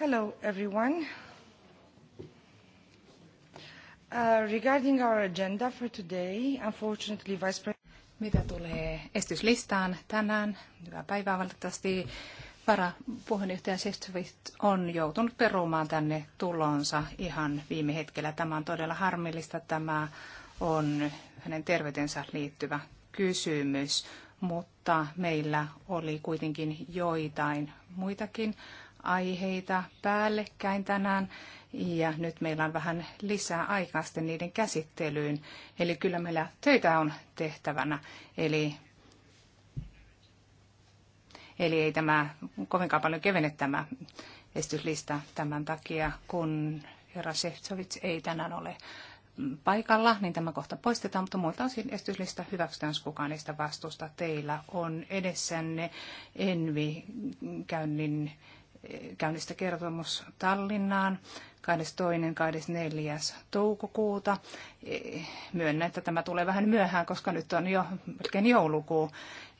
Hello, everyone. Uh, regarding our agenda for today, unfortunately, Vice President... Mitä tulee esityslistaan tänään, hyvää päivää valitettavasti varapuheenjohtaja Sestovit on joutunut perumaan tänne tulonsa ihan viime hetkellä. Tämä on todella harmillista. Tämä on hänen terveytensä liittyvä kysymys, mutta meillä oli kuitenkin joitain muitakin aiheita päällekkäin tänään ja nyt meillä on vähän lisää aikaa sitten niiden käsittelyyn. Eli kyllä meillä töitä on tehtävänä. Eli, eli ei tämä kovinkaan paljon kevene tämä estyslista tämän takia, kun herra Sefcovic ei tänään ole paikalla, niin tämä kohta poistetaan, mutta muilta osin estyslista hyväksytään, jos kukaan niistä vastusta. Teillä on edessänne Envi-käynnin käynnistä kertomus Tallinnaan 22.24. toukokuuta. E, myönnän, että tämä tulee vähän myöhään, koska nyt on jo melkein joulukuu,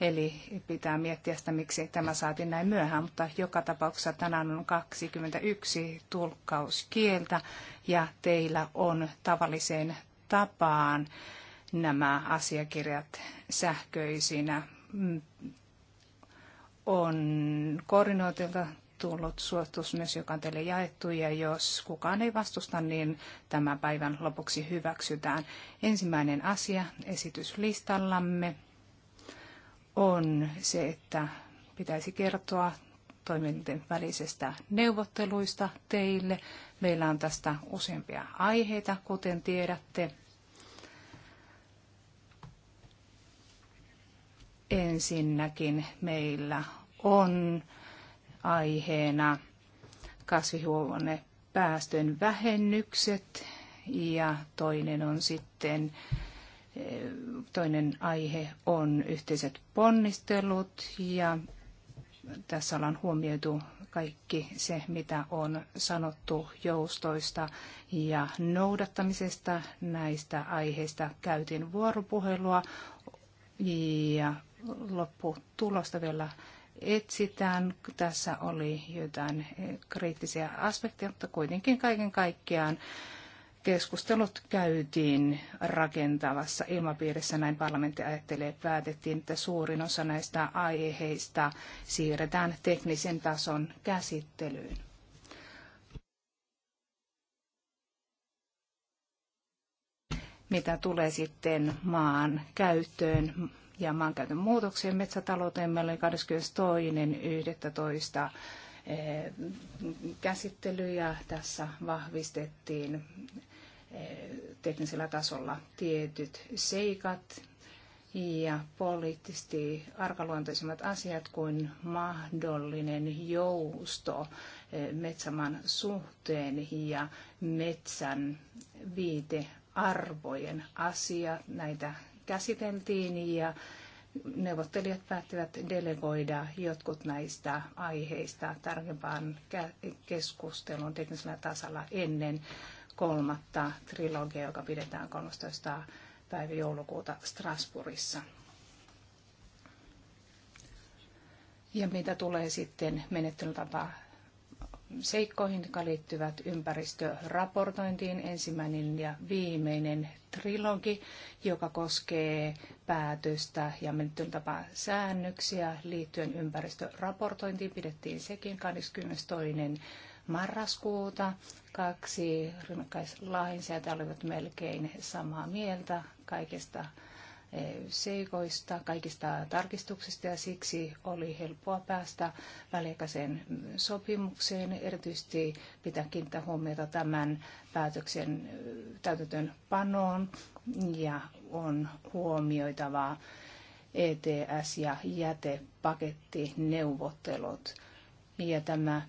eli pitää miettiä sitä, miksi tämä saatiin näin myöhään, mutta joka tapauksessa tänään on 21 tulkkauskieltä ja teillä on tavalliseen tapaan nämä asiakirjat sähköisinä mm, on koordinoitilta tullut suositus myös, joka on teille jaettu, ja jos kukaan ei vastusta, niin tämän päivän lopuksi hyväksytään. Ensimmäinen asia esityslistallamme on se, että pitäisi kertoa toimijoiden välisestä neuvotteluista teille. Meillä on tästä useampia aiheita, kuten tiedätte. Ensinnäkin meillä on aiheena kasvihuonepäästön vähennykset ja toinen on sitten eh, Toinen aihe on yhteiset ponnistelut ja tässä ollaan huomioitu kaikki se, mitä on sanottu joustoista ja noudattamisesta. Näistä aiheista käytin vuoropuhelua ja lopputulosta vielä etsitään. Tässä oli jotain eh, kriittisiä aspekteja, mutta kuitenkin kaiken kaikkiaan keskustelut käytiin rakentavassa ilmapiirissä, näin parlamentti ajattelee, päätettiin, että suurin osa näistä aiheista siirretään teknisen tason käsittelyyn. Mitä tulee sitten maan käyttöön, ja maankäytön muutokseen metsätalouteen. Meillä oli 22.11. Eh, käsittely ja tässä vahvistettiin eh, teknisellä tasolla tietyt seikat ja poliittisesti arkaluontoisimmat asiat kuin mahdollinen jousto eh, metsäman suhteen ja metsän viitearvojen asia. Näitä käsiteltiin ja neuvottelijat päättivät delegoida jotkut näistä aiheista tarkempaan keskusteluun teknisellä tasalla ennen kolmatta trilogia, joka pidetään 13. päivä joulukuuta Strasbourgissa. Ja mitä tulee sitten menettelytapaan seikkoihin, jotka liittyvät ympäristöraportointiin. Ensimmäinen ja viimeinen trilogi, joka koskee päätöstä ja menettelytapaa säännöksiä liittyen ympäristöraportointiin, pidettiin sekin 22 marraskuuta. Kaksi rinnakkaislainsäätä olivat melkein samaa mieltä kaikesta seikoista, kaikista tarkistuksista ja siksi oli helppoa päästä väliaikaiseen sopimukseen. Erityisesti pitää kiinnittää huomiota tämän päätöksen täytetön panoon ja on huomioitava ETS- ja jätepakettineuvottelut. Ja tämä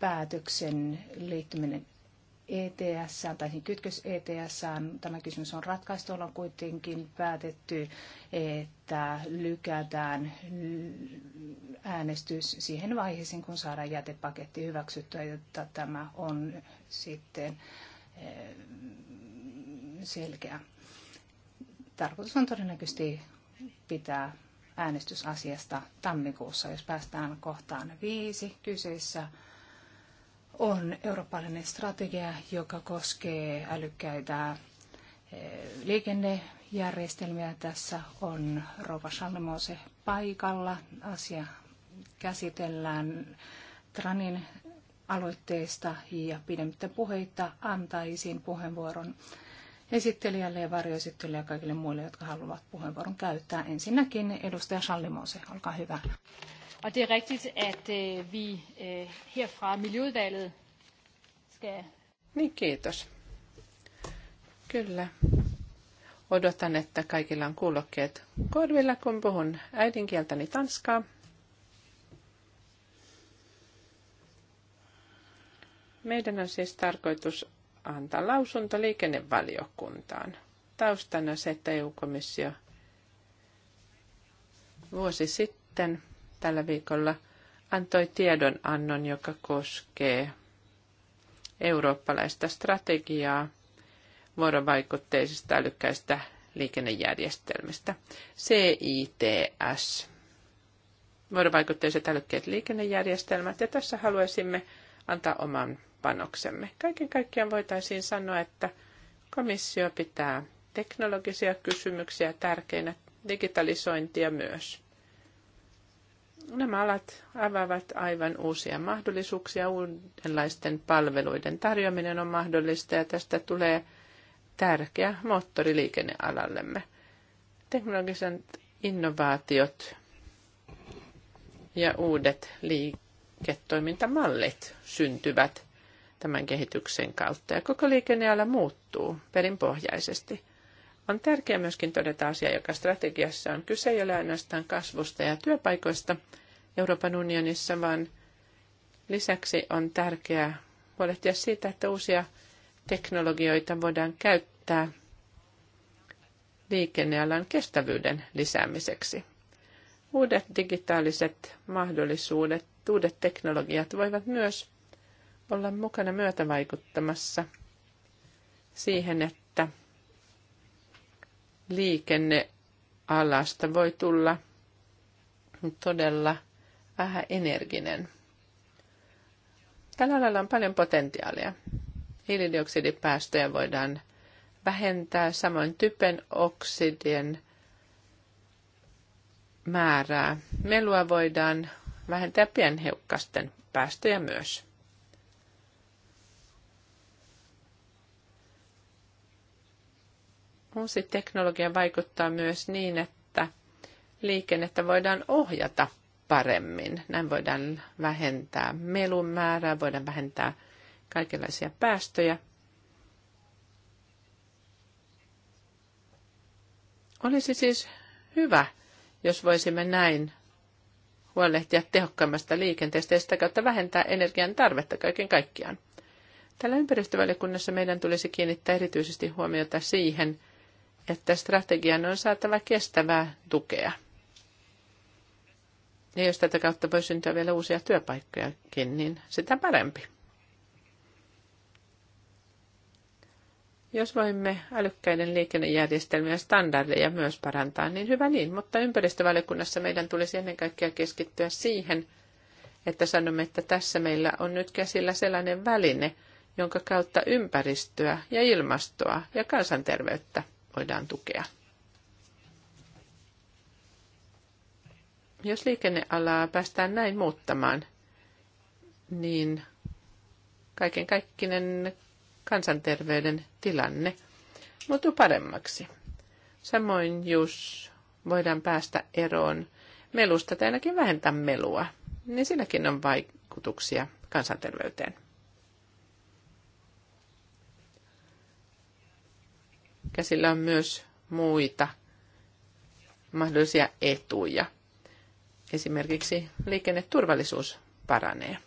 päätöksen liittyminen ETS tai siis kytkös ETS. Tämä kysymys on ratkaistu. Ollaan kuitenkin päätetty, että lykätään äänestys siihen vaiheeseen, kun saadaan jätepaketti hyväksyttyä, jotta tämä on sitten eh, selkeä. Tarkoitus on todennäköisesti pitää äänestysasiasta tammikuussa, jos päästään kohtaan viisi. Kyseessä on eurooppalainen strategia, joka koskee älykkäitä eh, liikennejärjestelmiä. Tässä on Rova Salmose paikalla. Asia käsitellään Tranin aloitteesta ja pidemmittä puheita antaisin puheenvuoron esittelijälle ja varjoesittelijä kaikille muille, jotka haluavat puheenvuoron käyttää. Ensinnäkin edustaja Sallimose, olkaa hyvä. Og det er rigtigt, at øh, vi øh, her fra Miljøudvalget skal... Niin, kiitos. Kyllä. Odotan, että kaikilla on kuulokkeet korvilla, kun puhun äidinkieltäni tanskaa. Meidän on siis tarkoitus antaa lausunto liikennevaliokuntaan. Taustana se, että EU-komissio vuosi sitten tällä viikolla antoi tiedonannon, joka koskee eurooppalaista strategiaa vuorovaikutteisista älykkäistä liikennejärjestelmistä. CITS. Vuorovaikutteiset älykkäät liikennejärjestelmät. Ja tässä haluaisimme antaa oman panoksemme. Kaiken kaikkiaan voitaisiin sanoa, että komissio pitää teknologisia kysymyksiä tärkeinä, digitalisointia myös. Nämä alat avaavat aivan uusia mahdollisuuksia. Uudenlaisten palveluiden tarjoaminen on mahdollista ja tästä tulee tärkeä moottori liikennealallemme. Teknologiset innovaatiot ja uudet liiketoimintamallit syntyvät tämän kehityksen kautta ja koko liikenneala muuttuu perinpohjaisesti – on tärkeää myöskin todeta asia, joka strategiassa on. Kyse ei ole ainoastaan kasvusta ja työpaikoista Euroopan unionissa, vaan lisäksi on tärkeää huolehtia siitä, että uusia teknologioita voidaan käyttää liikennealan kestävyyden lisäämiseksi. Uudet digitaaliset mahdollisuudet, uudet teknologiat voivat myös olla mukana myötävaikuttamassa siihen, että liikennealasta voi tulla todella energinen. Tällä alalla on paljon potentiaalia. Hiilidioksidipäästöjä voidaan vähentää, samoin typen oksidien määrää. Melua voidaan vähentää pienheukkasten päästöjä myös. Uusi teknologia vaikuttaa myös niin, että liikennettä voidaan ohjata paremmin. Näin voidaan vähentää melun määrää, voidaan vähentää kaikenlaisia päästöjä. Olisi siis hyvä, jos voisimme näin huolehtia tehokkaimmasta liikenteestä ja sitä kautta vähentää energian tarvetta kaiken kaikkiaan. Tällä ympäristövaliokunnassa meidän tulisi kiinnittää erityisesti huomiota siihen, että strategian on saatava kestävää tukea. Ja jos tätä kautta voi syntyä vielä uusia työpaikkojakin, niin sitä parempi. Jos voimme älykkäiden liikennejärjestelmien standardeja myös parantaa, niin hyvä niin, mutta ympäristövaliokunnassa meidän tulisi ennen kaikkea keskittyä siihen, että sanomme, että tässä meillä on nyt käsillä sellainen väline, jonka kautta ympäristöä ja ilmastoa ja kansanterveyttä voidaan tukea. Jos liikennealaa päästään näin muuttamaan, niin kaiken kaikkinen kansanterveyden tilanne muuttuu paremmaksi. Samoin jos voidaan päästä eroon melusta tai ainakin vähentää melua, niin silläkin on vaikutuksia kansanterveyteen. käsillä on myös muita mahdollisia etuja. Esimerkiksi liikenneturvallisuus paranee.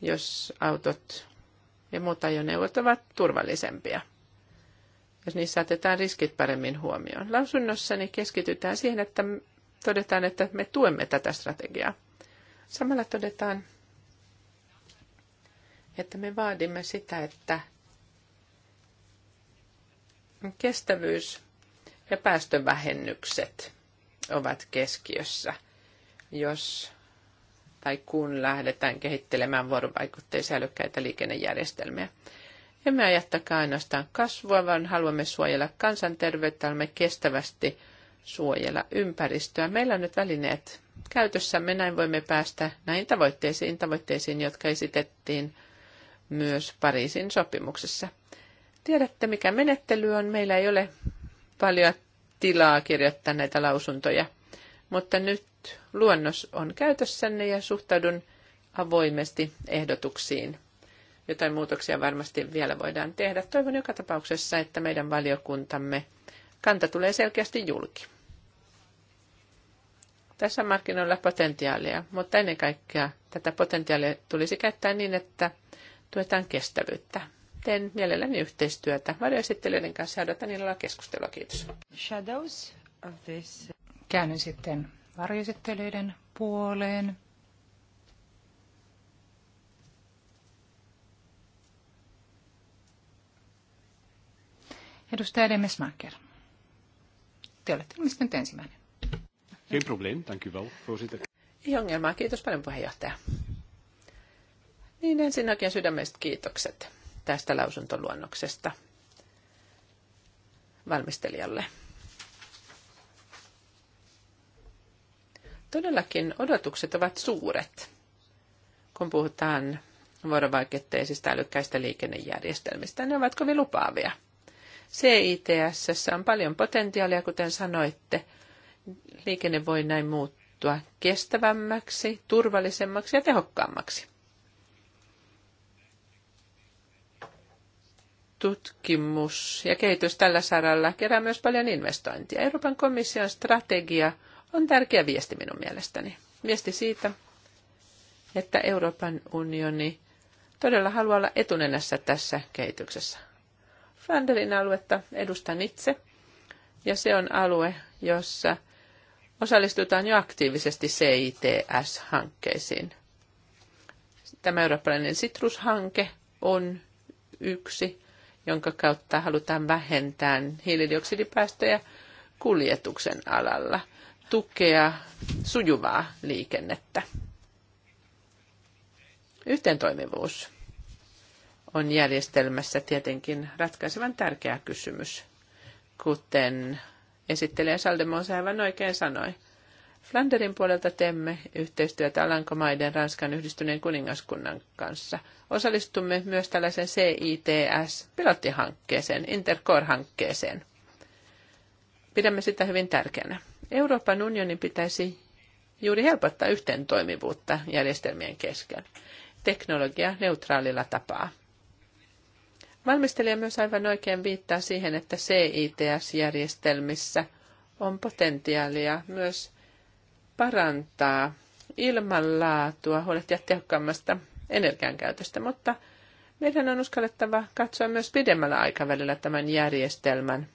Jos autot ja muut ajoneuvot ovat turvallisempia jos niissä otetaan riskit paremmin huomioon. Lausunnossani keskitytään siihen, että todetaan, että me tuemme tätä strategiaa. Samalla todetaan, että me vaadimme sitä, että kestävyys ja päästövähennykset ovat keskiössä, jos tai kun lähdetään kehittelemään vuorovaikutteisia älykkäitä liikennejärjestelmiä. Emme ajattakaan ainoastaan kasvua, vaan haluamme suojella kansanterveyttämme kestävästi, suojella ympäristöä. Meillä on nyt välineet käytössämme, näin voimme päästä näihin tavoitteisiin, tavoitteisiin, jotka esitettiin myös Pariisin sopimuksessa. Tiedätte, mikä menettely on. Meillä ei ole paljon tilaa kirjoittaa näitä lausuntoja, mutta nyt luonnos on käytössänne ja suhtaudun avoimesti ehdotuksiin. Jotain muutoksia varmasti vielä voidaan tehdä. Toivon joka tapauksessa, että meidän valiokuntamme kanta tulee selkeästi julki. Tässä markkinoilla potentiaalia, mutta ennen kaikkea tätä potentiaalia tulisi käyttää niin, että tuetaan kestävyyttä. Teen mielelläni yhteistyötä varjoesittelijöiden kanssa ja odotan illalla keskustelua. Kiitos. Shadows of this. Käännyn sitten varjoesittelijöiden puoleen. Edustaja Demesmaker. Te olette ilmeisesti nyt ensimmäinen. Ei probleem, dank u voorzitter. Ei ongelmaa, kiitos paljon puheenjohtaja. Niin ensinnäkin sydämestä kiitokset tästä lausuntoluonnoksesta valmistelijalle. Todellakin odotukset ovat suuret, kun puhutaan vuorovaikutteisista älykkäistä liikennejärjestelmistä. Ne ovat kovin lupaavia. CITS on paljon potentiaalia, kuten sanoitte. Liikenne voi näin muuttua kestävämmäksi, turvallisemmaksi ja tehokkaammaksi. tutkimus ja kehitys tällä saralla kerää myös paljon investointia. Euroopan komission strategia on tärkeä viesti minun mielestäni. Viesti siitä, että Euroopan unioni todella haluaa olla etunenässä tässä kehityksessä. Flanderin aluetta edustan itse, ja se on alue, jossa osallistutaan jo aktiivisesti CITS-hankkeisiin. Tämä eurooppalainen sitrushanke on yksi jonka kautta halutaan vähentää hiilidioksidipäästöjä kuljetuksen alalla, tukea sujuvaa liikennettä. Yhteentoimivuus on järjestelmässä tietenkin ratkaisevan tärkeä kysymys, kuten esittelijä Saldemonsa aivan oikein sanoi – Flanderin puolelta teemme yhteistyötä Alankomaiden, Ranskan yhdistyneen kuningaskunnan kanssa. Osallistumme myös tällaisen CITS-pilottihankkeeseen, Intercore-hankkeeseen. Pidämme sitä hyvin tärkeänä. Euroopan unionin pitäisi juuri helpottaa yhteen toimivuutta järjestelmien kesken teknologia neutraalilla tapaa. Valmistelija myös aivan oikein viittaa siihen, että CITS-järjestelmissä on potentiaalia myös parantaa ilmanlaatua, huolehtia tehokkaammasta energiankäytöstä, mutta meidän on uskallettava katsoa myös pidemmällä aikavälillä tämän järjestelmän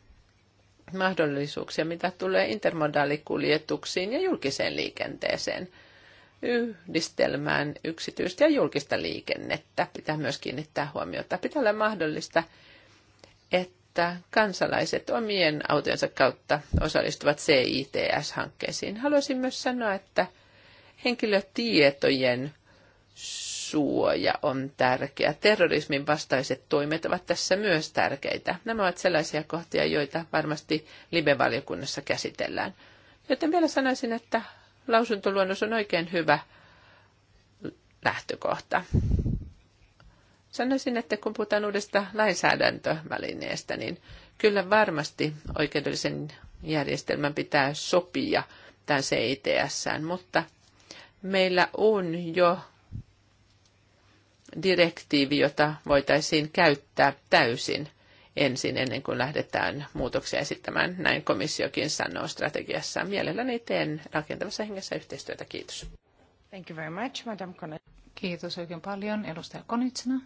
mahdollisuuksia, mitä tulee intermodaalikuljetuksiin ja julkiseen liikenteeseen. Yhdistelmään yksityistä ja julkista liikennettä pitää myös kiinnittää huomiota. Pitää olla mahdollista, että että kansalaiset omien autojensa kautta osallistuvat CITS-hankkeisiin. Haluaisin myös sanoa, että henkilötietojen suoja on tärkeä. Terrorismin vastaiset toimet ovat tässä myös tärkeitä. Nämä ovat sellaisia kohtia, joita varmasti live-valiokunnassa käsitellään. Joten vielä sanoisin, että lausuntoluonnos on oikein hyvä lähtökohta. Sanoisin, että kun puhutaan uudesta lainsäädäntövälineestä, niin kyllä varmasti oikeudellisen järjestelmän pitää sopia tämän CITS, mutta meillä on jo direktiivi, jota voitaisiin käyttää täysin ensin, ennen kuin lähdetään muutoksia esittämään. Näin komissiokin sanoo strategiassa Mielelläni teen rakentavassa hengessä yhteistyötä. Kiitos. Thank you very much, Madam Kiitos oikein paljon. Edustaja Konitsena.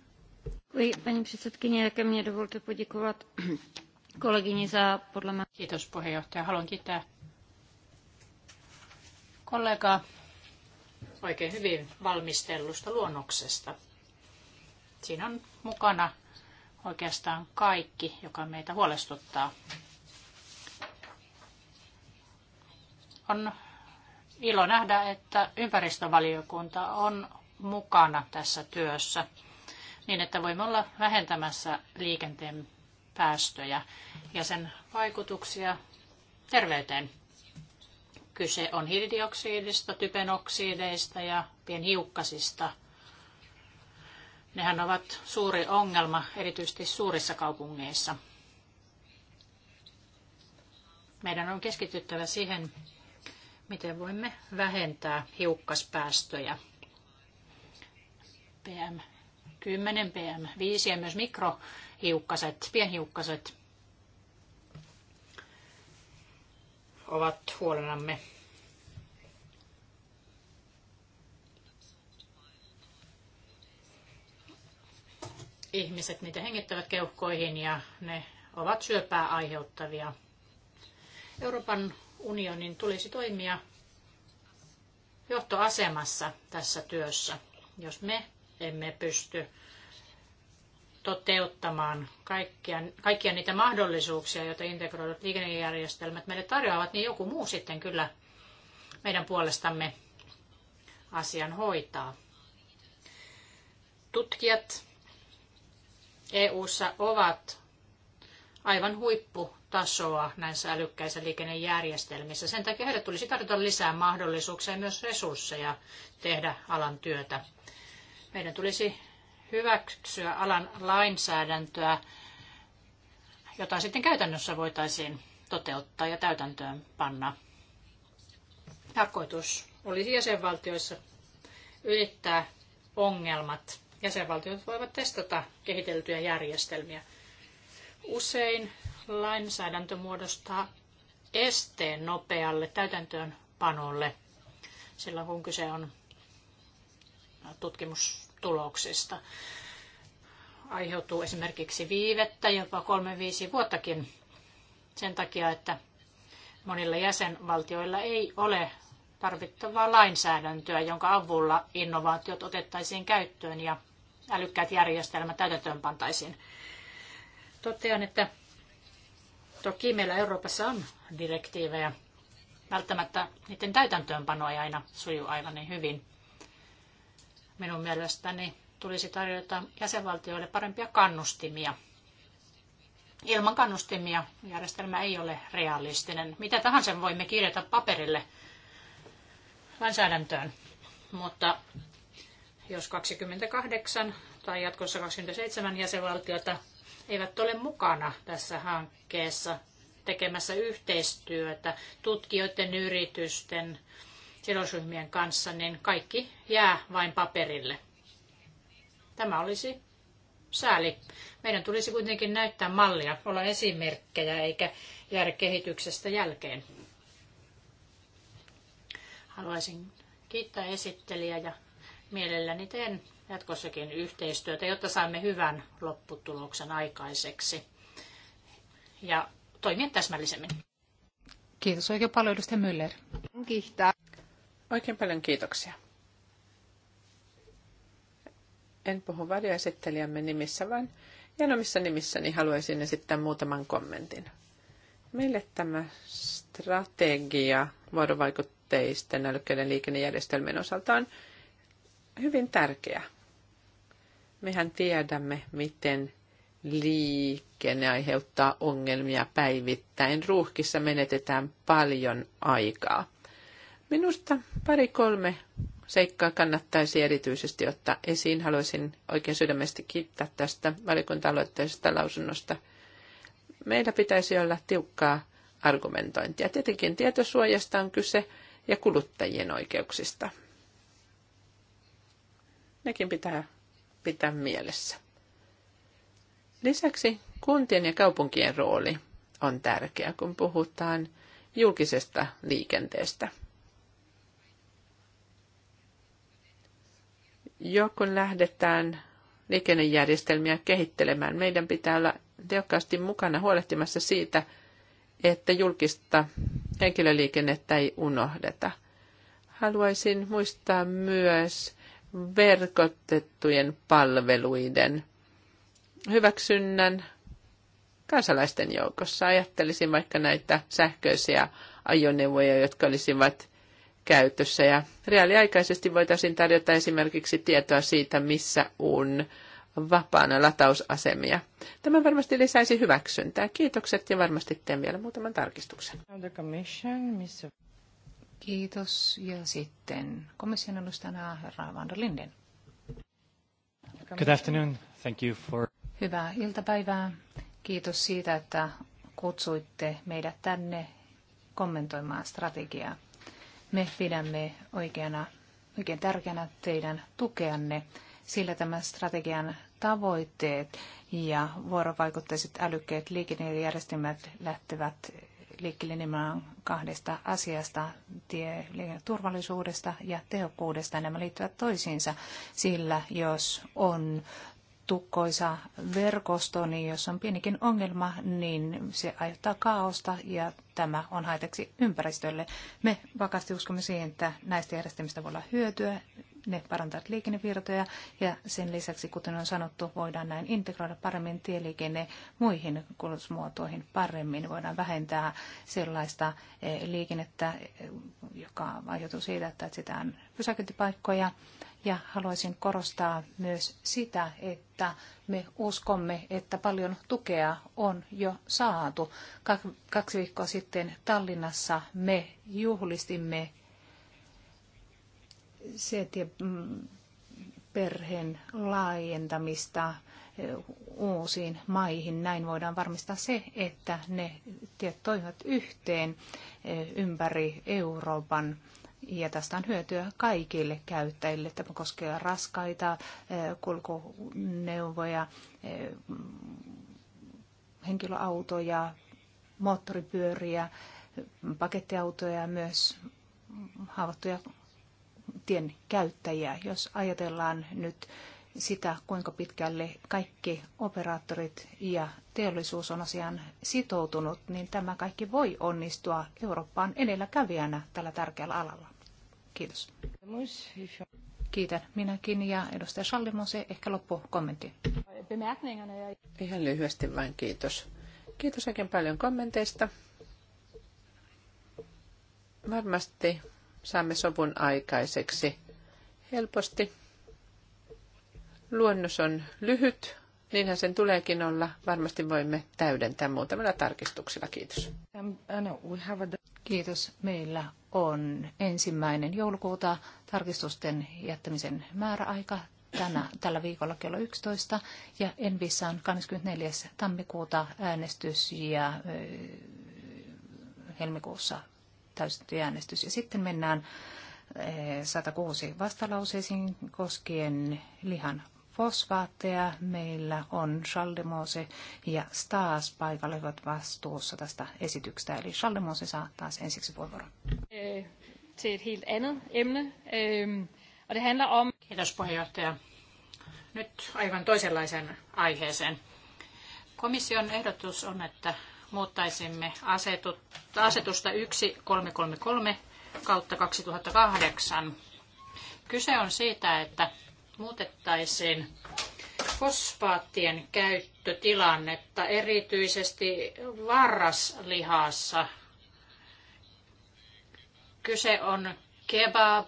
Paní předsedkyně, jaké mě dovolte poděkovat kolegyni za podle mě... Kiitos puheenjohtaja. Haluan kiittää kollegaa oikein hyvin valmistellusta luonnoksesta. Siinä on mukana oikeastaan kaikki, joka meitä huolestuttaa. On ilo nähdä, että ympäristövaliokunta on mukana tässä työssä niin että voimme olla vähentämässä liikenteen päästöjä ja sen vaikutuksia terveyteen. Kyse on hiilidioksidista, typenoksideista ja pienhiukkasista. Nehän ovat suuri ongelma, erityisesti suurissa kaupungeissa. Meidän on keskityttävä siihen, miten voimme vähentää hiukkaspäästöjä. PM 10 PM5 ja myös mikrohiukkaset, pienhiukkaset ovat huolenamme. Ihmiset niitä hengittävät keuhkoihin ja ne ovat syöpää aiheuttavia. Euroopan unionin tulisi toimia johtoasemassa tässä työssä. Jos me emme pysty toteuttamaan kaikkia, kaikkia niitä mahdollisuuksia, joita integroidut liikennejärjestelmät meille tarjoavat, niin joku muu sitten kyllä meidän puolestamme asian hoitaa. Tutkijat EU:ssa ovat aivan huipputasoa näissä älykkäissä liikennejärjestelmissä. Sen takia heille tulisi tarjota lisää mahdollisuuksia ja myös resursseja tehdä alan työtä. Meidän tulisi hyväksyä alan lainsäädäntöä, jota sitten käytännössä voitaisiin toteuttaa ja täytäntöön panna. Tarkoitus olisi jäsenvaltioissa ylittää ongelmat. Jäsenvaltiot voivat testata kehiteltyjä järjestelmiä. Usein lainsäädäntö muodostaa esteen nopealle täytäntöönpanolle silloin, kun kyse on tutkimustuloksista. Aiheutuu esimerkiksi viivettä jopa kolme viisi vuottakin sen takia, että monilla jäsenvaltioilla ei ole tarvittavaa lainsäädäntöä, jonka avulla innovaatiot otettaisiin käyttöön ja älykkäät järjestelmät täytäntöön pantaisiin. Totean, että toki meillä Euroopassa on direktiivejä. Välttämättä niiden täytäntöönpano ei aina suju aivan niin hyvin minun mielestäni tulisi tarjota jäsenvaltioille parempia kannustimia. Ilman kannustimia järjestelmä ei ole realistinen. Mitä tahansa voimme kirjata paperille lainsäädäntöön, mutta jos 28 tai jatkossa 27 jäsenvaltiota eivät ole mukana tässä hankkeessa tekemässä yhteistyötä tutkijoiden, yritysten, sidosryhmien kanssa, niin kaikki jää vain paperille. Tämä olisi sääli. Meidän tulisi kuitenkin näyttää mallia, olla esimerkkejä eikä jäädä kehityksestä jälkeen. Haluaisin kiittää esittelijä ja mielelläni teen jatkossakin yhteistyötä, jotta saamme hyvän lopputuloksen aikaiseksi ja toimia täsmällisemmin. Kiitos oikein paljon, edustaja Müller. Kiitos. Oikein paljon kiitoksia. En puhu varjoesittelijämme nimissä, vaan Janomissa nimissäni niin haluaisin esittää muutaman kommentin. Meille tämä strategia vuorovaikutteisten älykkäiden liikennejärjestelmien osalta on hyvin tärkeä. Mehän tiedämme, miten liikenne aiheuttaa ongelmia päivittäin. Ruuhkissa menetetään paljon aikaa. Minusta pari kolme seikkaa kannattaisi erityisesti ottaa esiin. Haluaisin oikein sydämestä kiittää tästä valikunta-aloitteisesta lausunnosta. Meillä pitäisi olla tiukkaa argumentointia. Tietenkin tietosuojasta on kyse ja kuluttajien oikeuksista. Nekin pitää pitää mielessä. Lisäksi kuntien ja kaupunkien rooli on tärkeä, kun puhutaan julkisesta liikenteestä – jo kun lähdetään liikennejärjestelmiä kehittelemään, meidän pitää olla tehokkaasti mukana huolehtimassa siitä, että julkista henkilöliikennettä ei unohdeta. Haluaisin muistaa myös verkotettujen palveluiden hyväksynnän kansalaisten joukossa. Ajattelisin vaikka näitä sähköisiä ajoneuvoja, jotka olisivat käytössä ja reaaliaikaisesti voitaisiin tarjota esimerkiksi tietoa siitä, missä on vapaana latausasemia. Tämä varmasti lisäisi hyväksyntää. Kiitokset ja varmasti teen vielä muutaman tarkistuksen. Kiitos. Ja sitten komission edustajana herra Van der Linden. Good afternoon. Thank you for... Hyvää iltapäivää. Kiitos siitä, että kutsuitte meidät tänne kommentoimaan strategiaa. Me pidämme oikeana, oikein tärkeänä teidän tukeanne, sillä tämän strategian tavoitteet ja vuorovaikutteiset älykkeet liikennejärjestelmät lähtevät liikkeelle nimenomaan kahdesta asiasta, turvallisuudesta ja tehokkuudesta. Nämä liittyvät toisiinsa, sillä jos on tukkoisa verkosto, niin jos on pienikin ongelma, niin se aiheuttaa kaaosta ja tämä on haitaksi ympäristölle. Me vakaasti uskomme siihen, että näistä järjestelmistä voi olla hyötyä, ne parantavat liikennevirtoja ja sen lisäksi, kuten on sanottu, voidaan näin integroida paremmin tieliikenne muihin kulutusmuotoihin paremmin. Voidaan vähentää sellaista eh, liikennettä, eh, joka aiheutuu siitä, että etsitään pysäköintipaikkoja ja haluaisin korostaa myös sitä, että me uskomme, että paljon tukea on jo saatu. Kaksi viikkoa sitten Tallinnassa me juhlistimme Setien mm, perheen laajentamista eh, uusiin maihin. Näin voidaan varmistaa se, että ne tiet toimivat yhteen eh, ympäri Euroopan ja tästä on hyötyä kaikille käyttäjille. Tämä koskee raskaita eh, kulkuneuvoja, eh, henkilöautoja, moottoripyöriä, pakettiautoja ja myös haavoittuja tien käyttäjiä. Jos ajatellaan nyt sitä, kuinka pitkälle kaikki operaattorit ja teollisuus on asiaan sitoutunut, niin tämä kaikki voi onnistua Eurooppaan edelläkävijänä tällä tärkeällä alalla. Kiitos. Kiitän minäkin ja edustaja se ehkä kommentti. Ihan lyhyesti vain kiitos. Kiitos oikein paljon kommenteista. Varmasti saamme sopun aikaiseksi helposti. Luonnos on lyhyt, niinhän sen tuleekin olla. Varmasti voimme täydentää muutamilla tarkistuksilla. Kiitos. Um, kiitos. Meillä on ensimmäinen joulukuuta tarkistusten jättämisen määräaika tänä, tällä viikolla kello 11 ja Envissä on 24. tammikuuta äänestys ja helmikuussa äänestys. Ja sitten mennään 106 vastalauseisiin koskien lihan fosfaatteja. Meillä on Schaldemose ja Staas paikalla, ovat vastuussa tästä esityksestä. Eli Schaldemose saa taas ensiksi puheenvuoron. Eh, Till helt annat emne, ehm, Och det handlar om... Kiitos puheenjohtaja. Nyt aivan toisenlaisen aiheeseen. Komission ehdotus on, että muuttaisimme asetusta 1333 kautta 2008. Kyse on siitä, että muutettaisiin fosfaattien käyttötilannetta erityisesti varraslihassa. Kyse on kebab,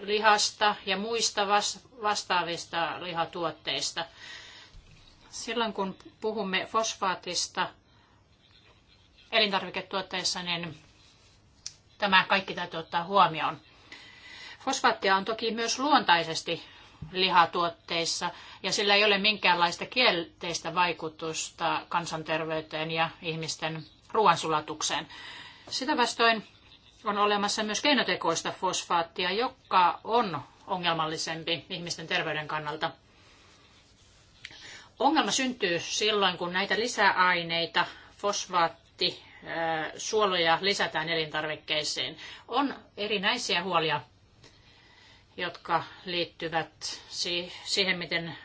lihasta ja muista vastaavista lihatuotteista. Silloin kun puhumme fosfaatista elintarviketuotteissa, niin tämä kaikki täytyy ottaa huomioon. Fosfaattia on toki myös luontaisesti lihatuotteissa ja sillä ei ole minkäänlaista kielteistä vaikutusta kansanterveyteen ja ihmisten ruoansulatukseen. Sitä vastoin on olemassa myös keinotekoista fosfaattia, joka on ongelmallisempi ihmisten terveyden kannalta. Ongelma syntyy silloin, kun näitä lisäaineita, fosfaatti, suoloja lisätään elintarvikkeisiin. On erinäisiä huolia jotka liittyvät siihen, miten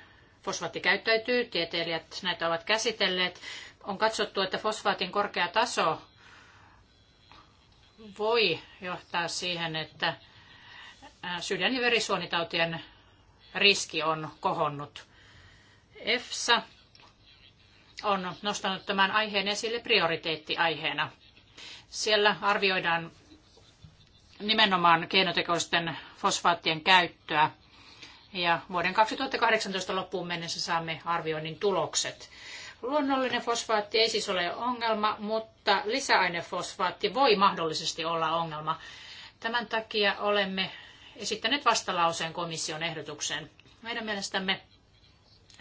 fosfaatti käyttäytyy. Tieteilijät näitä ovat käsitelleet. On katsottu, että fosfaatin korkea taso voi johtaa siihen, että äh, sydän- ja verisuonitautien riski on kohonnut. EFSA on nostanut tämän aiheen esille prioriteettiaiheena. Siellä arvioidaan nimenomaan keinotekoisten fosfaattien käyttöä. Ja vuoden 2018 loppuun mennessä saamme arvioinnin tulokset. Luonnollinen fosfaatti ei siis ole ongelma, mutta lisäainefosfaatti voi mahdollisesti olla ongelma. Tämän takia olemme esittäneet vastalauseen komission ehdotukseen. Meidän mielestämme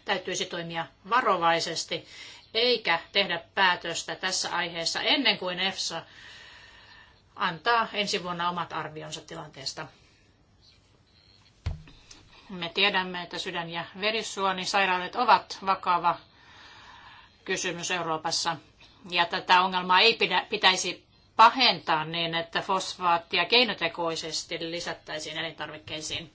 täytyisi toimia varovaisesti eikä tehdä päätöstä tässä aiheessa ennen kuin EFSA antaa ensi vuonna omat arvionsa tilanteesta. Me tiedämme, että sydän- ja verisuonisairaudet ovat vakava kysymys Euroopassa. Ja tätä ongelmaa ei pidä, pitäisi pahentaa niin, että fosfaattia keinotekoisesti lisättäisiin elintarvikkeisiin.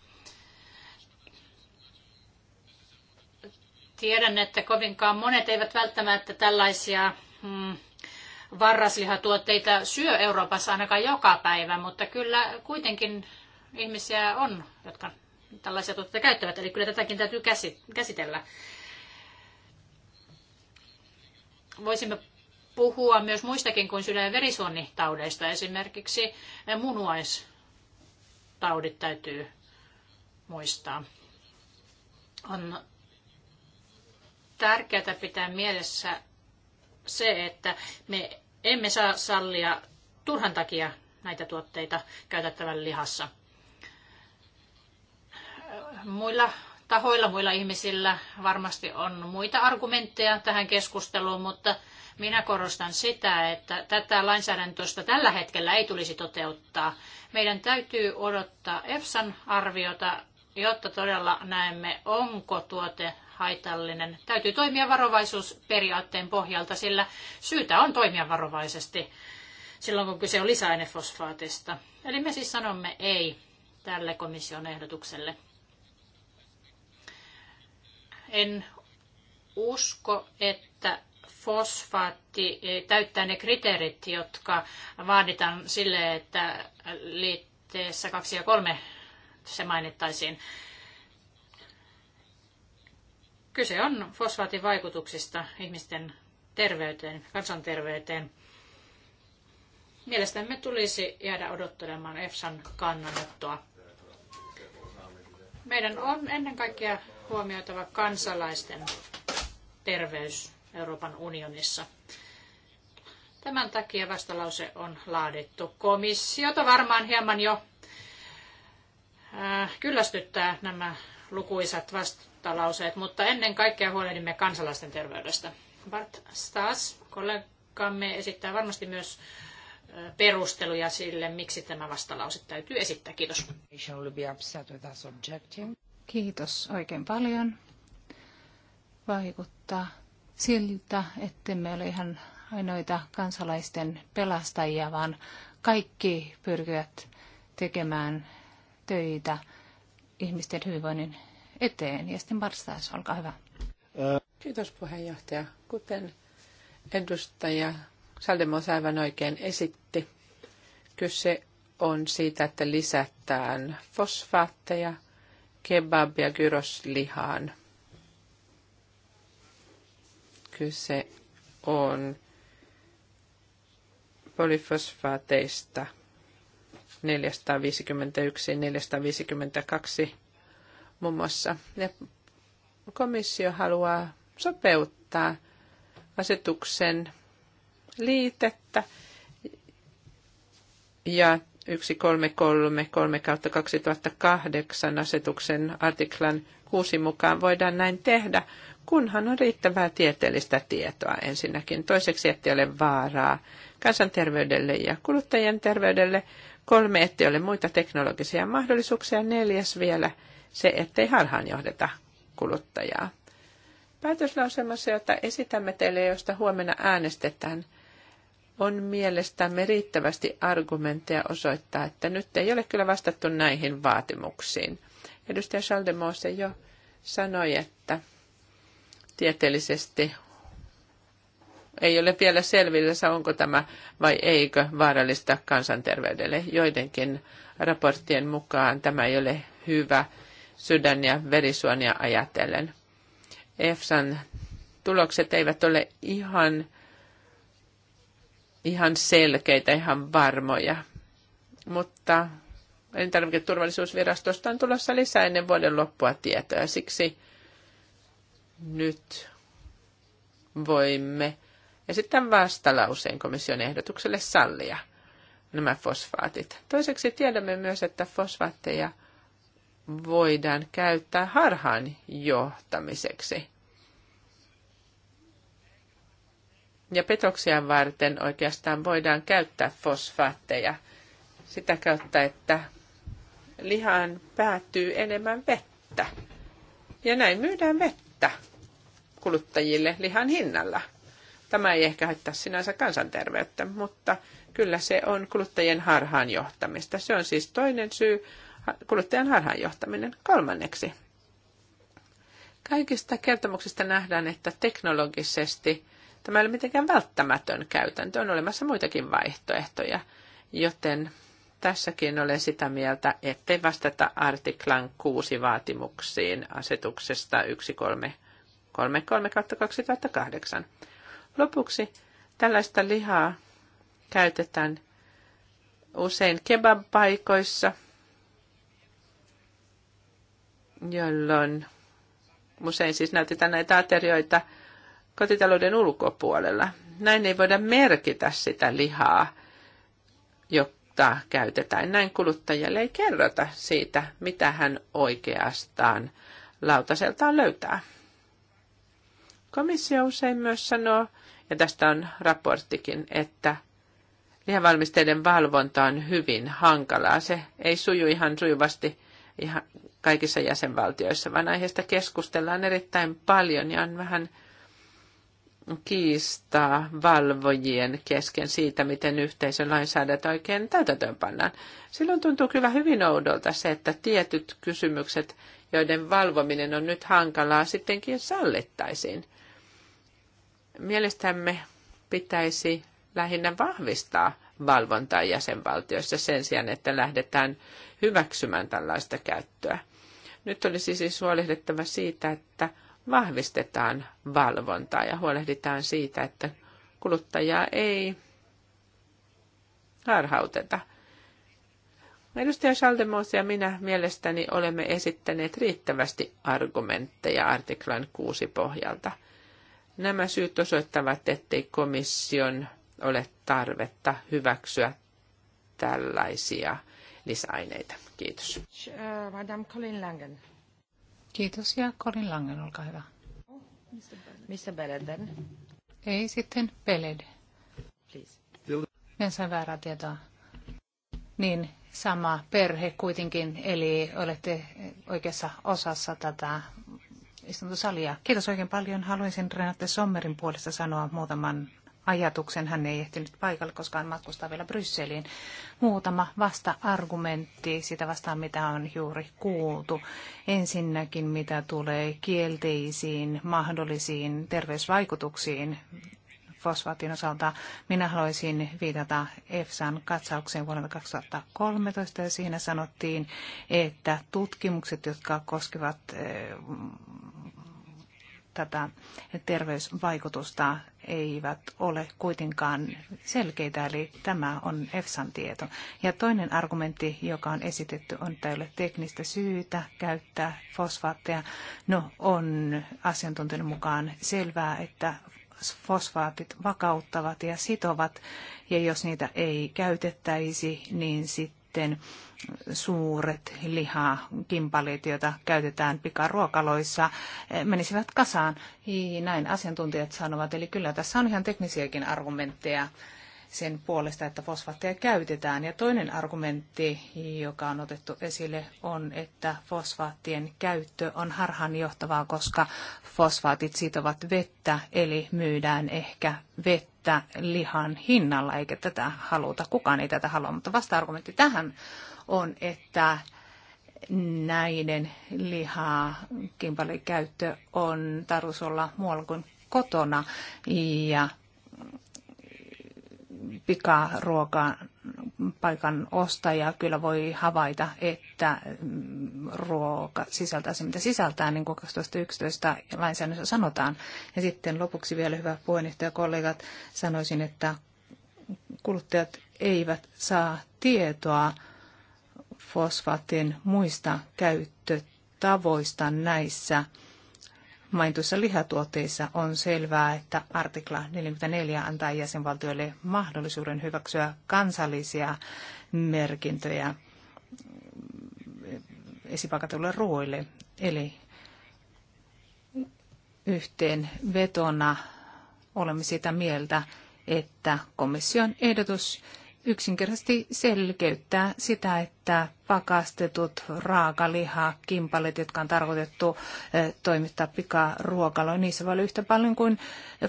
Tiedän, että kovinkaan monet eivät välttämättä tällaisia mm, varraslihatuotteita syö Euroopassa ainakaan joka päivä, mutta kyllä kuitenkin ihmisiä on, jotka tällaisia tuotteita käyttävät. Eli kyllä tätäkin täytyy käsitellä. Voisimme puhua myös muistakin kuin sydän- ja verisuonitaudeista. Esimerkiksi munuaistaudit täytyy muistaa. On tärkeää pitää mielessä se, että me emme saa sallia turhan takia näitä tuotteita käytettävän lihassa muilla tahoilla, muilla ihmisillä varmasti on muita argumentteja tähän keskusteluun, mutta minä korostan sitä, että tätä lainsäädäntöstä tällä hetkellä ei tulisi toteuttaa. Meidän täytyy odottaa EFSAn arviota, jotta todella näemme, onko tuote haitallinen. Täytyy toimia varovaisuusperiaatteen pohjalta, sillä syytä on toimia varovaisesti silloin, kun kyse on lisäainefosfaatista. Eli me siis sanomme ei tälle komission ehdotukselle. En usko, että fosfaatti eh, täyttää ne kriteerit, jotka vaaditaan sille, että liitteessä 2 ja 3 se mainittaisiin. Kyse on fosfaatin vaikutuksista ihmisten terveyteen, kansanterveyteen. Mielestämme tulisi jäädä odottelemaan EFSAn kannanottoa. Meidän on ennen kaikkea huomioitava kansalaisten terveys Euroopan unionissa. Tämän takia vastalause on laadittu. Komissiota varmaan hieman jo äh, kyllästyttää nämä lukuisat vastalauseet, mutta ennen kaikkea huolehdimme kansalaisten terveydestä. Bart Stas, kollegamme, esittää varmasti myös äh, perusteluja sille, miksi tämä vastalause täytyy esittää. Kiitos. Kiitos oikein paljon. Vaikuttaa siltä, ettemme ole ihan ainoita kansalaisten pelastajia, vaan kaikki pyrkivät tekemään töitä ihmisten hyvinvoinnin eteen. Ja sitten Barstas, olkaa hyvä. Kiitos puheenjohtaja. Kuten edustaja Saldemos aivan oikein esitti, kyse on siitä, että lisätään fosfaatteja – kebab- ja gyroslihaan. Kyse on polifosfaateista 451-452 muun muassa. Ja komissio haluaa sopeuttaa asetuksen liitettä ja 1333 2008 asetuksen artiklan 6 mukaan voidaan näin tehdä, kunhan on riittävää tieteellistä tietoa ensinnäkin. Toiseksi, ettei ole vaaraa kansanterveydelle ja kuluttajien terveydelle. Kolme, ettei ole muita teknologisia mahdollisuuksia. Neljäs vielä, se, ettei harhaan johdeta kuluttajaa. Päätöslauselmassa, jota esitämme teille, josta huomenna äänestetään – on mielestämme riittävästi argumentteja osoittaa, että nyt ei ole kyllä vastattu näihin vaatimuksiin. Edustaja Schaldemose jo sanoi, että tieteellisesti ei ole vielä selvillä, onko tämä vai eikö vaarallista kansanterveydelle. Joidenkin raporttien mukaan tämä ei ole hyvä sydän- ja verisuonia ajatellen. EFSAn tulokset eivät ole ihan ihan selkeitä, ihan varmoja. Mutta elintarviketurvallisuusvirastosta on tulossa lisää ennen vuoden loppua tietoa. Siksi nyt voimme esittää vastalauseen komission ehdotukselle sallia nämä fosfaatit. Toiseksi tiedämme myös, että fosfaatteja voidaan käyttää harhaan johtamiseksi – Ja petoksia varten oikeastaan voidaan käyttää fosfaatteja sitä kautta, että lihaan päätyy enemmän vettä. Ja näin myydään vettä kuluttajille lihan hinnalla. Tämä ei ehkä haittaa sinänsä kansanterveyttä, mutta kyllä se on kuluttajien harhaanjohtamista. Se on siis toinen syy, kuluttajan harhaanjohtaminen. Kolmanneksi, kaikista kertomuksista nähdään, että teknologisesti Tämä ei ole mitenkään välttämätön käytäntö, on olemassa muitakin vaihtoehtoja, joten tässäkin olen sitä mieltä, ettei vastata artiklan 6 vaatimuksiin asetuksesta 1333-2008. Lopuksi tällaista lihaa käytetään usein kebabpaikoissa, jolloin usein siis näytetään näitä aterioita – kotitalouden ulkopuolella. Näin ei voida merkitä sitä lihaa, jota käytetään. Näin kuluttajalle ei kerrota siitä, mitä hän oikeastaan lautaseltaan löytää. Komissio usein myös sanoo, ja tästä on raporttikin, että lihavalmisteiden valvonta on hyvin hankalaa. Se ei suju ihan sujuvasti ihan kaikissa jäsenvaltioissa, vaan aiheesta keskustellaan erittäin paljon ja on vähän kiistaa valvojien kesken siitä, miten yhteisön lainsäädäntö oikein täytäntöön pannaan. Silloin tuntuu kyllä hyvin oudolta se, että tietyt kysymykset, joiden valvominen on nyt hankalaa, sittenkin sallittaisiin. Mielestämme pitäisi lähinnä vahvistaa valvontaa jäsenvaltioissa sen sijaan, että lähdetään hyväksymään tällaista käyttöä. Nyt olisi siis huolehdittava siitä, että vahvistetaan valvontaa ja huolehditaan siitä, että kuluttajaa ei harhauteta. Edustaja Schaldemus ja minä mielestäni olemme esittäneet riittävästi argumentteja artiklan 6 pohjalta. Nämä syyt osoittavat, ettei komission ole tarvetta hyväksyä tällaisia lisäaineita. Kiitos. Äh, Madame Colin Langen. Kiitos ja Korin Langen, olkaa hyvä. Missä Beleden? Ei sitten Peled. Please. En väärää tietoa. Niin, sama perhe kuitenkin, eli olette oikeassa osassa tätä istuntosalia. Kiitos oikein paljon. Haluaisin Renate Sommerin puolesta sanoa muutaman ajatuksen. Hän ei ehtinyt paikalle, koska hän matkustaa vielä Brysseliin. Muutama vasta-argumentti sitä vastaan, mitä on juuri kuultu. Ensinnäkin, mitä tulee kielteisiin mahdollisiin terveysvaikutuksiin fosfaatin osalta. Minä haluaisin viitata EFSAn katsaukseen vuonna 2013 ja siinä sanottiin, että tutkimukset, jotka koskevat eh, tätä terveysvaikutusta eivät ole kuitenkaan selkeitä, eli tämä on EFSAn tieto. Ja toinen argumentti, joka on esitetty, on, että ei ole teknistä syytä käyttää fosfaatteja. No, on asiantuntijan mukaan selvää, että fosfaatit vakauttavat ja sitovat, ja jos niitä ei käytettäisi, niin sitten sitten suuret lihakimpaleet, joita käytetään pikaruokaloissa, eh, menisivät kasaan. Näin asiantuntijat sanovat. Eli kyllä tässä on ihan teknisiäkin argumentteja sen puolesta, että fosfaatteja käytetään. Ja toinen argumentti, joka on otettu esille, on, että fosfaattien käyttö on harhaanjohtavaa, koska fosfaatit sitovat vettä, eli myydään ehkä vettä lihan hinnalla, eikä tätä haluta. Kukaan ei tätä halua, mutta vasta-argumentti tähän on, että näiden lihaa käyttö on tarkoitus olla muualla kuin kotona ja pikaruokapaikan paikan ostaja kyllä voi havaita, että mm, ruoka sisältää se, mitä sisältää, niin kuin 2011 lainsäädännössä sanotaan. Ja sitten lopuksi vielä hyvä puheenjohtaja kollegat, sanoisin, että kuluttajat eivät saa tietoa fosfaattien muista käyttötavoista näissä mainituissa lihatuotteissa on selvää, että artikla 44 antaa jäsenvaltioille mahdollisuuden hyväksyä kansallisia merkintöjä esipakatulle ruoille. Eli yhteen vetona olemme sitä mieltä, että komission ehdotus yksinkertaisesti selkeyttää sitä, että pakastetut raakaliha, kimpalit, jotka on tarkoitettu eh, toimittaa pikaruokaloon, niissä voi olla yhtä paljon kuin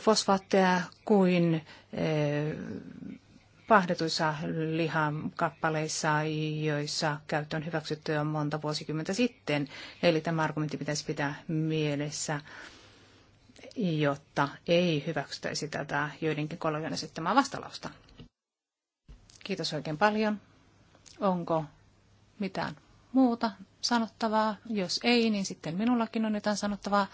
fosfaatteja kuin eh, pahdetuissa lihakappaleissa, joissa käyttö on hyväksytty jo monta vuosikymmentä sitten. Eli tämä argumentti pitäisi pitää mielessä, jotta ei hyväksytäisi tätä joidenkin kollegojen esittämää vastalausta. Kiitos oikein paljon. Onko mitään muuta sanottavaa? Jos ei, niin sitten minullakin on jotain sanottavaa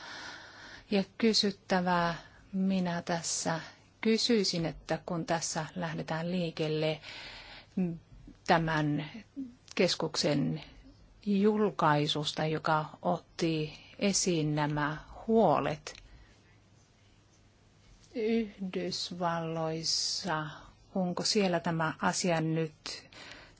ja kysyttävää. Minä tässä kysyisin, että kun tässä lähdetään liikelle tämän keskuksen julkaisusta, joka otti esiin nämä huolet. Yhdysvalloissa onko siellä tämä asia nyt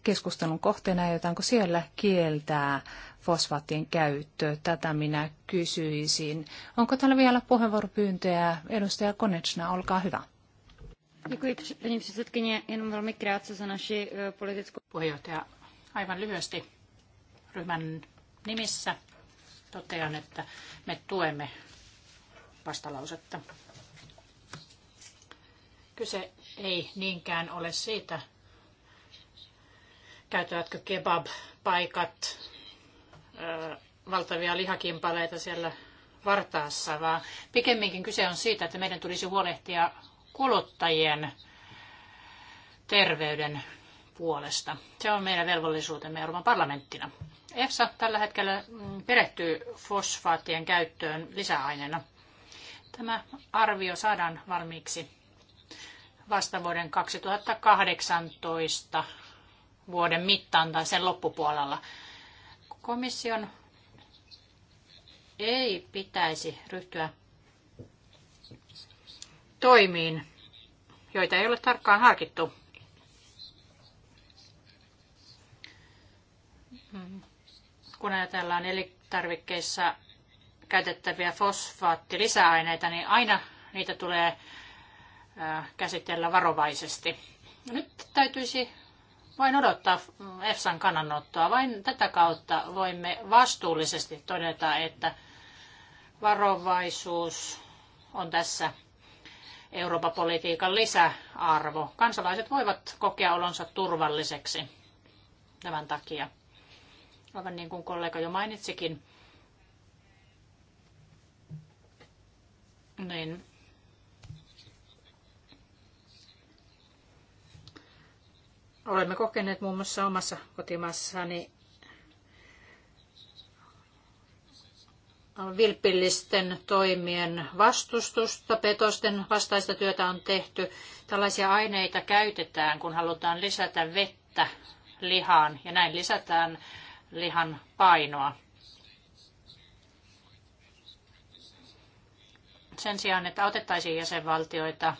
keskustelun kohteena, jotainko siellä kieltää fosfaattien käyttö? Tätä minä kysyisin. Onko täällä vielä puheenvuoropyyntöjä? Edustaja Konechna, olkaa hyvä. Eh, Puheenjohtaja, aivan lyhyesti ryhmän nimissä totean, että me tuemme vastalausetta. Kyse ei niinkään ole siitä, käytävätkö kebab-paikat valtavia lihakimpaleita siellä vartaassa, vaan pikemminkin kyse on siitä, että meidän tulisi huolehtia kuluttajien terveyden puolesta. Se on meidän velvollisuutemme Euroopan parlamenttina. EFSA tällä hetkellä mm, perehtyy fosfaattien käyttöön lisäaineena. Tämä arvio saadaan valmiiksi vasta vuoden 2018 vuoden mittaan tai sen loppupuolella. Komission ei pitäisi ryhtyä toimiin, joita ei ole tarkkaan harkittu. Kun ajatellaan elintarvikkeissa käytettäviä fosfaattilisäaineita, niin aina niitä tulee käsitellä varovaisesti. Nyt täytyisi vain odottaa EFSAn kannanottoa. Vain tätä kautta voimme vastuullisesti todeta, että varovaisuus on tässä Euroopan politiikan lisäarvo. Kansalaiset voivat kokea olonsa turvalliseksi tämän takia. Aivan niin kuin kollega jo mainitsikin, niin Olemme kokeneet muun muassa omassa kotimaassani vilpillisten toimien vastustusta, petosten vastaista työtä on tehty. Tällaisia aineita käytetään, kun halutaan lisätä vettä lihaan ja näin lisätään lihan painoa. Sen sijaan, että autettaisiin jäsenvaltioita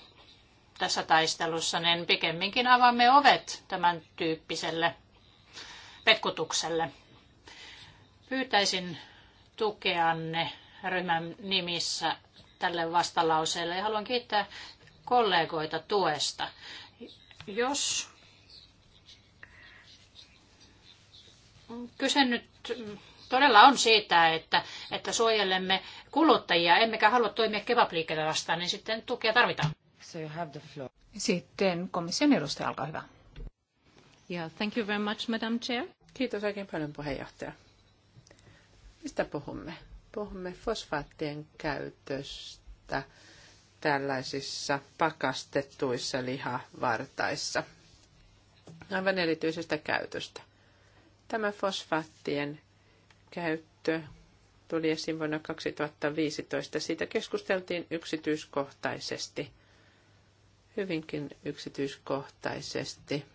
tässä taistelussa, niin pikemminkin avaamme ovet tämän tyyppiselle petkutukselle. Pyytäisin tukeanne ryhmän nimissä tälle vastalauseelle ja haluan kiittää kollegoita tuesta. Jos kyse nyt todella on siitä, että, että suojelemme kuluttajia, emmekä halua toimia kebabliikkeelle vastaan, niin sitten tukea tarvitaan. So you have the floor. Sitten komission edustaja, alkaa hyvä. Yeah, thank you very much, Madam Chair. Kiitos oikein paljon puheenjohtaja. Mistä puhumme? Puhumme fosfaattien käytöstä tällaisissa pakastettuissa lihavartaissa. Aivan erityisestä käytöstä. Tämä fosfaattien käyttö tuli esiin vuonna 2015. Siitä keskusteltiin yksityiskohtaisesti – hyvinkin yksityiskohtaisesti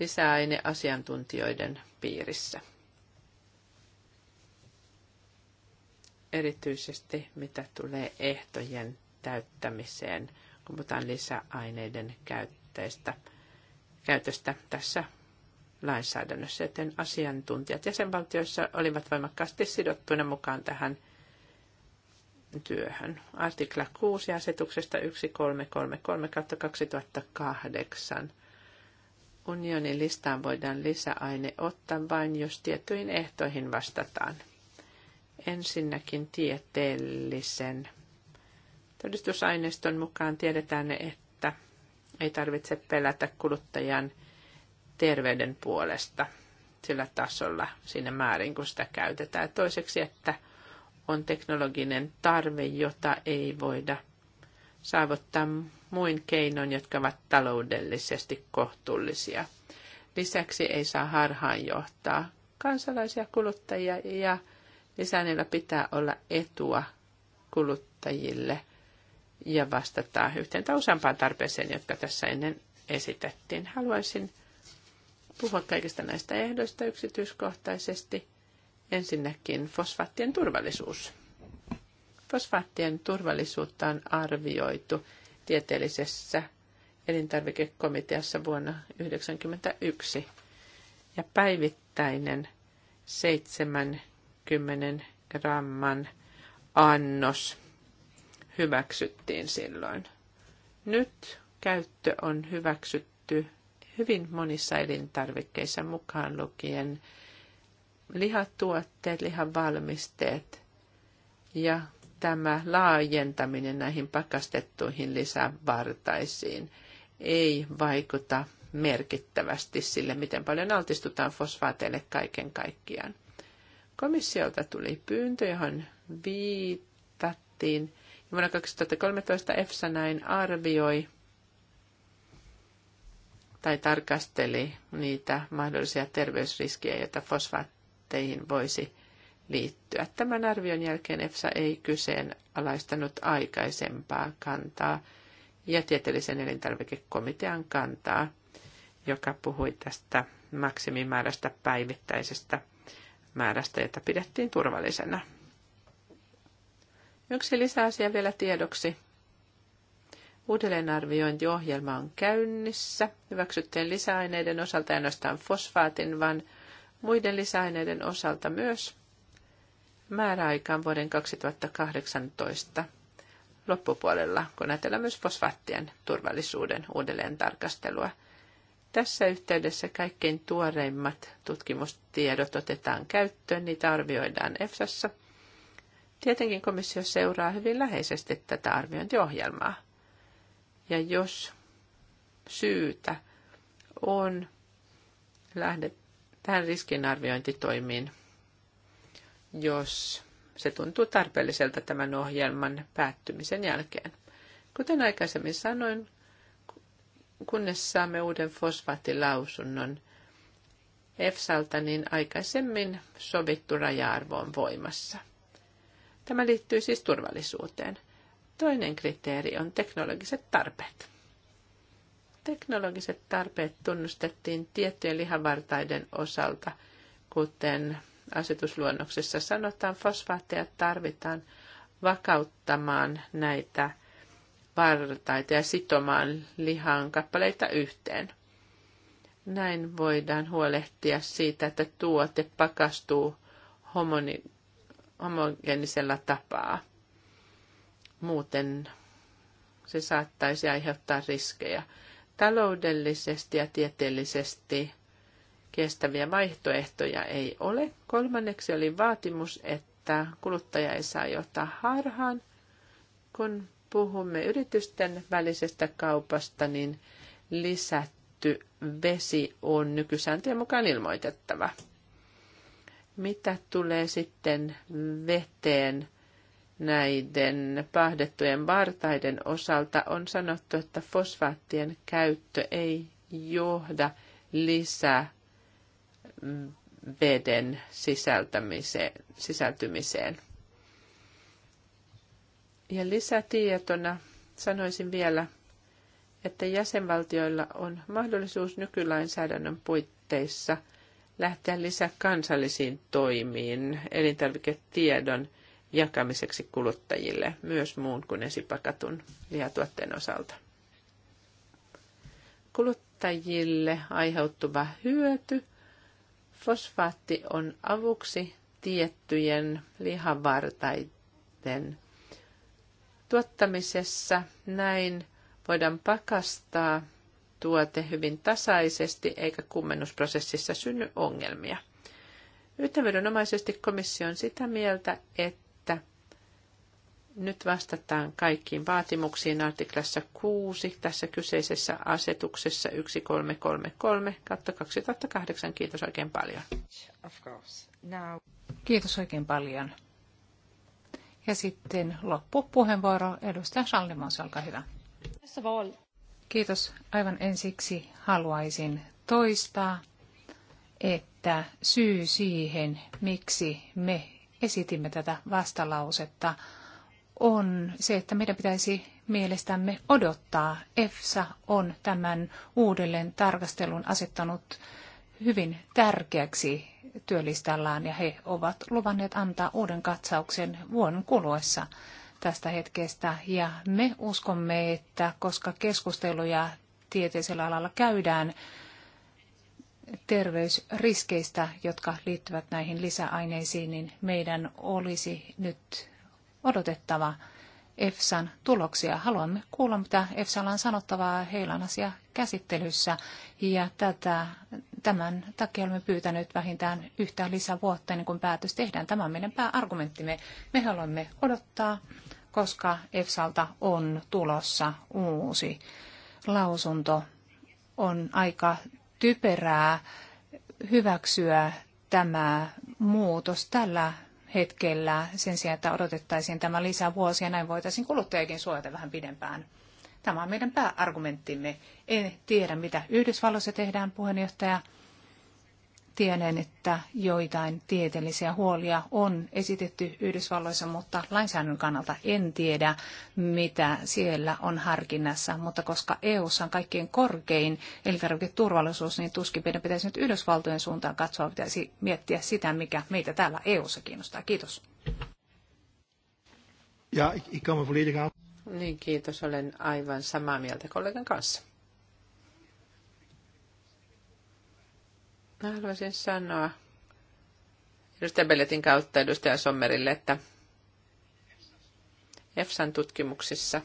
lisäaineasiantuntijoiden piirissä. Erityisesti mitä tulee ehtojen täyttämiseen, kun puhutaan lisäaineiden käyttäistä, käytöstä tässä lainsäädännössä, joten asiantuntijat jäsenvaltioissa olivat voimakkaasti sidottuina mukaan tähän – työhön. Artikla 6 asetuksesta 1333 2008 unionin listaan voidaan lisäaine ottaa vain, jos tiettyihin ehtoihin vastataan. Ensinnäkin tieteellisen todistusaineiston mukaan tiedetään, että ei tarvitse pelätä kuluttajan terveyden puolesta sillä tasolla siinä määrin, kun sitä käytetään. Toiseksi, että on teknologinen tarve, jota ei voida saavuttaa muin keinoin, jotka ovat taloudellisesti kohtuullisia. Lisäksi ei saa johtaa kansalaisia kuluttajia ja lisäänillä pitää olla etua kuluttajille ja vastata yhteen tai useampaan tarpeeseen, jotka tässä ennen esitettiin. Haluaisin puhua kaikista näistä ehdoista yksityiskohtaisesti – Ensinnäkin fosfaattien turvallisuus. Fosfaattien turvallisuutta on arvioitu tieteellisessä elintarvikekomiteassa vuonna 1991 ja päivittäinen 70 gramman annos hyväksyttiin silloin. Nyt käyttö on hyväksytty hyvin monissa elintarvikkeissa mukaan lukien lihatuotteet, lihavalmisteet ja tämä laajentaminen näihin pakastettuihin lisävartaisiin ei vaikuta merkittävästi sille, miten paljon altistutaan fosfaateille kaiken kaikkiaan. Komissiolta tuli pyyntö, johon viitattiin. Ja vuonna 2013 EFSA näin arvioi tai tarkasteli niitä mahdollisia terveysriskejä, joita fosfaatti konsultteihin voisi liittyä. Tämän arvion jälkeen EFSA ei kyseenalaistanut aikaisempaa kantaa ja tieteellisen elintarvikekomitean kantaa, joka puhui tästä maksimimäärästä päivittäisestä määrästä, jota pidettiin turvallisena. Yksi lisäasia vielä tiedoksi. Uudelleenarviointiohjelma on käynnissä. Hyväksyttyjen lisäaineiden osalta ainoastaan fosfaatin, vaan Muiden lisäaineiden osalta myös määräaikaan vuoden 2018 loppupuolella, kun ajatellaan myös fosfaattien turvallisuuden uudelleen tarkastelua. Tässä yhteydessä kaikkein tuoreimmat tutkimustiedot otetaan käyttöön, niitä arvioidaan EFSAssa. Tietenkin komissio seuraa hyvin läheisesti tätä arviointiohjelmaa. Ja jos syytä on, lähdet, tähän riskinarviointitoimiin, jos se tuntuu tarpeelliselta tämän ohjelman päättymisen jälkeen. Kuten aikaisemmin sanoin, kunnes saamme uuden fosfaattilausunnon EFSAlta, niin aikaisemmin sovittu raja-arvo on voimassa. Tämä liittyy siis turvallisuuteen. Toinen kriteeri on teknologiset tarpeet. Teknologiset tarpeet tunnustettiin tiettyjen lihavartaiden osalta, kuten asetusluonnoksessa sanotaan, fosfaatteja tarvitaan vakauttamaan näitä vartaita ja sitomaan lihan kappaleita yhteen. Näin voidaan huolehtia siitä, että tuote pakastuu homoni, homogenisella tapaa. Muuten se saattaisi aiheuttaa riskejä Taloudellisesti ja tieteellisesti kestäviä vaihtoehtoja ei ole. Kolmanneksi oli vaatimus, että kuluttaja ei saa johtaa harhaan. Kun puhumme yritysten välisestä kaupasta, niin lisätty vesi on nykysääntöjen mukaan ilmoitettava. Mitä tulee sitten veteen näiden pahdettujen vartaiden osalta on sanottu, että fosfaattien käyttö ei johda lisää veden sisältymiseen. Ja lisätietona sanoisin vielä, että jäsenvaltioilla on mahdollisuus nykylainsäädännön puitteissa lähteä lisää kansallisiin toimiin elintarviketiedon – jakamiseksi kuluttajille myös muun kuin esipakatun lihatuotteen osalta. Kuluttajille aiheuttuva hyöty fosfaatti on avuksi tiettyjen lihavartaiden tuottamisessa. Näin voidaan pakastaa tuote hyvin tasaisesti eikä kummennusprosessissa synny ongelmia. Yhteenvedonomaisesti komissio on sitä mieltä, että nyt vastataan kaikkiin vaatimuksiin artiklassa 6 tässä kyseisessä asetuksessa 1333 2008. Kiitos oikein paljon. Kiitos oikein paljon. Ja sitten loppupuheenvuoro edustaja Sallimaus, olkaa hyvä. Kiitos. Aivan ensiksi haluaisin toistaa, että syy siihen, miksi me esitimme tätä vastalausetta, on se, että meidän pitäisi mielestämme odottaa. EFSA on tämän uudelleen tarkastelun asettanut hyvin tärkeäksi työlistallaan ja he ovat luvanneet antaa uuden katsauksen vuoden kuluessa tästä hetkestä. Ja me uskomme, että koska keskusteluja tieteisellä alalla käydään terveysriskeistä, jotka liittyvät näihin lisäaineisiin, niin meidän olisi nyt odotettava EFSAn tuloksia. Haluamme kuulla, mitä EFSAlla on sanottavaa. heilan asia käsittelyssä ja tätä, tämän takia olemme pyytäneet vähintään yhtä lisävuotta ennen kuin päätös tehdään. Tämä on meidän pääargumenttimme. Me haluamme odottaa, koska EFSAlta on tulossa uusi lausunto. On aika typerää hyväksyä tämä muutos tällä hetkellä sen sijaan, että odotettaisiin tämä lisää vuosia. Näin voitaisiin kuluttajakin suojata vähän pidempään. Tämä on meidän pääargumenttimme. En tiedä, mitä Yhdysvalloissa tehdään, puheenjohtaja. Tiedän, että joitain tieteellisiä huolia on esitetty Yhdysvalloissa, mutta lainsäädännön kannalta en tiedä, mitä siellä on harkinnassa. Mutta koska EU:ssa on kaikkein korkein elintarviketurvallisuus, niin tuskin meidän pitäisi nyt Yhdysvaltojen suuntaan katsoa, pitäisi miettiä sitä, mikä meitä täällä EU:ssa kiinnostaa. Kiitos. Ja, ik, ik Niin, kiitos. Olen aivan samaa mieltä kollegan kanssa. Mä haluaisin sanoa edustaja Belletin kautta edustaja Sommerille, että EFSAn tutkimuksissa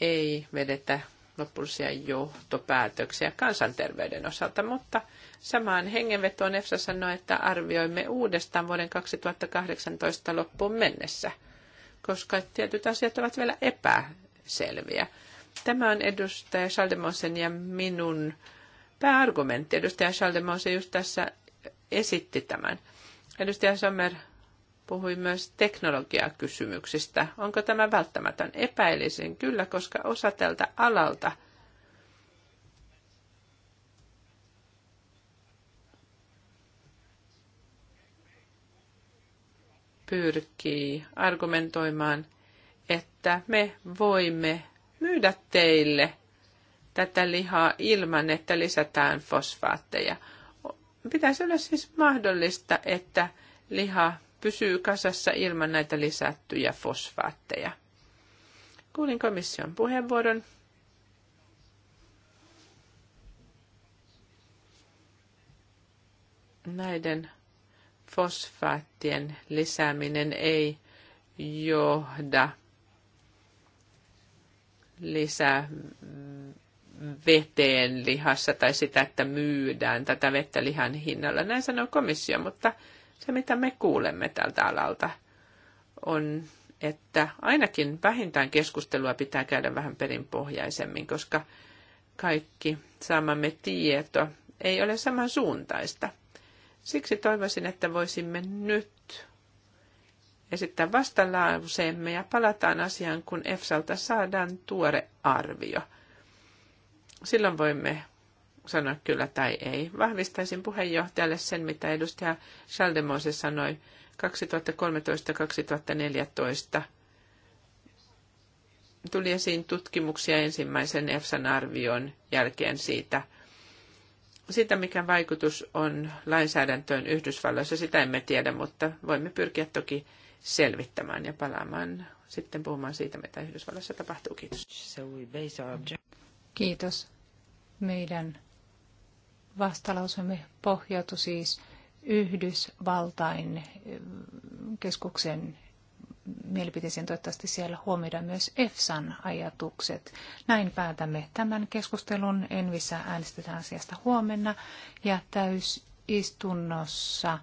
ei vedetä lopullisia johtopäätöksiä kansanterveyden osalta, mutta samaan hengenvetoon EFSA sanoi, että arvioimme uudestaan vuoden 2018 loppuun mennessä, koska tietyt asiat ovat vielä epäselviä. Tämä on edustaja Schaldemosen ja minun pääargumentti. Edustaja se just tässä esitti tämän. Edustaja Sommer puhui myös teknologiakysymyksistä. Onko tämä välttämätön? Epäilisin kyllä, koska osa tältä alalta pyrkii argumentoimaan, että me voimme myydä teille – tätä lihaa ilman, että lisätään fosfaatteja. Pitäisi olla siis mahdollista, että liha pysyy kasassa ilman näitä lisättyjä fosfaatteja. Kuulin komission puheenvuoron. Näiden fosfaattien lisääminen ei johda lisää veteen lihassa tai sitä, että myydään tätä vettä lihan hinnalla. Näin sanoo komissio, mutta se mitä me kuulemme tältä alalta on, että ainakin vähintään keskustelua pitää käydä vähän perinpohjaisemmin, koska kaikki saamamme tieto ei ole samansuuntaista. Siksi toivoisin, että voisimme nyt esittää vastalauseemme ja palataan asiaan, kun EFSAlta saadaan tuore arvio – Silloin voimme sanoa kyllä tai ei. Vahvistaisin puheenjohtajalle sen, mitä edustaja Schaldemose sanoi 2013-2014. Tuli esiin tutkimuksia ensimmäisen EFSAn arvion jälkeen siitä, sitä, mikä vaikutus on lainsäädäntöön Yhdysvalloissa, sitä emme tiedä, mutta voimme pyrkiä toki selvittämään ja palaamaan sitten puhumaan siitä, mitä Yhdysvalloissa tapahtuu. Kiitos. Kiitos. Meidän vastalausemme pohjautui siis Yhdysvaltain keskuksen mielipiteisiin. Toivottavasti siellä huomioidaan myös EFSAn ajatukset. Näin päätämme tämän keskustelun. Envissä äänestetään asiasta huomenna ja täysistunnossa,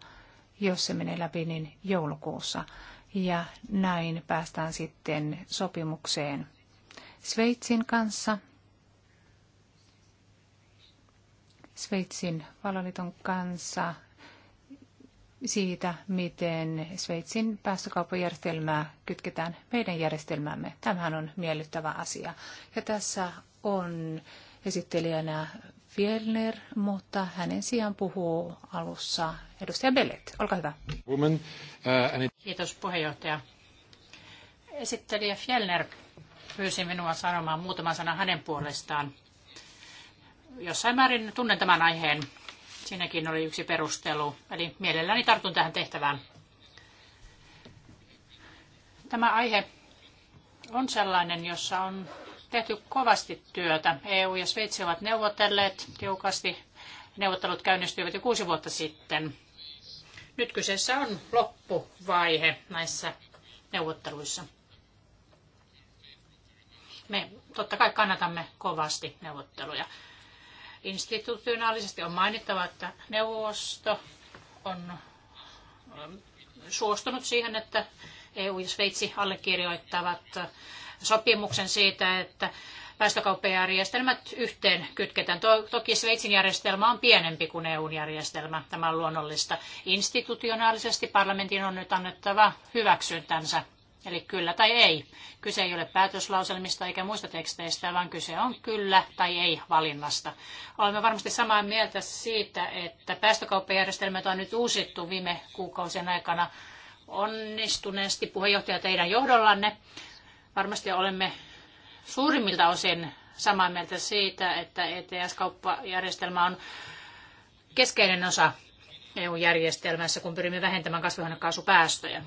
jos se menee läpi, niin joulukuussa. Ja näin päästään sitten sopimukseen Sveitsin kanssa. Sveitsin valoliiton kanssa siitä, miten Sveitsin päästökauppajärjestelmää kytketään meidän järjestelmämme. Tämähän on miellyttävä asia. Ja tässä on esittelijänä Fjellner, mutta hänen sijaan puhuu alussa edustaja Bellet. Olkaa hyvä. Woman, uh, Kiitos puheenjohtaja. Esittelijä Fjellner pyysi minua sanomaan muutaman sanan hänen puolestaan jossain määrin tunnen tämän aiheen. Siinäkin oli yksi perustelu, eli mielelläni tartun tähän tehtävään. Tämä aihe on sellainen, jossa on tehty kovasti työtä. EU ja Sveitsi ovat neuvotelleet tiukasti. Neuvottelut käynnistyivät jo kuusi vuotta sitten. Nyt kyseessä on loppuvaihe näissä neuvotteluissa. Me totta kai kannatamme kovasti neuvotteluja. Institutionaalisesti on mainittava, että neuvosto on suostunut siihen, että EU ja Sveitsi allekirjoittavat sopimuksen siitä, että päästökauppajärjestelmät yhteen kytketään. Toki Sveitsin järjestelmä on pienempi kuin EUn järjestelmä. Tämä on luonnollista. Institutionaalisesti parlamentin on nyt annettava hyväksyntänsä Eli kyllä tai ei. Kyse ei ole päätöslauselmista eikä muista teksteistä, vaan kyse on kyllä tai ei valinnasta. Olemme varmasti samaa mieltä siitä, että päästökauppajärjestelmät on nyt uusittu viime kuukausien aikana onnistuneesti puheenjohtaja teidän johdollanne. Varmasti olemme suurimmilta osin samaa mieltä siitä, että ETS-kauppajärjestelmä on keskeinen osa EU-järjestelmässä, kun pyrimme vähentämään kasvihuonekaasupäästöjä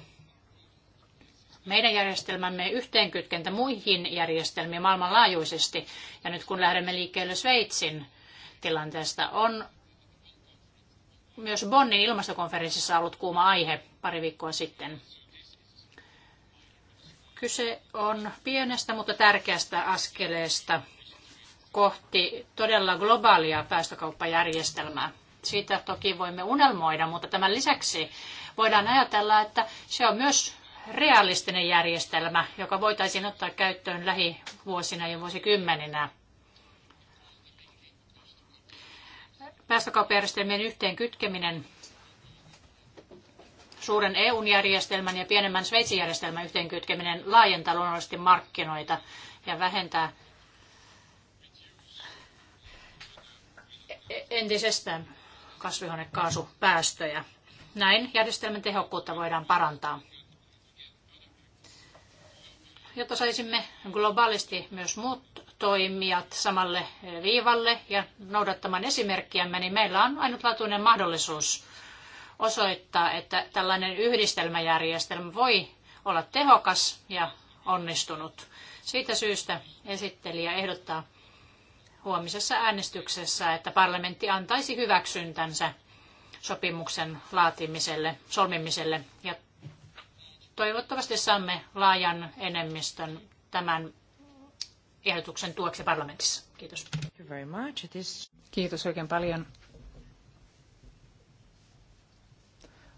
meidän järjestelmämme yhteenkytkentä muihin järjestelmiin maailmanlaajuisesti. Ja nyt kun lähdemme liikkeelle Sveitsin tilanteesta, on myös Bonnin ilmastokonferenssissa ollut kuuma aihe pari viikkoa sitten. Kyse on pienestä, mutta tärkeästä askeleesta kohti todella globaalia päästökauppajärjestelmää. Siitä toki voimme unelmoida, mutta tämän lisäksi voidaan ajatella, että se on myös realistinen järjestelmä, joka voitaisiin ottaa käyttöön lähivuosina ja vuosikymmeninä. Päästökauppajärjestelmien yhteen kytkeminen suuren EU-järjestelmän ja pienemmän Sveitsin järjestelmän yhteenkytkeminen laajentaa luonnollisesti markkinoita ja vähentää entisestään kasvihuonekaasupäästöjä. Näin järjestelmän tehokkuutta voidaan parantaa jotta saisimme globaalisti myös muut toimijat samalle viivalle ja noudattamaan esimerkkiämme, niin meillä on ainutlaatuinen mahdollisuus osoittaa, että tällainen yhdistelmäjärjestelmä voi olla tehokas ja onnistunut. Siitä syystä esittelijä ehdottaa huomisessa äänestyksessä, että parlamentti antaisi hyväksyntänsä sopimuksen laatimiselle, solmimiselle ja Toivottavasti saamme laajan enemmistön tämän ehdotuksen tueksi parlamentissa. Kiitos. Kiitos oikein paljon.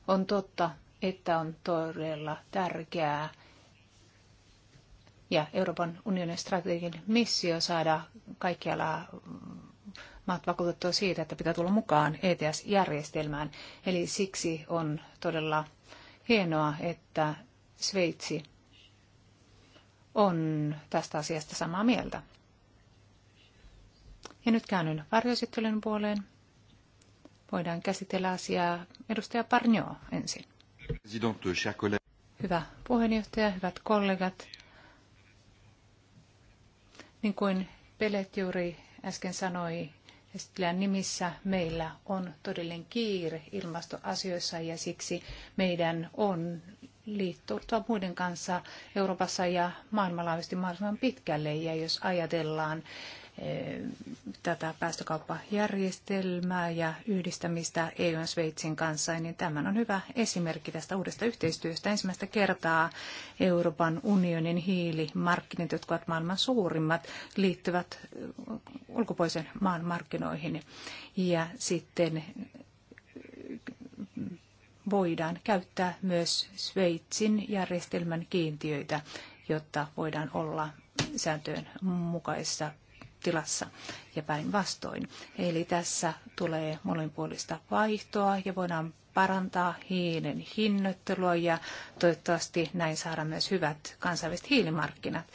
On totta, että on todella tärkeää ja Euroopan unionin strategian missio saada kaikkialla maat vakuutettua siitä, että pitää tulla mukaan ETS-järjestelmään. Eli siksi on todella hienoa, että Sveitsi on tästä asiasta samaa mieltä. Ja nyt käännyn varjoesittelyn puoleen. Voidaan käsitellä asiaa edustaja Parnio ensin. Hyvä puheenjohtaja, hyvät kollegat. Niin kuin Pelet juuri äsken sanoi, Estilän nimissä meillä on todellinen kiire ilmastoasioissa ja siksi meidän on liittoutua muiden kanssa Euroopassa ja maailmanlaajuisesti mahdollisimman pitkälle. Ja jos ajatellaan eh, tätä päästökauppajärjestelmää ja yhdistämistä EU ja Sveitsin kanssa, niin tämä on hyvä esimerkki tästä uudesta yhteistyöstä. Ensimmäistä kertaa Euroopan unionin hiilimarkkinat, jotka ovat maailman suurimmat, liittyvät ulkopuolisen maan markkinoihin. Ja sitten voidaan käyttää myös Sveitsin järjestelmän kiintiöitä, jotta voidaan olla sääntöjen mukaisessa tilassa ja päinvastoin. Eli tässä tulee molempuolista vaihtoa ja voidaan parantaa hiilen hinnoittelua ja toivottavasti näin saada myös hyvät kansainväliset hiilimarkkinat.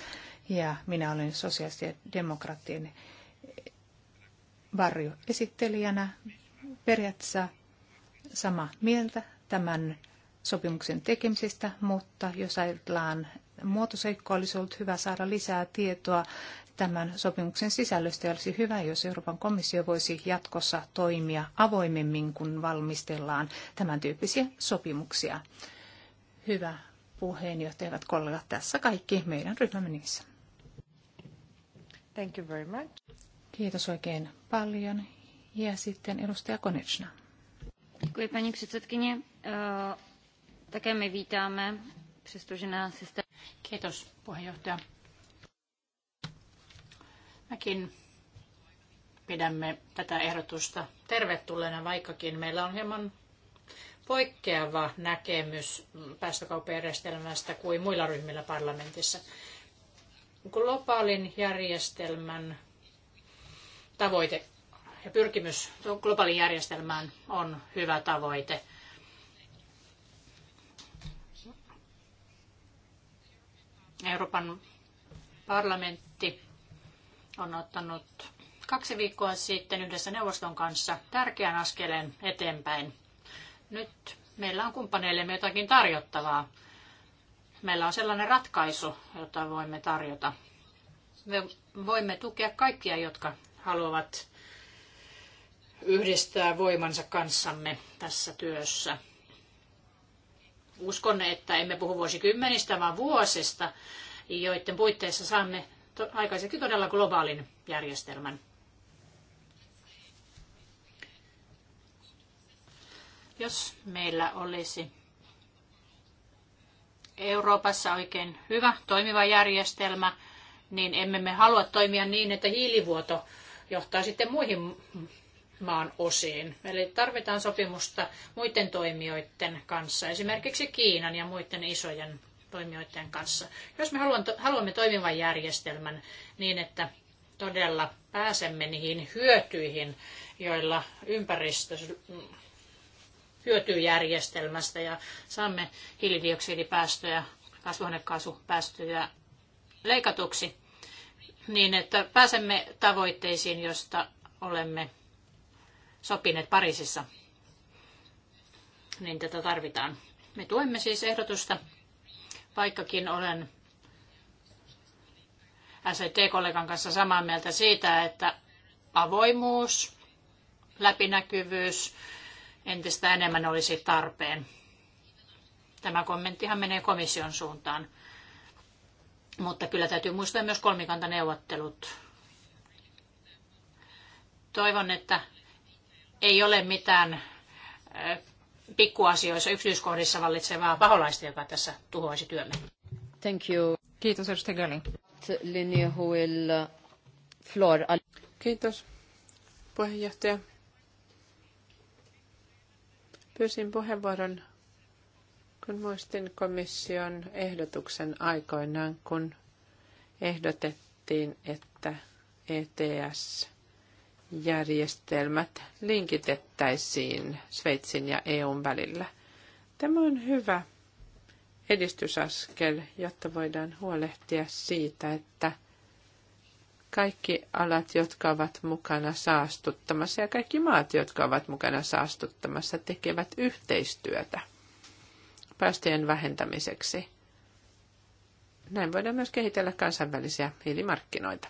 Ja minä olen sosiaalisten demokraattien varjoesittelijänä periaatteessa samaa mieltä tämän sopimuksen tekemisestä, mutta jos ajatellaan muotoseikkoa, olisi ollut hyvä saada lisää tietoa tämän sopimuksen sisällöstä ja olisi hyvä, jos Euroopan komissio voisi jatkossa toimia avoimemmin, kun valmistellaan tämän tyyppisiä sopimuksia. Hyvä puheenjohtaja, hyvät kollegat, tässä kaikki meidän ryhmämme niissä. Thank you very much. Kiitos oikein paljon. Ja sitten edustaja Konechna. Děkuji, Pani Eh, také me vítáme, přestože nämä systém... Kiitos puheenjohtaja. Mäkin pidämme tätä ehdotusta tervetulleena, vaikkakin meillä on hieman poikkeava näkemys päästökauppajärjestelmästä kuin muilla ryhmillä parlamentissa. Globaalin järjestelmän tavoite ja pyrkimys globaalin järjestelmään on hyvä tavoite. Euroopan parlamentti on ottanut kaksi viikkoa sitten yhdessä neuvoston kanssa tärkeän askeleen eteenpäin. Nyt meillä on kumppaneillemme jotakin tarjottavaa. Meillä on sellainen ratkaisu, jota voimme tarjota. Me voimme tukea kaikkia, jotka haluavat yhdistää voimansa kanssamme tässä työssä. Uskon, että emme puhu vuosikymmenistä, vaan vuosista, joiden puitteissa saamme to- aikaiseksi todella globaalin järjestelmän. Jos meillä olisi Euroopassa oikein hyvä toimiva järjestelmä, niin emme me halua toimia niin, että hiilivuoto johtaa sitten muihin maan osiin. Eli tarvitaan sopimusta muiden toimijoiden kanssa, esimerkiksi Kiinan ja muiden isojen toimijoiden kanssa. Jos me haluamme toimivan järjestelmän niin, että todella pääsemme niihin hyötyihin, joilla ympäristö hyötyy järjestelmästä ja saamme hiilidioksidipäästöjä, kasvihuonekaasupäästöjä leikatuksi, niin että pääsemme tavoitteisiin, josta olemme sopineet Pariisissa, niin tätä tarvitaan. Me tuemme siis ehdotusta, vaikkakin olen SET-kollegan kanssa samaa mieltä siitä, että avoimuus, läpinäkyvyys entistä enemmän olisi tarpeen. Tämä kommenttihan menee komission suuntaan. Mutta kyllä täytyy muistaa myös kolmikantaneuvottelut. Toivon, että ei ole mitään äh, pikkuasioissa yksityiskohdissa vallitsevaa paholaista, joka tässä tuhoaisi työmme. Thank you. Kiitos, edustaja Gali. Kiitos, puheenjohtaja. Pyysin puheenvuoron, kun muistin komission ehdotuksen aikoinaan, kun ehdotettiin, että ETS – järjestelmät linkitettäisiin Sveitsin ja EUn välillä. Tämä on hyvä edistysaskel, jotta voidaan huolehtia siitä, että kaikki alat, jotka ovat mukana saastuttamassa ja kaikki maat, jotka ovat mukana saastuttamassa, tekevät yhteistyötä päästöjen vähentämiseksi. Näin voidaan myös kehitellä kansainvälisiä hiilimarkkinoita.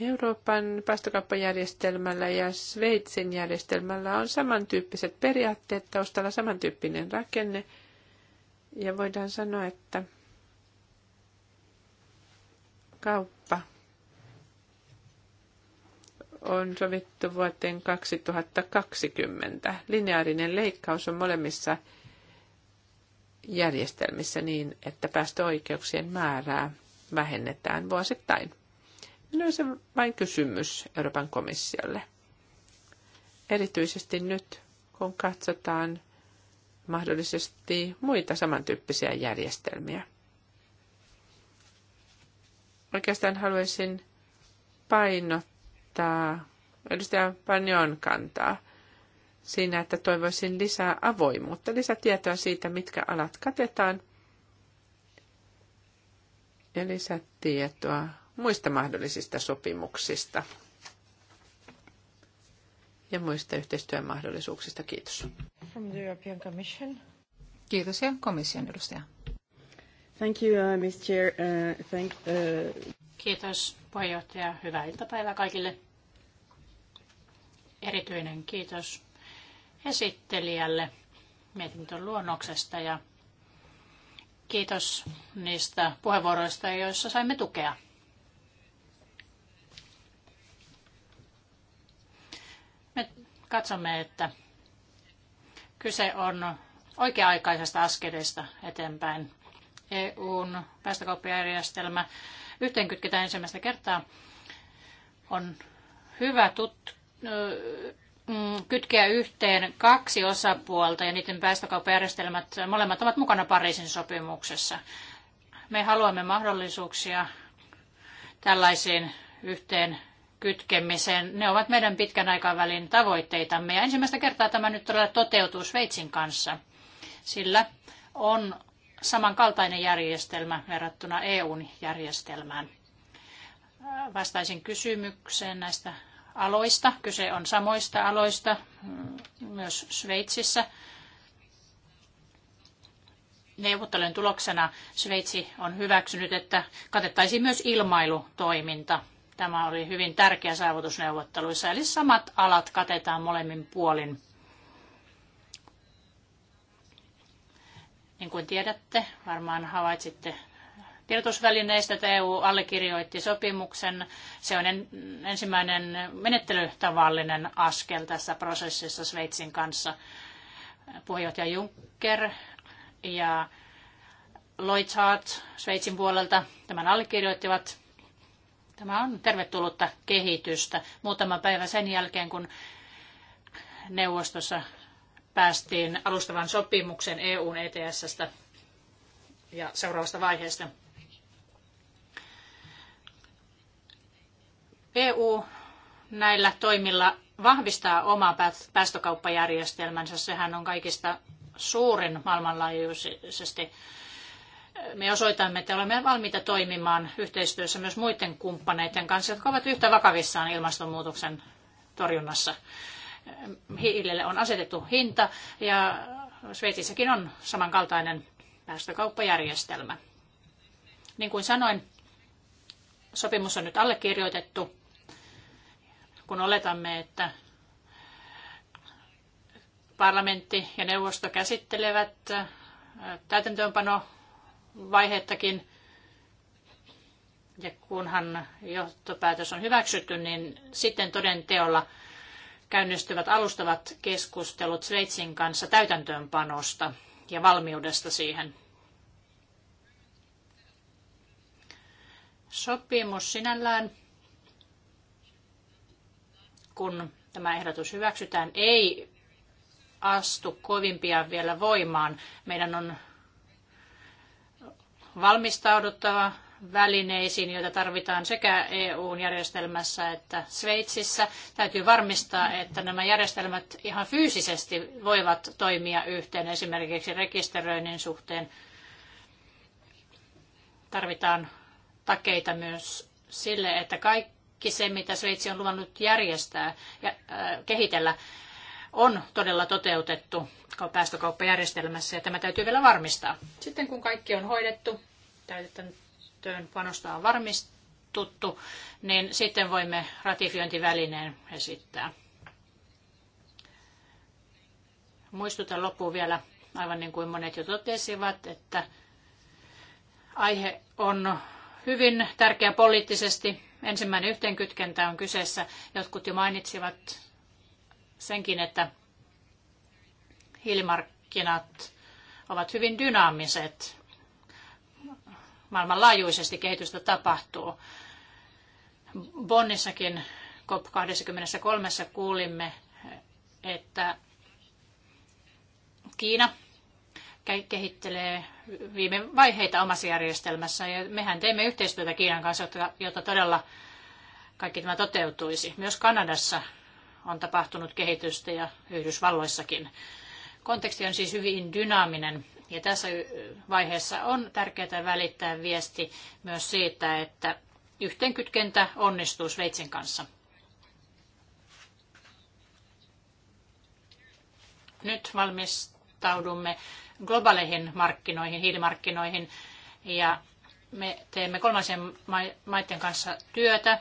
Euroopan päästökauppajärjestelmällä ja Sveitsin järjestelmällä on samantyyppiset periaatteet, taustalla samantyyppinen rakenne. Ja voidaan sanoa, että kauppa on sovittu vuoteen 2020. Lineaarinen leikkaus on molemmissa järjestelmissä niin, että päästöoikeuksien määrää vähennetään vuosittain. Minulla no se vain kysymys Euroopan komissiolle. Erityisesti nyt, kun katsotaan mahdollisesti muita samantyyppisiä järjestelmiä. Oikeastaan haluaisin painottaa edustaja Panjon kantaa siinä, että toivoisin lisää avoimuutta, lisätietoa siitä, mitkä alat katetaan ja lisätietoa muista mahdollisista sopimuksista ja muista yhteistyön mahdollisuuksista. Kiitos. From the European Commission. Kiitos ja komission edustaja. Thank you, uh, Ms. Chair. Uh, thank, uh... Kiitos puheenjohtaja. Hyvää iltapäivää kaikille. Erityinen kiitos esittelijälle mietintön luonnoksesta ja kiitos niistä puheenvuoroista, joissa saimme tukea. Katsomme, että kyse on oikea-aikaisesta askeleesta eteenpäin. EUn päästökauppajärjestelmä yhteenkytketään ensimmäistä kertaa. On hyvä tut- mm, kytkeä yhteen kaksi osapuolta ja niiden päästökauppajärjestelmät, molemmat ovat mukana Pariisin sopimuksessa. Me haluamme mahdollisuuksia tällaisiin yhteen kytkemiseen. Ne ovat meidän pitkän aikavälin tavoitteitamme ja ensimmäistä kertaa tämä nyt todella toteutuu Sveitsin kanssa, sillä on samankaltainen järjestelmä verrattuna EUn järjestelmään. Vastaisin kysymykseen näistä aloista. Kyse on samoista aloista mm, myös Sveitsissä. Neuvottelujen tuloksena Sveitsi on hyväksynyt, että katettaisiin myös ilmailutoiminta Tämä oli hyvin tärkeä saavutus neuvotteluissa, eli samat alat katetaan molemmin puolin. Niin kuin tiedätte, varmaan havaitsitte tiedotusvälineistä, että EU allekirjoitti sopimuksen. Se on ensimmäinen menettelytavallinen askel tässä prosessissa Sveitsin kanssa. Puheenjohtaja Juncker ja Lloyd Hart Sveitsin puolelta tämän allekirjoittivat. Tämä on tervetullutta kehitystä muutama päivä sen jälkeen, kun neuvostossa päästiin alustavan sopimuksen EUn ETSstä ja seuraavasta vaiheesta. EU näillä toimilla vahvistaa omaa päästökauppajärjestelmänsä. Sehän on kaikista suurin maailmanlaajuisesti me osoitamme, että olemme valmiita toimimaan yhteistyössä myös muiden kumppaneiden kanssa, jotka ovat yhtä vakavissaan ilmastonmuutoksen torjunnassa. Hiilelle on asetettu hinta ja Sveitsissäkin on samankaltainen päästökauppajärjestelmä. Niin kuin sanoin, sopimus on nyt allekirjoitettu, kun oletamme, että parlamentti ja neuvosto käsittelevät täytäntöönpano vaihettakin. Ja kunhan johtopäätös on hyväksytty, niin sitten toden teolla käynnistyvät alustavat keskustelut Sveitsin kanssa täytäntöönpanosta ja valmiudesta siihen. Sopimus sinällään, kun tämä ehdotus hyväksytään, ei astu kovimpia vielä voimaan. Meidän on valmistauduttava välineisiin, joita tarvitaan sekä EUn järjestelmässä että Sveitsissä. Täytyy varmistaa, että nämä järjestelmät ihan fyysisesti voivat toimia yhteen esimerkiksi rekisteröinnin suhteen. Tarvitaan takeita myös sille, että kaikki se, mitä Sveitsi on luvannut järjestää ja äh, kehitellä, on todella toteutettu päästökauppajärjestelmässä ja tämä täytyy vielä varmistaa. Sitten kun kaikki on hoidettu, täytettyön panosta on varmistuttu, niin sitten voimme ratifiointivälineen esittää. Muistutan loppuun vielä, aivan niin kuin monet jo totesivat, että aihe on hyvin tärkeä poliittisesti. Ensimmäinen yhteenkytkentä on kyseessä. Jotkut jo mainitsivat senkin, että hiilimarkkinat ovat hyvin dynaamiset. Maailmanlaajuisesti kehitystä tapahtuu. Bonnissakin COP23 kuulimme, että Kiina kehittelee viime vaiheita omassa järjestelmässä ja mehän teemme yhteistyötä Kiinan kanssa, jotta, jotta todella kaikki tämä toteutuisi. Myös Kanadassa on tapahtunut kehitystä ja Yhdysvalloissakin. Konteksti on siis hyvin dynaaminen ja tässä vaiheessa on tärkeää välittää viesti myös siitä, että yhteenkytkentä onnistuu Sveitsin kanssa. Nyt valmistaudumme globaaleihin markkinoihin, hiilimarkkinoihin ja me teemme kolmansien maiden kanssa työtä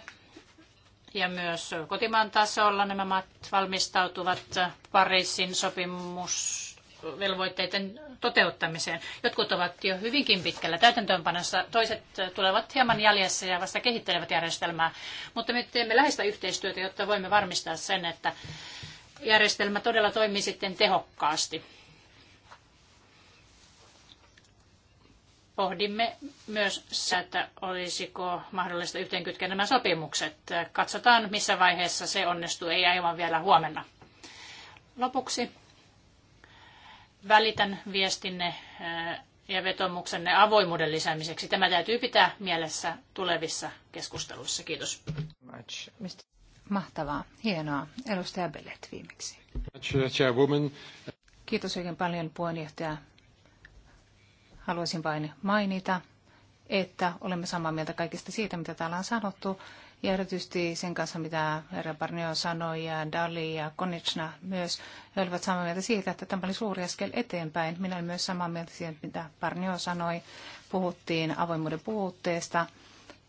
ja myös kotimaan tasolla nämä maat valmistautuvat Pariisin sopimus velvoitteiden toteuttamiseen. Jotkut ovat jo hyvinkin pitkällä täytäntöönpanossa, toiset tulevat hieman jäljessä ja vasta kehittelevät järjestelmää, mutta me teemme läheistä yhteistyötä, jotta voimme varmistaa sen, että järjestelmä todella toimii sitten tehokkaasti. Pohdimme myös sitä, että olisiko mahdollista yhteenkytkeä nämä sopimukset. Katsotaan, missä vaiheessa se onnistuu, ei aivan vielä huomenna. Lopuksi välitän viestinne eh, ja vetomuksenne avoimuuden lisäämiseksi. Tämä täytyy pitää mielessä tulevissa keskusteluissa. Kiitos. Mahtavaa, hienoa. Edustaja Bellet viimeksi. Kiitos oikein paljon puheenjohtaja Haluaisin vain mainita, että olemme samaa mieltä kaikista siitä, mitä täällä on sanottu, ja erityisesti sen kanssa, mitä herra Barnio sanoi, ja Dali ja Konitsna myös, he olivat samaa mieltä siitä, että tämä oli suuri askel eteenpäin. Minä olen myös samaa mieltä siitä, mitä Barnio sanoi. Puhuttiin avoimuuden puutteesta,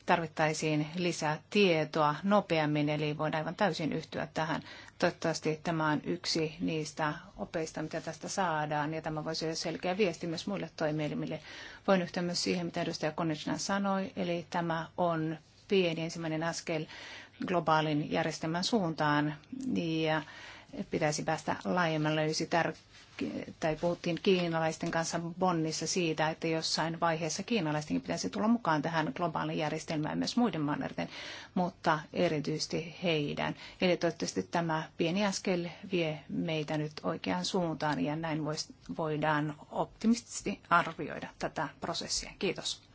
tarvittaisiin lisää tietoa nopeammin, eli voin aivan täysin yhtyä tähän. Toivottavasti tämä on yksi niistä opeista, mitä tästä saadaan, ja tämä voisi olla selkeä viesti myös muille toimielimille. Voin yhtyä myös siihen, mitä edustaja Konechna sanoi, eli tämä on pieni ensimmäinen askel globaalin järjestelmän suuntaan, ja pitäisi päästä laajemmalle. tär- tai puhuttiin kiinalaisten kanssa Bonnissa siitä, että jossain vaiheessa kiinalaistenkin pitäisi tulla mukaan tähän globaaliin järjestelmään myös muiden mannerten, mutta erityisesti heidän. Eli toivottavasti tämä pieni askel vie meitä nyt oikeaan suuntaan ja näin voidaan optimistisesti arvioida tätä prosessia. Kiitos.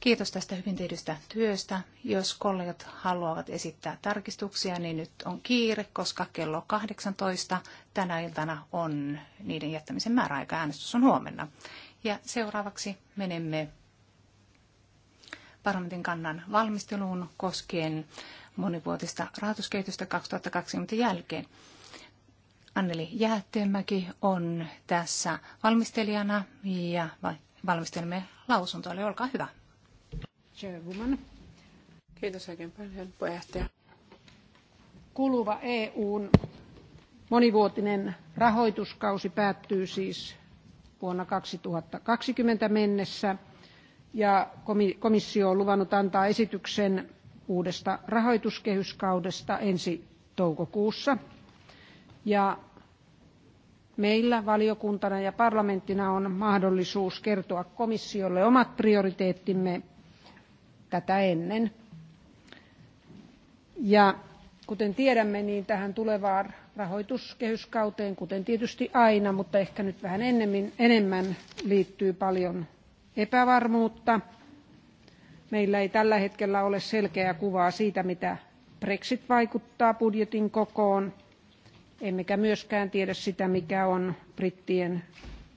Kiitos tästä hyvin tehdystä työstä. Jos kollegat haluavat esittää tarkistuksia, niin nyt on kiire, koska kello 18 tänä iltana on niiden jättämisen määräaika. Äänestys on huomenna. Ja seuraavaksi menemme parlamentin kannan valmisteluun koskien monivuotista rahoituskehitystä 2020 jälkeen. Anneli Jäätteenmäki on tässä valmistelijana ja valmistelemme lausuntoa, olkaa hyvä. Chairwoman. Kiitos oikein paljon, puheenjohtaja. Kuluva EUn monivuotinen rahoituskausi päättyy siis vuonna 2020 mennessä ja komissio on luvannut antaa esityksen uudesta rahoituskehyskaudesta ensi toukokuussa. Ja meillä valiokuntana ja parlamenttina on mahdollisuus kertoa komissiolle omat prioriteettimme tätä ennen. Ja kuten tiedämme, niin tähän tulevaan rahoituskehyskauteen, kuten tietysti aina, mutta ehkä nyt vähän ennemmin, enemmän liittyy paljon epävarmuutta. Meillä ei tällä hetkellä ole selkeää kuvaa siitä, mitä Brexit vaikuttaa budjetin kokoon, emmekä myöskään tiedä sitä, mikä on brittien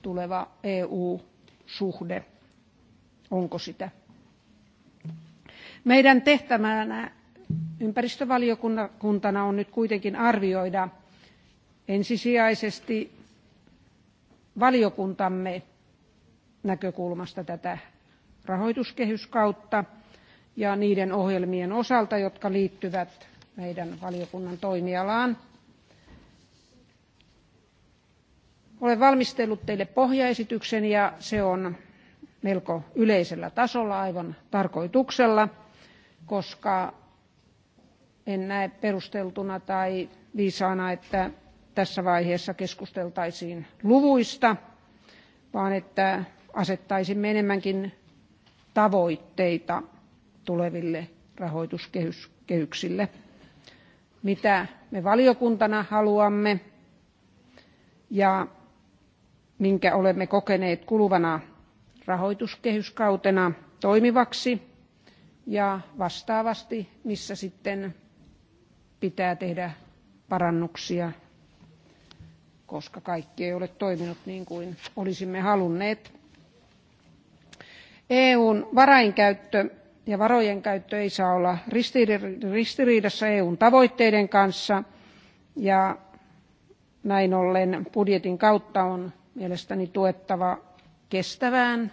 tuleva EU-suhde. Onko sitä? meidän tehtävänä ympäristövaliokuntana on nyt kuitenkin arvioida ensisijaisesti valiokuntamme näkökulmasta tätä rahoituskehyskautta ja niiden ohjelmien osalta jotka liittyvät meidän valiokunnan toimialaan. olen valmistellut teille pohjaesityksen ja se on melko yleisellä tasolla aivan tarkoituksella koska en näe perusteltuna tai viisaana, että tässä vaiheessa keskusteltaisiin luvuista, vaan että asettaisimme enemmänkin tavoitteita tuleville rahoituskehyksille. Mitä me valiokuntana haluamme ja minkä olemme kokeneet kuluvana rahoituskehyskautena toimivaksi ja vastaavasti, missä sitten pitää tehdä parannuksia, koska kaikki ei ole toiminut niin kuin olisimme halunneet. EUn varainkäyttö ja varojen käyttö ei saa olla ristiriidassa EUn tavoitteiden kanssa ja näin ollen budjetin kautta on mielestäni tuettava kestävään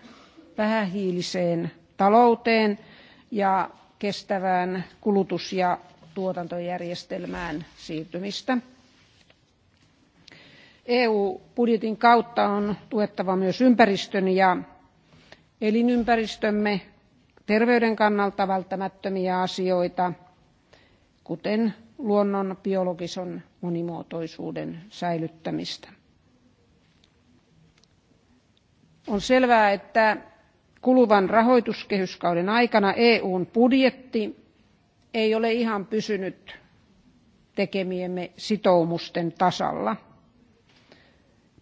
vähähiiliseen talouteen – ja kestävään kulutus ja tuotantojärjestelmään siirtymistä. eu budjetin kautta on tuettava myös ympäristön ja elinympäristömme terveyden kannalta välttämättömiä asioita kuten luonnon biologisen monimuotoisuuden säilyttämistä. on selvää että kuluvan rahoituskehyskauden aikana EUn budjetti ei ole ihan pysynyt tekemiemme sitoumusten tasalla.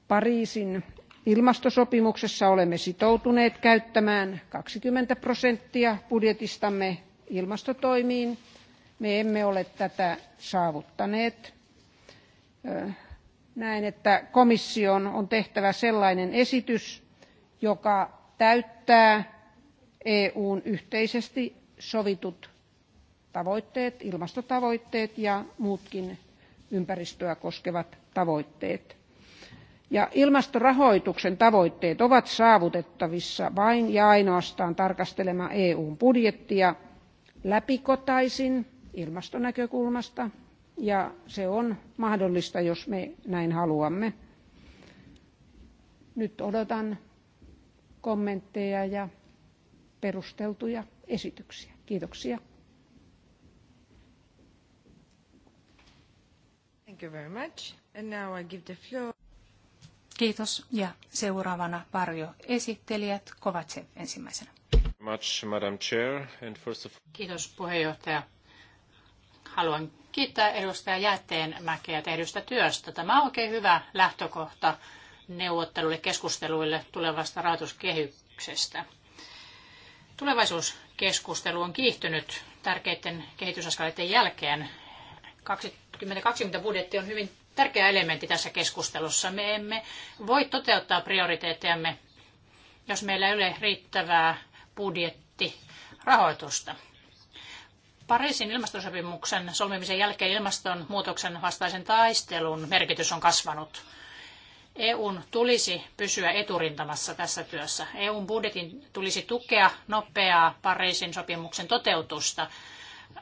Pariisin ilmastosopimuksessa olemme sitoutuneet käyttämään 20 prosenttia budjetistamme ilmastotoimiin. Me emme ole tätä saavuttaneet. Näen, että komission on tehtävä sellainen esitys, joka täyttää EUn yhteisesti sovitut tavoitteet, ilmastotavoitteet ja muutkin ympäristöä koskevat tavoitteet. Ja ilmastorahoituksen tavoitteet ovat saavutettavissa vain ja ainoastaan tarkastelemaan EUn budjettia läpikotaisin ilmastonäkökulmasta ja se on mahdollista, jos me näin haluamme. Nyt odotan kommentteja ja perusteltuja esityksiä. Kiitoksia. Thank you very much. And now I give the floor. Kiitos. Ja seuraavana varjo esittelijät Kovatse ensimmäisenä. Much, Madam Chair. And first of... Kiitos puheenjohtaja. Haluan kiittää edustaja Jäätteenmäkeä tehdystä työstä. Tämä on oikein hyvä lähtökohta neuvotteluille, keskusteluille tulevasta rahoituskehyksestä. Tulevaisuuskeskustelu on kiihtynyt tärkeiden kehitysaskaleiden jälkeen. 2020 budjetti on hyvin tärkeä elementti tässä keskustelussa. Me emme voi toteuttaa prioriteettejamme, jos meillä ei ole riittävää budjettirahoitusta. Pariisin ilmastosopimuksen solmimisen jälkeen ilmastonmuutoksen vastaisen taistelun merkitys on kasvanut. EUn tulisi pysyä eturintamassa tässä työssä. EUn budjetin tulisi tukea nopeaa Pariisin sopimuksen toteutusta,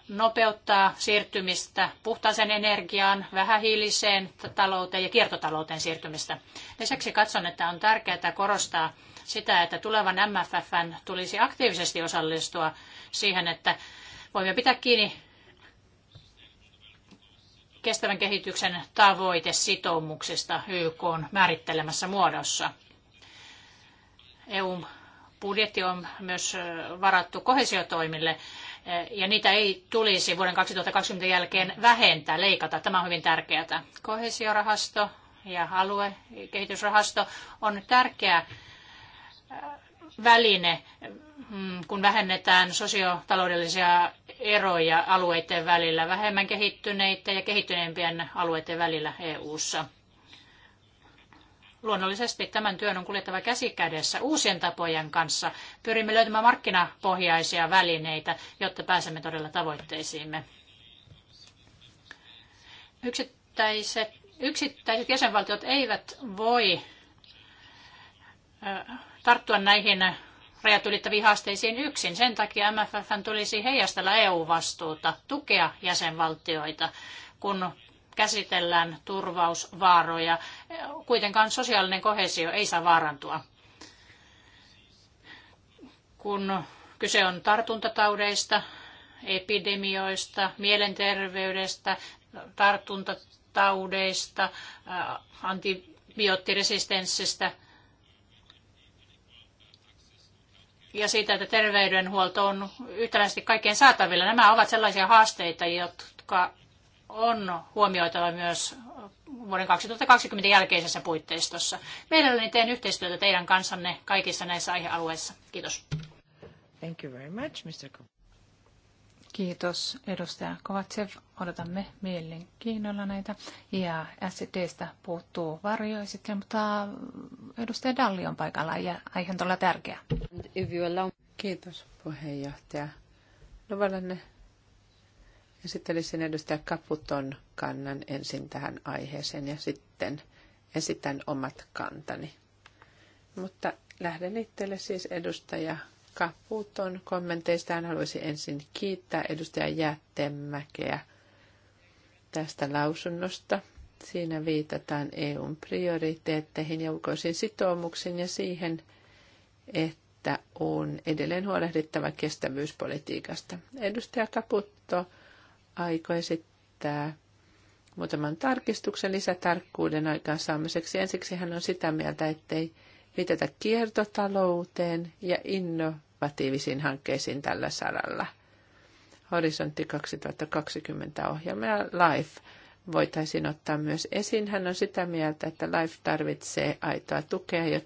nopeuttaa siirtymistä puhtaaseen energiaan, vähähiiliseen talouteen ja kiertotalouteen siirtymistä. Lisäksi katson, että on tärkeää korostaa sitä, että tulevan MFFn tulisi aktiivisesti osallistua siihen, että voimme pitää kiinni kestävän kehityksen tavoitesitoumuksesta YK on määrittelemässä muodossa. eu budjetti on myös varattu kohesiotoimille ja niitä ei tulisi vuoden 2020 jälkeen vähentää, leikata. Tämä on hyvin tärkeää. Kohesiorahasto ja aluekehitysrahasto on tärkeä väline, mm, kun vähennetään sosiotaloudellisia eroja alueiden välillä, vähemmän kehittyneitä ja kehittyneempien alueiden välillä EU:ssa. Luonnollisesti tämän työn on kuljettava käsi kädessä uusien tapojen kanssa. Pyrimme löytämään markkinapohjaisia välineitä, jotta pääsemme todella tavoitteisiimme. Yksittäiset, yksittäiset jäsenvaltiot eivät voi tarttua näihin rajat ylittäviin haasteisiin yksin. Sen takia MFF tulisi heijastella EU-vastuuta, tukea jäsenvaltioita, kun käsitellään turvausvaaroja. Kuitenkaan sosiaalinen kohesio ei saa vaarantua. Kun kyse on tartuntataudeista, epidemioista, mielenterveydestä, tartuntataudeista, antibioottiresistenssistä, ja siitä, että terveydenhuolto on yhtäläisesti kaikkien saatavilla. Nämä ovat sellaisia haasteita, jotka on huomioitava myös vuoden 2020 jälkeisessä puitteistossa. Mielelläni teen yhteistyötä teidän kanssanne kaikissa näissä aihealueissa. Kiitos. Thank you very much, Mr. Kiitos edustaja Kovatsev. Odotamme mielenkiinnolla näitä. Ja SDstä puuttuu varjo sitten, mutta äh, edustaja Dalli on paikalla ja aihe on todella tärkeä. Kiitos puheenjohtaja. No valanne esittelisin edustaja Kaputon kannan ensin tähän aiheeseen ja sitten esitän omat kantani. Mutta lähden liikkeelle siis edustaja Kaputon kommenteistaan haluaisin ensin kiittää edustaja Jättemäkeä tästä lausunnosta. Siinä viitataan EUn prioriteetteihin ja ulkoisiin sitoumuksiin ja siihen, että on edelleen huolehdittava kestävyyspolitiikasta. Edustaja Kaputto aikoi esittää muutaman tarkistuksen lisätarkkuuden aikaansaamiseksi. Ensiksi hän on sitä mieltä, ettei viitata kiertotalouteen ja innovatiivisiin hankkeisiin tällä saralla. Horisontti 2020 ohjelma ja LIFE voitaisiin ottaa myös esiin. Hän on sitä mieltä, että LIFE tarvitsee aitoa tukea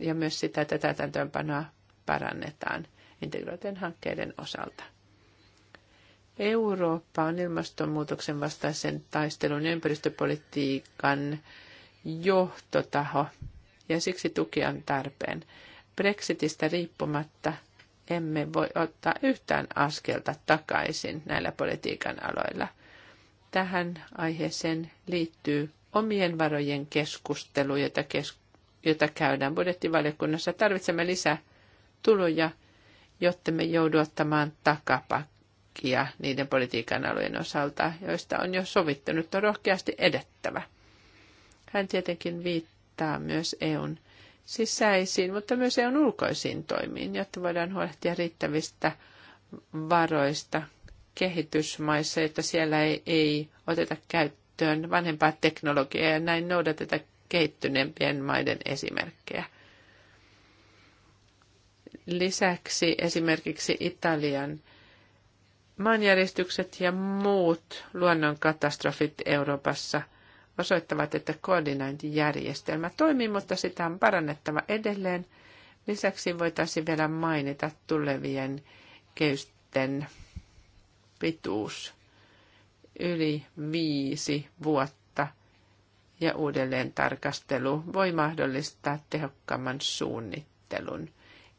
ja myös sitä, että täytäntöönpanoa parannetaan integroiden hankkeiden osalta. Eurooppa on ilmastonmuutoksen vastaisen taistelun ympäristöpolitiikan johtotaho ja siksi tuki on tarpeen. Brexitistä riippumatta emme voi ottaa yhtään askelta takaisin näillä politiikan aloilla. Tähän aiheeseen liittyy omien varojen keskustelu, jota, kes- jota käydään budjettivaliokunnassa. Tarvitsemme lisää tuloja, jotta me joudu ottamaan takapakkia niiden politiikan alojen osalta, joista on jo sovittanut on rohkeasti edettävä. Hän tietenkin viittaa vaikuttaa myös EUn sisäisiin, mutta myös EUn ulkoisiin toimiin, jotta voidaan huolehtia riittävistä varoista kehitysmaissa, että siellä ei, ei oteta käyttöön vanhempaa teknologiaa ja näin noudateta kehittyneempien maiden esimerkkejä. Lisäksi esimerkiksi Italian maanjäristykset ja muut luonnonkatastrofit Euroopassa – osoittavat, että koordinointijärjestelmä toimii, mutta sitä on parannettava edelleen. Lisäksi voitaisiin vielä mainita tulevien keysten pituus yli viisi vuotta ja uudelleen tarkastelu voi mahdollistaa tehokkaamman suunnittelun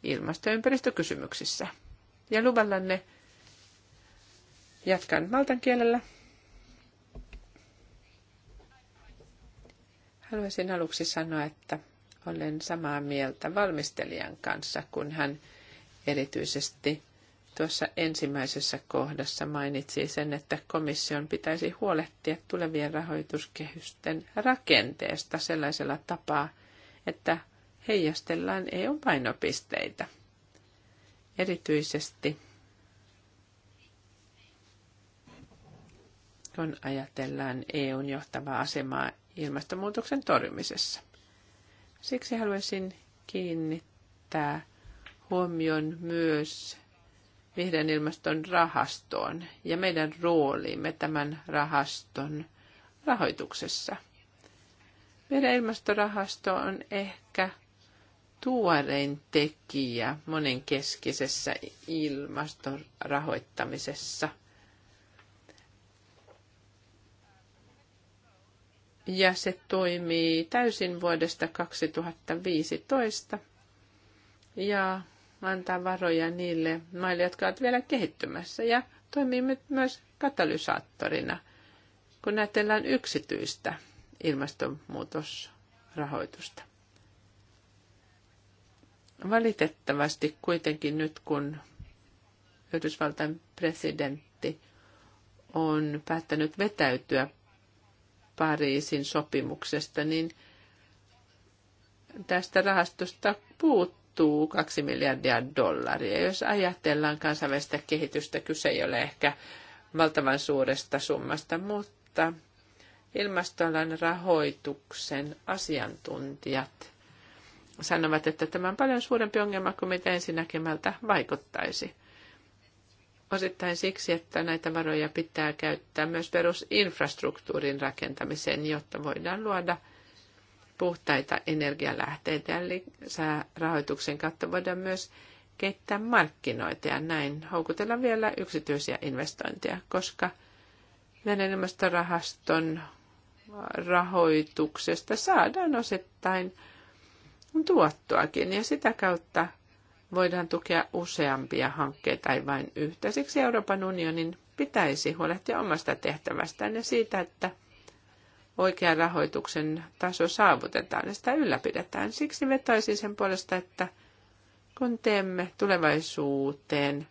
ilmasto- ja ympäristökysymyksissä. Ja luvallanne jatkan maltan kielellä. Haluaisin aluksi sanoa, että olen samaa mieltä valmistelijan kanssa, kun hän erityisesti tuossa ensimmäisessä kohdassa mainitsi sen, että komission pitäisi huolehtia tulevien rahoituskehysten rakenteesta sellaisella tapaa, että heijastellaan EU-painopisteitä. Erityisesti kun ajatellaan EUn johtavaa asemaa ilmastonmuutoksen torjumisessa. Siksi haluaisin kiinnittää huomion myös vihreän ilmaston rahastoon ja meidän rooliimme tämän rahaston rahoituksessa. Vihreän ilmastorahasto on ehkä tuorein tekijä monenkeskisessä ilmastorahoittamisessa – ja se toimii täysin vuodesta 2015 ja antaa varoja niille maille, jotka ovat vielä kehittymässä ja toimii myös katalysaattorina, kun ajatellaan yksityistä ilmastonmuutosrahoitusta. Valitettavasti kuitenkin nyt, kun Yhdysvaltain presidentti on päättänyt vetäytyä Pariisin sopimuksesta, niin tästä rahastosta puuttuu kaksi miljardia dollaria. Jos ajatellaan kansainvälistä kehitystä, kyse ei ole ehkä valtavan suuresta summasta, mutta ilmastoalan rahoituksen asiantuntijat sanovat, että tämä on paljon suurempi ongelma kuin mitä ensinnäkemältä vaikuttaisi osittain siksi, että näitä varoja pitää käyttää myös perusinfrastruktuurin rakentamiseen, jotta voidaan luoda puhtaita energialähteitä. Eli rahoituksen kautta voidaan myös kehittää markkinoita ja näin houkutella vielä yksityisiä investointeja, koska näiden ilmastorahaston rahoituksesta saadaan osittain tuottoakin ja sitä kautta voidaan tukea useampia hankkeita, ei vain yhtä. Siksi Euroopan unionin pitäisi huolehtia omasta tehtävästään ja siitä, että oikea rahoituksen taso saavutetaan ja sitä ylläpidetään. Siksi vetoisin sen puolesta, että kun teemme tulevaisuuteen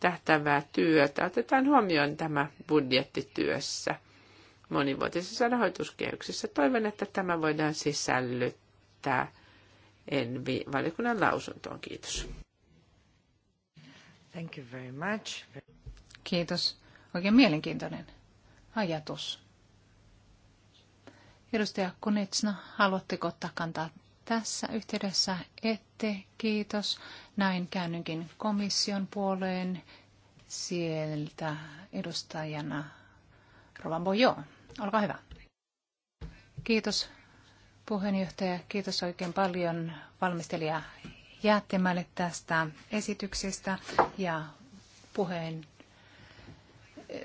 tähtävää työtä, otetaan huomioon tämä budjettityössä monivuotisissa rahoituskehyksissä. Toivon, että tämä voidaan sisällyttää Envi-valiokunnan lausuntoon. Kiitos. Thank you very much. Kiitos. Oikein mielenkiintoinen ajatus. Edustaja Kunitsna, haluatteko ottaa kantaa tässä yhteydessä? Ette, kiitos. Näin käännynkin komission puoleen. Sieltä edustajana Rovan Bojo. Olkaa hyvä. Kiitos puheenjohtaja. Kiitos oikein paljon valmistelija Jäättemälle tästä esityksestä ja puheen eh,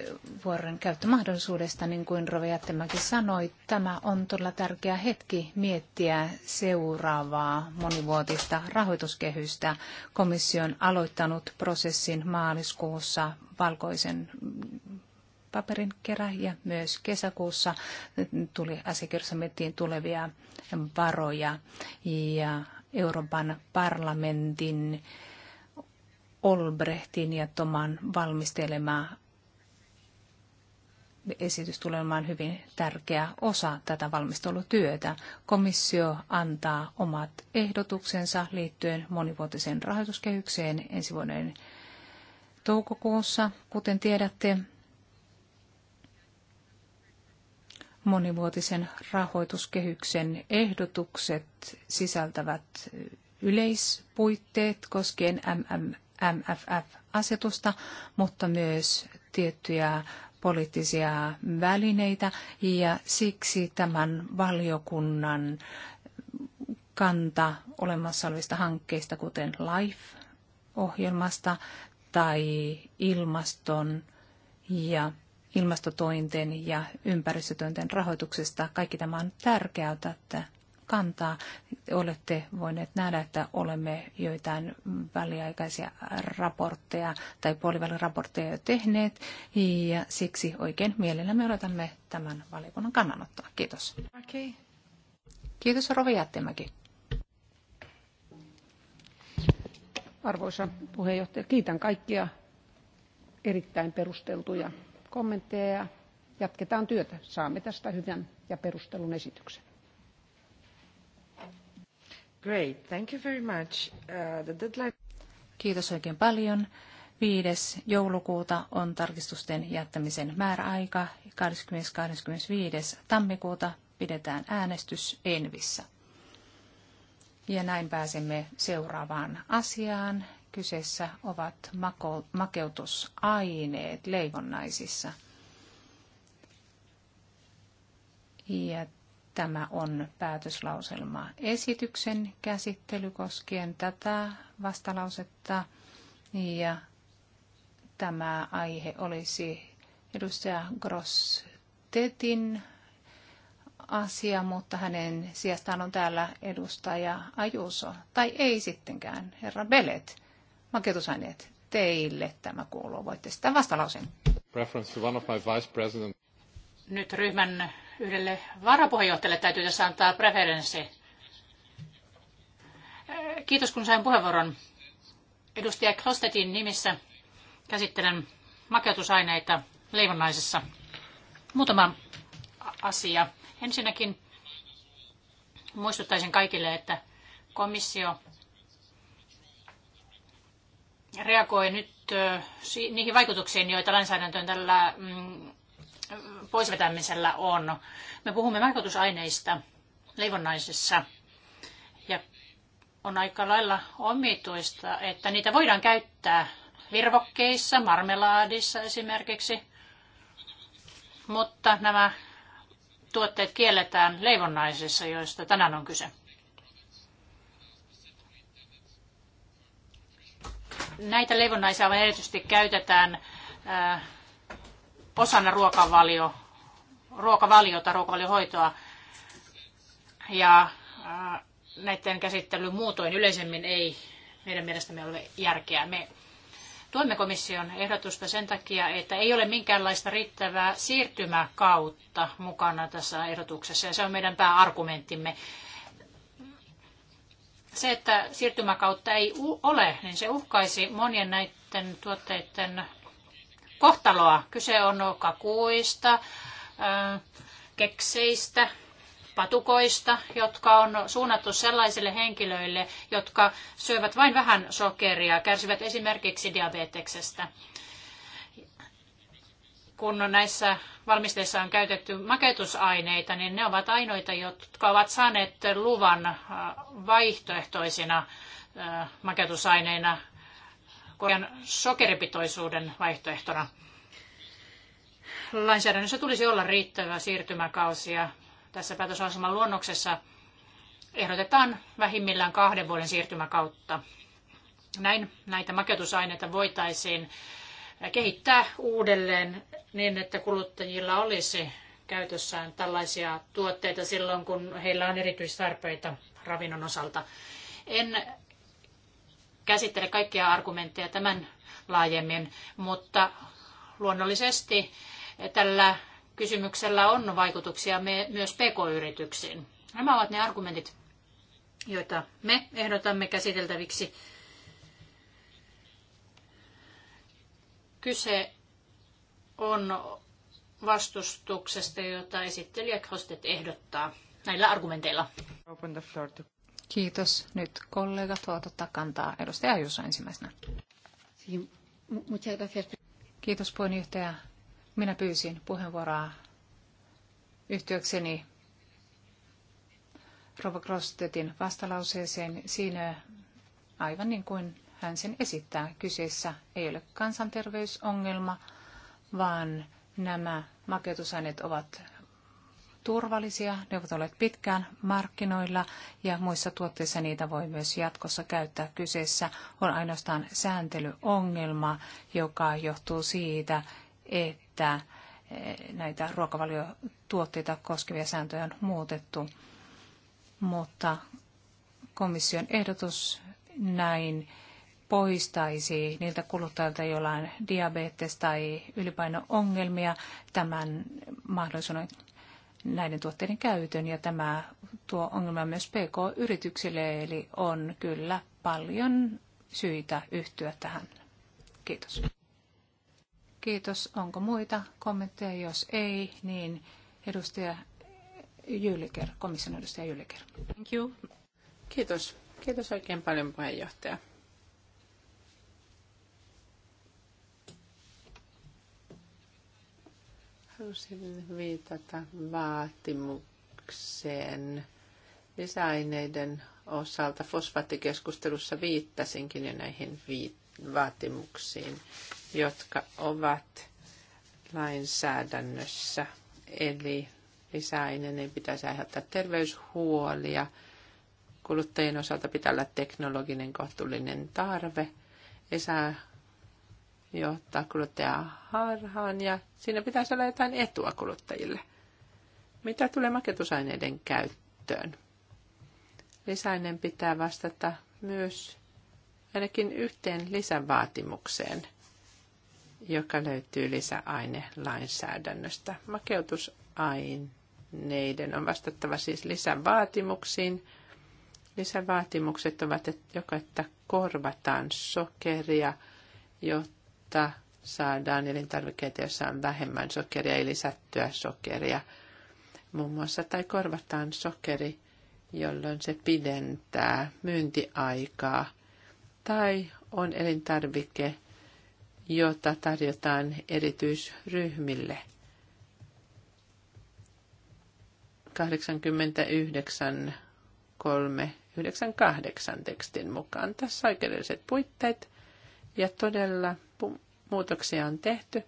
vuoron käyttömahdollisuudesta, niin kuin Rove Jättemäki sanoi. Tämä on todella tärkeä hetki miettiä seuraavaa monivuotista rahoituskehystä. Komissio on aloittanut prosessin maaliskuussa valkoisen paperin kerä ja myös kesäkuussa tuli asiakirjassa miettiin tulevia varoja ja Euroopan parlamentin Olbrehtin ja Toman valmistelema esitys tulee olemaan hyvin tärkeä osa tätä valmistelutyötä. Komissio antaa omat ehdotuksensa liittyen monivuotiseen rahoituskehykseen ensi vuoden toukokuussa. Kuten tiedätte, monivuotisen rahoituskehyksen ehdotukset sisältävät yleispuitteet koskien MFF-asetusta, mutta myös tiettyjä poliittisia välineitä ja siksi tämän valiokunnan kanta olemassa olevista hankkeista, kuten LIFE-ohjelmasta tai ilmaston ja ilmastotointen ja ympäristötointen rahoituksesta. Kaikki tämä on tärkeää että kantaa. Olette voineet nähdä, että olemme joitain väliaikaisia raportteja tai puoliväliraportteja jo tehneet ja siksi oikein mielellämme odotamme tämän valiokunnan kannanottoa. Kiitos. Okay. Kiitos Rovi Jättimäki. Arvoisa puheenjohtaja, kiitän kaikkia erittäin perusteltuja kommentteja ja jatketaan työtä. Saamme tästä hyvän ja perustelun esityksen. Great, thank you very much. Uh, the deadline... Kiitos oikein paljon. 5. joulukuuta on tarkistusten jättämisen määräaika. 20.25. tammikuuta pidetään äänestys Envissä. Ja näin pääsemme seuraavaan asiaan, kyseessä ovat mako- makeutusaineet leivonnaisissa. Ja tämä on päätöslauselma esityksen käsittely koskien tätä vastalausetta. Ja tämä aihe olisi edustaja Grosstetin asia, mutta hänen sijastaan on täällä edustaja Ajuso, tai ei sittenkään, herra Belet makeutusaineet. Teille tämä kuuluu. Voitte sitä vastalauseen. Nyt ryhmän yhdelle varapuheenjohtajalle täytyy tässä antaa preferenssi. Äh, kiitos kun sain puheenvuoron. Edustaja Klostetin nimissä käsittelen makeutusaineita leivonnaisessa. Muutama asia. Ensinnäkin muistuttaisin kaikille, että komissio reagoi nyt niihin vaikutuksiin, joita lainsäädäntöön tällä mm, poisvetämisellä on. Me puhumme vaikutusaineista leivonnaisissa ja on aika lailla omituista, että niitä voidaan käyttää virvokkeissa, marmelaadissa esimerkiksi, mutta nämä tuotteet kielletään leivonnaisissa, joista tänään on kyse. näitä leivonnaisia aivan erityisesti käytetään osana ruokavalio, ruokavaliota, ruokavaliohoitoa. Ja näiden käsittely muutoin yleisemmin ei meidän mielestämme ole järkeä. Me tuemme komission ehdotusta sen takia, että ei ole minkäänlaista riittävää siirtymäkautta mukana tässä ehdotuksessa, ja se on meidän pääargumenttimme se, että siirtymäkautta ei ole, niin se uhkaisi monien näiden tuotteiden kohtaloa. Kyse on kakuista, kekseistä, patukoista, jotka on suunnattu sellaisille henkilöille, jotka syövät vain vähän sokeria, kärsivät esimerkiksi diabeteksestä kun näissä valmisteissa on käytetty maketusaineita, niin ne ovat ainoita, jotka ovat saaneet luvan äh, vaihtoehtoisina äh, maketusaineina korkean sokeripitoisuuden vaihtoehtona. Lainsäädännössä tulisi olla riittävä siirtymäkausi ja tässä päätösaseman luonnoksessa ehdotetaan vähimmillään kahden vuoden siirtymäkautta. Näin näitä maketusaineita voitaisiin kehittää uudelleen niin, että kuluttajilla olisi käytössään tällaisia tuotteita silloin, kun heillä on erityistarpeita ravinnon osalta. En käsittele kaikkia argumentteja tämän laajemmin, mutta luonnollisesti tällä kysymyksellä on vaikutuksia myös pk-yrityksiin. Nämä ovat ne argumentit, joita me ehdotamme käsiteltäviksi Kyse on vastustuksesta, jota esittelijä Krostet ehdottaa näillä argumenteilla. Kiitos. Nyt kollega tuota takantaa. Edustaja Juuso ensimmäisenä. Kiitos puheenjohtaja. Minä pyysin puheenvuoroa yhtiökseni Rova Krostetin vastalauseeseen. Siinä aivan niin kuin hän sen esittää. Kyseessä ei ole kansanterveysongelma, vaan nämä makeutusaineet ovat turvallisia, ne ovat olleet pitkään markkinoilla ja muissa tuotteissa niitä voi myös jatkossa käyttää. Kyseessä on ainoastaan sääntelyongelma, joka johtuu siitä, että eh, näitä ruokavaliotuotteita koskevia sääntöjä on muutettu. Mutta komission ehdotus näin poistaisi niiltä kuluttajilta, joilla on diabetes tai ylipaino-ongelmia, tämän mahdollisuuden näiden tuotteiden käytön. Ja tämä tuo ongelma myös PK-yrityksille, eli on kyllä paljon syitä yhtyä tähän. Kiitos. Kiitos. Onko muita kommentteja? Jos ei, niin edustaja Jyliker, komission edustaja Jyliker. Thank you. Kiitos. Kiitos oikein paljon puheenjohtaja. Halusin viitata vaatimukseen lisäaineiden osalta. Fosfaattikeskustelussa viittasinkin jo näihin vaatimuksiin, jotka ovat lainsäädännössä. Eli lisäaineen ei pitäisi aiheuttaa terveyshuolia. Kuluttajien osalta pitää olla teknologinen kohtuullinen tarve. Ei saa johtaa kuluttajaa harhaan ja siinä pitäisi olla jotain etua kuluttajille. Mitä tulee maketusaineiden käyttöön? Lisäinen pitää vastata myös ainakin yhteen lisävaatimukseen, joka löytyy lisäaine-lainsäädännöstä. Makeutusaineiden on vastattava siis lisävaatimuksiin. Lisävaatimukset ovat, että joko että korvataan sokeria, jotta jotta saadaan elintarvikkeita, joissa on vähemmän sokeria, eli lisättyä sokeria muun muassa, tai korvataan sokeri, jolloin se pidentää myyntiaikaa, tai on elintarvike, jota tarjotaan erityisryhmille. 89 398 tekstin mukaan. Tässä oikeudelliset puitteet – ja todella muutoksia on tehty,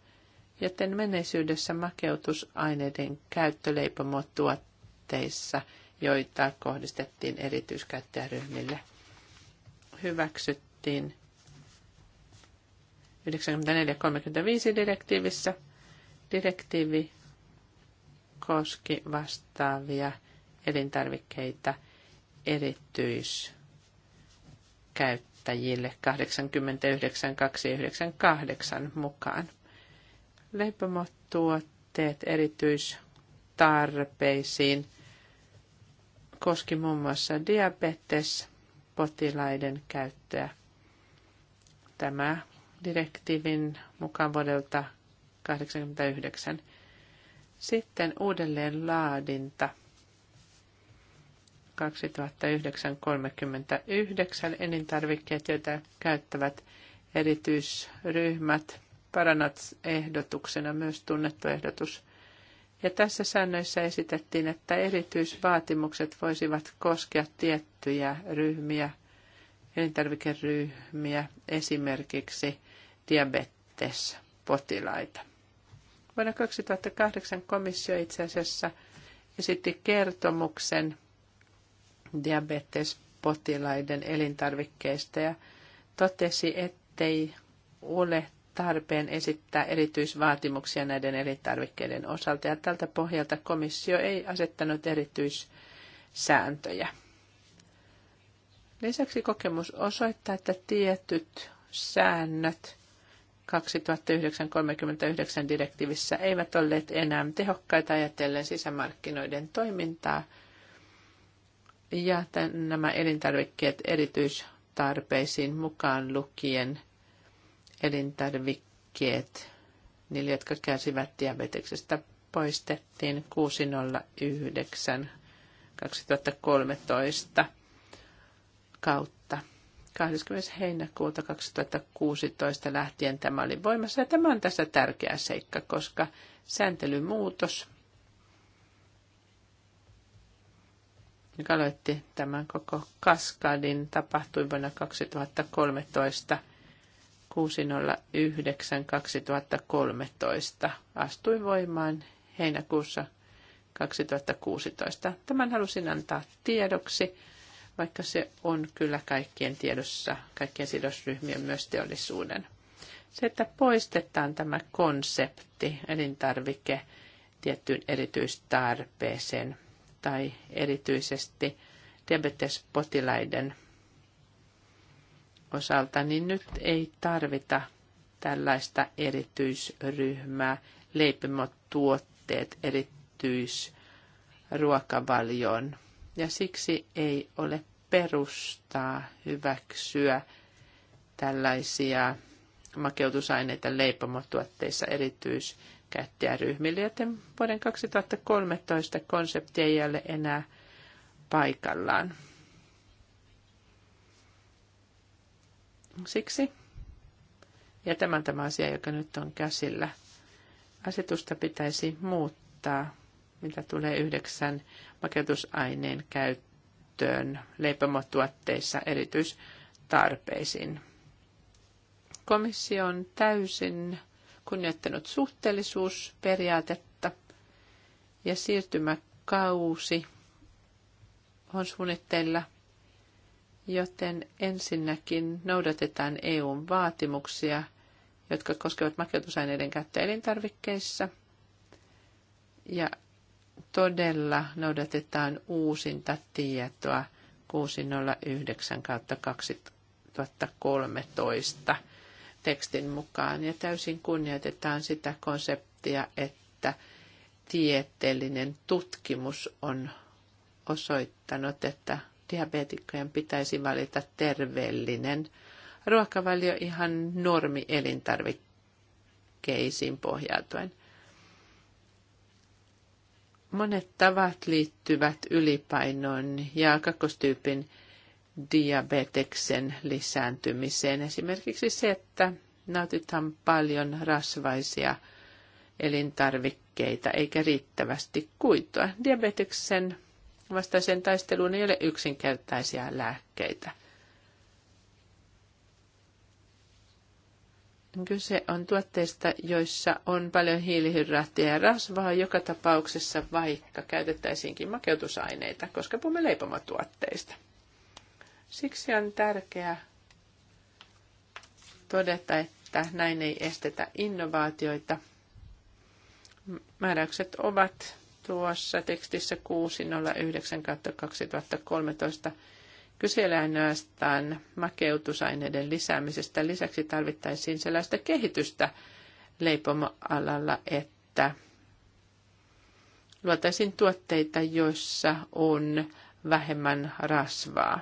joten menneisyydessä makeutusaineiden käyttöleipomotuotteissa, joita kohdistettiin erityiskäyttäjäryhmille, hyväksyttiin 94.35 direktiivissä. Direktiivi koski vastaavia elintarvikkeita erityiskäyttäjäryhmille yrittäjille 89298 mukaan. Leipomotuotteet erityistarpeisiin koski muun muassa diabetespotilaiden käyttöä. Tämä direktiivin mukaan vuodelta 1989. Sitten uudelleen laadinta – 2009 elintarvikkeet, joita käyttävät erityisryhmät. Paranat ehdotuksena myös tunnettu ehdotus. Ja tässä säännöissä esitettiin, että erityisvaatimukset voisivat koskea tiettyjä ryhmiä, elintarvikeryhmiä, esimerkiksi diabetespotilaita. Vuonna 2008 komissio itse asiassa esitti kertomuksen diabetespotilaiden elintarvikkeista ja totesi, ettei ole tarpeen esittää erityisvaatimuksia näiden elintarvikkeiden osalta ja tältä pohjalta komissio ei asettanut erityissääntöjä. Lisäksi kokemus osoittaa, että tietyt säännöt 2009-39 direktiivissä eivät olleet enää tehokkaita ajatellen sisämarkkinoiden toimintaa – ja nämä elintarvikkeet erityistarpeisiin mukaan lukien elintarvikkeet, niille jotka kärsivät diabeteksestä, poistettiin 609 2013 kautta. 20. heinäkuuta 2016 lähtien tämä oli voimassa ja tämä on tässä tärkeä seikka, koska sääntelymuutos muutos joka aloitti tämän koko kaskadin, tapahtui vuonna 2013 609 2013. Astui voimaan heinäkuussa 2016. Tämän halusin antaa tiedoksi, vaikka se on kyllä kaikkien tiedossa, kaikkien sidosryhmien myös teollisuuden. Se, että poistetaan tämä konsepti elintarvike tiettyyn erityistarpeeseen tai erityisesti diabetespotilaiden osalta, niin nyt ei tarvita tällaista erityisryhmää, leipimotuotteet erityisruokavalioon. Ja siksi ei ole perustaa hyväksyä tällaisia makeutusaineita leipomotuotteissa erityisryhmää käyttäjäryhmille, joten vuoden 2013 konsepti ei ole enää paikallaan. Siksi, ja tämän tämä asia, joka nyt on käsillä, asetusta pitäisi muuttaa, mitä tulee yhdeksän makeutusaineen käyttöön leipomotuotteissa erityistarpeisiin. Komissio on täysin kunnioittanut suhteellisuusperiaatetta ja siirtymäkausi on suunnitteilla, joten ensinnäkin noudatetaan EUn vaatimuksia, jotka koskevat makeutusaineiden käyttöä elintarvikkeissa ja todella noudatetaan uusinta tietoa 609 2013 tekstin mukaan ja täysin kunnioitetaan sitä konseptia, että tieteellinen tutkimus on osoittanut, että diabetikkojen pitäisi valita terveellinen ruokavalio ihan normi elintarvikkeisiin pohjautuen. Monet tavat liittyvät ylipainoon ja kakkostyypin diabeteksen lisääntymiseen. Esimerkiksi se, että nautitaan paljon rasvaisia elintarvikkeita eikä riittävästi kuitua. Diabeteksen vastaiseen taisteluun ei ole yksinkertaisia lääkkeitä. Kyse on tuotteista, joissa on paljon hiilihydraattia ja rasvaa joka tapauksessa, vaikka käytettäisiinkin makeutusaineita, koska puhumme leipomatuotteista. Siksi on tärkeää todeta, että näin ei estetä innovaatioita. Määräykset ovat tuossa tekstissä 609 2013 Kysellä makeutusaineiden lisäämisestä. Lisäksi tarvittaisiin sellaista kehitystä leipomoalalla, että luotaisiin tuotteita, joissa on vähemmän rasvaa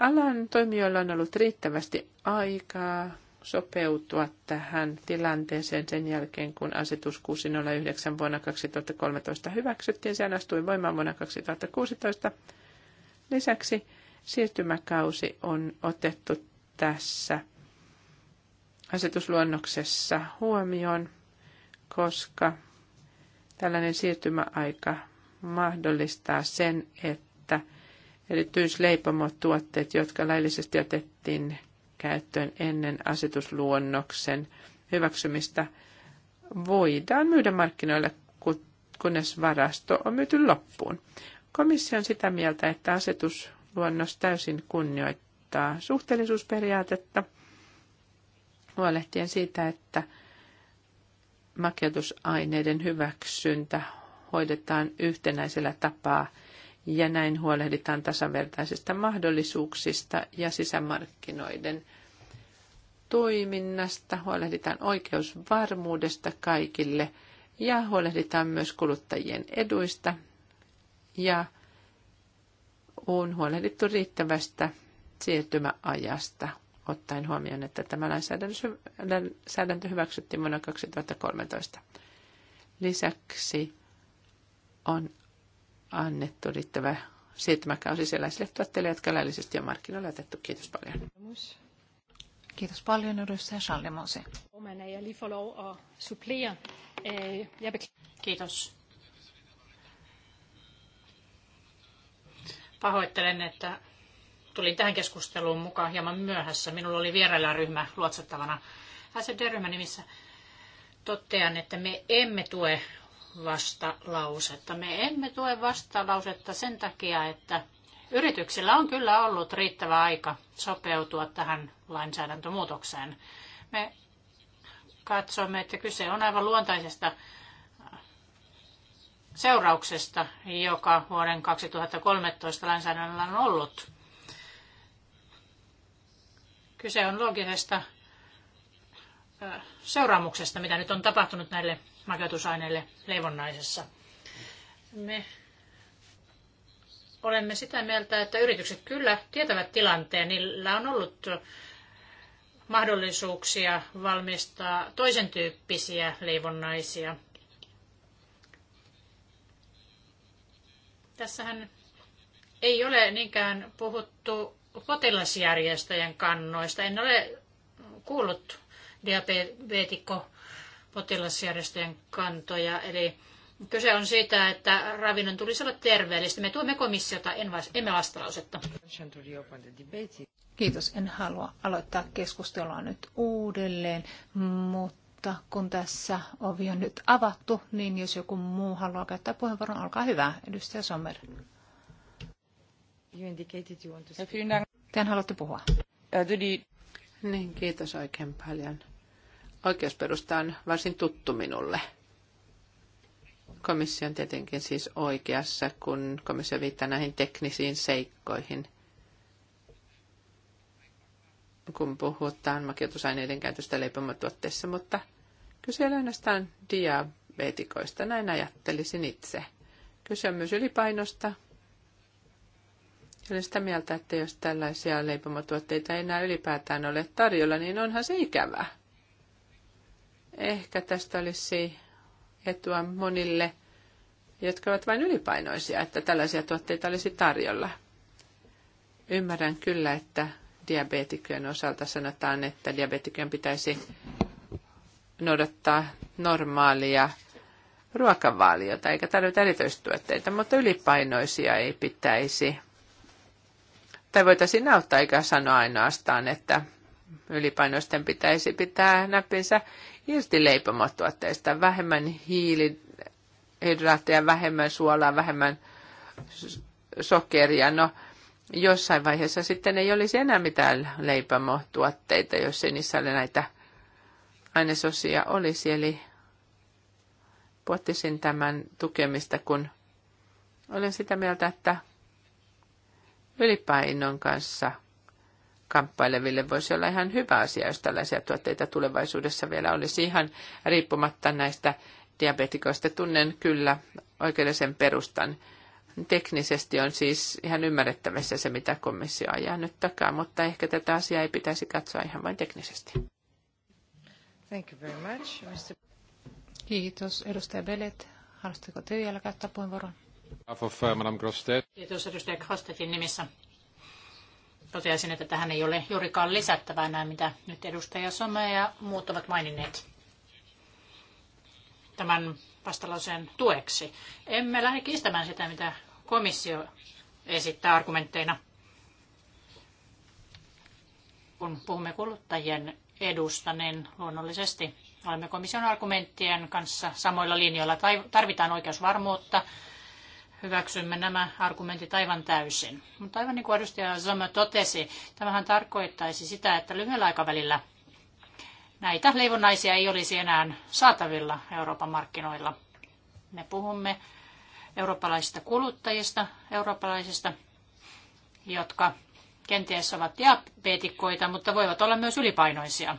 alan toimijoilla on ollut riittävästi aikaa sopeutua tähän tilanteeseen sen jälkeen, kun asetus 609 vuonna 2013 hyväksyttiin. Sehän astui voimaan vuonna 2016. Lisäksi siirtymäkausi on otettu tässä asetusluonnoksessa huomioon, koska tällainen siirtymäaika mahdollistaa sen, että – Eli tuotteet jotka laillisesti otettiin käyttöön ennen asetusluonnoksen hyväksymistä, voidaan myydä markkinoille, kunnes varasto on myyty loppuun. Komissio on sitä mieltä, että asetusluonnos täysin kunnioittaa suhteellisuusperiaatetta, huolehtien siitä, että makeutusaineiden hyväksyntä hoidetaan yhtenäisellä tapaa – ja näin huolehditaan tasavertaisista mahdollisuuksista ja sisämarkkinoiden toiminnasta, huolehditaan oikeusvarmuudesta kaikille ja huolehditaan myös kuluttajien eduista ja on huolehdittu riittävästä siirtymäajasta, ottaen huomioon, että tämä lainsäädäntö hyväksyttiin vuonna 2013. Lisäksi on annettu riittävä siirtymäkausi sellaisille tuotteille, jotka laillisesti on markkinoilla otettu. Kiitos paljon. Kiitos paljon, edustaja Schallemose. Kiitos. Pahoittelen, että tulin tähän keskusteluun mukaan hieman myöhässä. Minulla oli vierellä ryhmä luotsattavana SED-ryhmän nimissä. Totean, että me emme tue vastalausetta. Me emme tue vastalausetta sen takia, että yrityksillä on kyllä ollut riittävä aika sopeutua tähän lainsäädäntömuutokseen. Me katsomme, että kyse on aivan luontaisesta seurauksesta, joka vuoden 2013 lainsäädännöllä on ollut. Kyse on logisesta seuraamuksesta, mitä nyt on tapahtunut näille makeutusaineille leivonnaisessa. Me olemme sitä mieltä, että yritykset kyllä tietävät tilanteen. Niillä on ollut mahdollisuuksia valmistaa toisen tyyppisiä leivonnaisia. Tässähän ei ole niinkään puhuttu potilasjärjestöjen kannoista. En ole kuullut diabetikko potilasjärjestöjen kantoja. Eli kyse on siitä, että ravinnon tulisi olla terveellistä. Me tuemme komissiota, emme vastalausetta. Kiitos. En halua aloittaa keskustelua nyt uudelleen, mutta kun tässä ovi on nyt avattu, niin jos joku muu haluaa käyttää puheenvuoron, olkaa hyvä. Edustaja Sommer. You indicated you want to... Tehän haluatte puhua. Äh, niin, kiitos oikein paljon oikeusperusta on varsin tuttu minulle. Komissio on tietenkin siis oikeassa, kun komissio viittaa näihin teknisiin seikkoihin. Kun puhutaan makeutusaineiden käytöstä leipomatuotteissa, mutta kyse ei ainoastaan diabetikoista, näin ajattelisin itse. Kyse on myös ylipainosta. Olen sitä mieltä, että jos tällaisia leipomatuotteita ei enää ylipäätään ole tarjolla, niin onhan se ikävää Ehkä tästä olisi etua monille, jotka ovat vain ylipainoisia, että tällaisia tuotteita olisi tarjolla. Ymmärrän kyllä, että diabetikkojen osalta sanotaan, että diabetikkojen pitäisi noudattaa normaalia ruokavaliota eikä tarvita erityistuotteita, mutta ylipainoisia ei pitäisi. Tai voitaisiin auttaa eikä sanoa ainoastaan, että ylipainoisten pitäisi pitää näppinsä irtileipomotuotteista. Vähemmän hiilihydraatteja, vähemmän suolaa, vähemmän sokeria. No, jossain vaiheessa sitten ei olisi enää mitään leipomotuotteita, jos ei niissä ole näitä ainesosia olisi. Eli pohtisin tämän tukemista, kun olen sitä mieltä, että ylipainon kanssa – kamppaileville voisi olla ihan hyvä asia, jos tällaisia tuotteita tulevaisuudessa vielä olisi ihan riippumatta näistä diabetikoista. Tunnen kyllä oikeudellisen perustan. Teknisesti on siis ihan ymmärrettävissä se, mitä komissio ajaa nyt takaa, mutta ehkä tätä asiaa ei pitäisi katsoa ihan vain teknisesti. Thank you very much, Mr. Kiitos. Edustaja Belet, haluaisitteko te vielä käyttää puheenvuoron? Uh, Kiitos edustaja Krostetin nimissä toteaisin, että tähän ei ole juurikaan lisättävää näin, mitä nyt edustaja Some ja muut ovat maininneet tämän vastalauseen tueksi. Emme lähde kiistämään sitä, mitä komissio esittää argumentteina, kun puhumme kuluttajien edusta, niin luonnollisesti olemme komission argumenttien kanssa samoilla linjoilla. Tarvitaan oikeusvarmuutta, hyväksymme nämä argumentit aivan täysin. Mutta aivan niin kuin edustaja Zoma totesi, tämähän tarkoittaisi sitä, että lyhyellä aikavälillä näitä leivonnaisia ei olisi enää saatavilla Euroopan markkinoilla. Me puhumme eurooppalaisista kuluttajista, eurooppalaisista, jotka kenties ovat diabeetikkoita, mutta voivat olla myös ylipainoisia.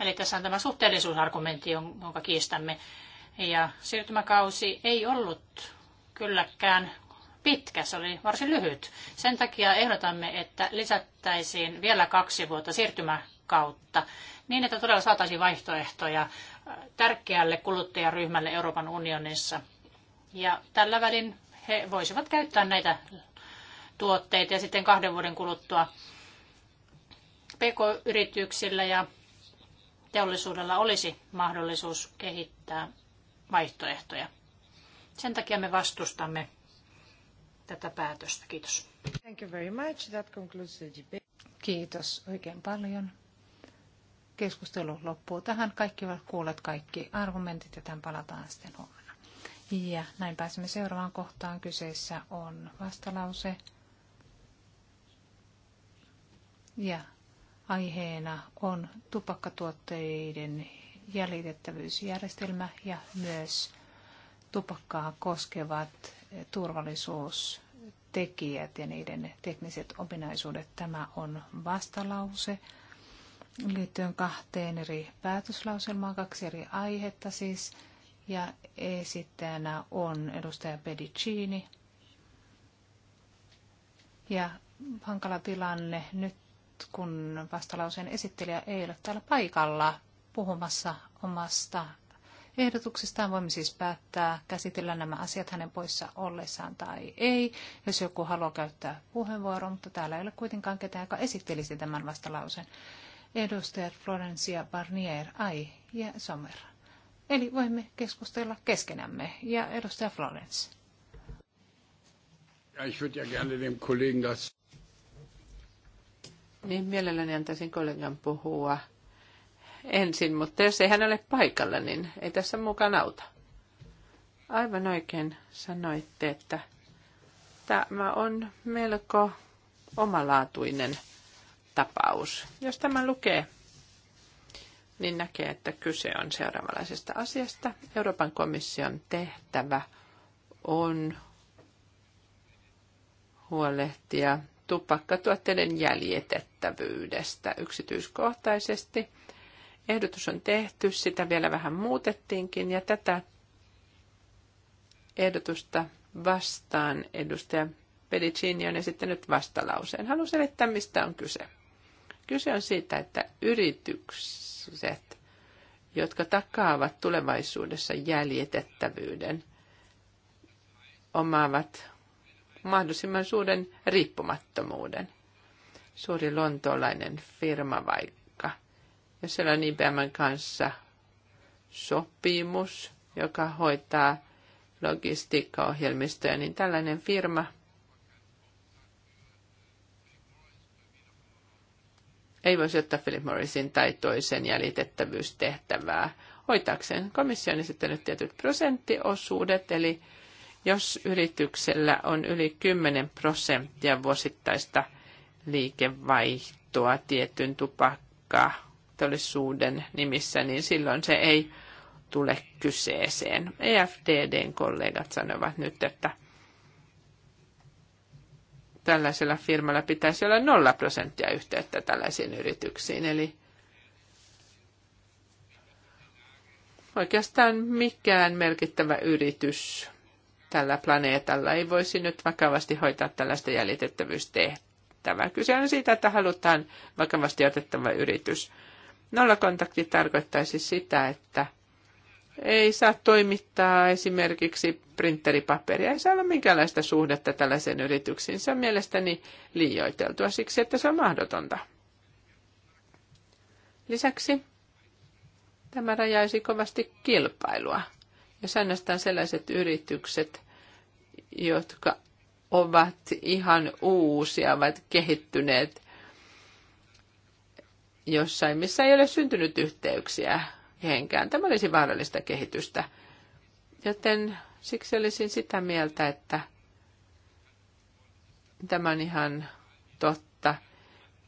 Eli tässä on tämä suhteellisuusargumentti, jonka kiistämme. Ja siirtymäkausi ei ollut kylläkään pitkä, se oli varsin lyhyt. Sen takia ehdotamme, että lisättäisiin vielä kaksi vuotta siirtymäkautta niin, että todella saataisiin vaihtoehtoja tärkeälle kuluttajaryhmälle Euroopan unionissa. Ja tällä välin he voisivat käyttää näitä tuotteita ja sitten kahden vuoden kuluttua pk-yrityksillä ja teollisuudella olisi mahdollisuus kehittää vaihtoehtoja. Sen takia me vastustamme tätä päätöstä. Kiitos. Thank you very much. That concludes the debate. Kiitos oikein paljon. Keskustelu loppuu tähän. Kaikki ovat kuulleet kaikki argumentit ja tämän palataan sitten huomenna. Ja näin pääsemme seuraavaan kohtaan. Kyseessä on vastalause. Ja aiheena on tupakkatuotteiden jäljitettävyysjärjestelmä ja myös tupakkaa koskevat turvallisuustekijät ja niiden tekniset ominaisuudet. Tämä on vastalause liittyen kahteen eri päätöslauselmaan, kaksi eri aihetta siis. Ja esittäjänä on edustaja Pedicini. Ja hankala tilanne nyt, kun vastalauseen esittelijä ei ole täällä paikalla puhumassa omasta ehdotuksestaan. Voimme siis päättää käsitellä nämä asiat hänen poissa ollessaan tai ei, jos joku haluaa käyttää puheenvuoron, mutta täällä ei ole kuitenkaan ketään, joka esittelisi tämän vastalauseen. Edustajat Florencia Barnier, Ai ja Sommer. Eli voimme keskustella keskenämme. Ja edustaja Florence. Ja, ich würde ja gerne dem Kollegen das... Niin mielelläni antaisin kollegan puhua ensin, mutta jos ei hän ole paikalla, niin ei tässä mukaan auta. Aivan oikein sanoitte, että tämä on melko omalaatuinen tapaus. Jos tämä lukee, niin näkee, että kyse on seuraavanlaisesta asiasta. Euroopan komission tehtävä on huolehtia tupakkatuotteiden jäljitettävyydestä yksityiskohtaisesti – Ehdotus on tehty, sitä vielä vähän muutettiinkin ja tätä ehdotusta vastaan edustaja Pedicini on esittänyt vastalauseen. Haluan selittää, mistä on kyse. Kyse on siitä, että yritykset, jotka takaavat tulevaisuudessa jäljitettävyyden, omaavat mahdollisimman suuren riippumattomuuden. Suuri lontoolainen firma vaikka siellä on kanssa sopimus, joka hoitaa logistiikkaohjelmistoja, niin tällainen firma ei voisi ottaa Philip Morrisin tai toisen jäljitettävyystehtävää hoitaakseen komission esittänyt tietyt prosenttiosuudet, eli jos yrityksellä on yli 10 prosenttia vuosittaista liikevaihtoa tietyn tupakkaa teollisuuden nimissä, niin silloin se ei tule kyseeseen. EFTDn kollegat sanovat nyt, että tällaisella firmalla pitäisi olla nolla prosenttia yhteyttä tällaisiin yrityksiin. Eli oikeastaan mikään merkittävä yritys tällä planeetalla ei voisi nyt vakavasti hoitaa tällaista jäljitettävyystehtävää. Kyse on siitä, että halutaan vakavasti otettava yritys Nollakontakti tarkoittaisi sitä, että ei saa toimittaa esimerkiksi printeripaperia, ei saa olla minkäänlaista suhdetta tällaiseen yrityksiin. Se on mielestäni liioiteltua siksi, että se on mahdotonta. Lisäksi tämä rajaisi kovasti kilpailua. Jos ainoastaan sellaiset yritykset, jotka ovat ihan uusia, ovat kehittyneet jossain, missä ei ole syntynyt yhteyksiä henkään. Tämä olisi vaarallista kehitystä. Joten siksi olisin sitä mieltä, että tämä on ihan totta,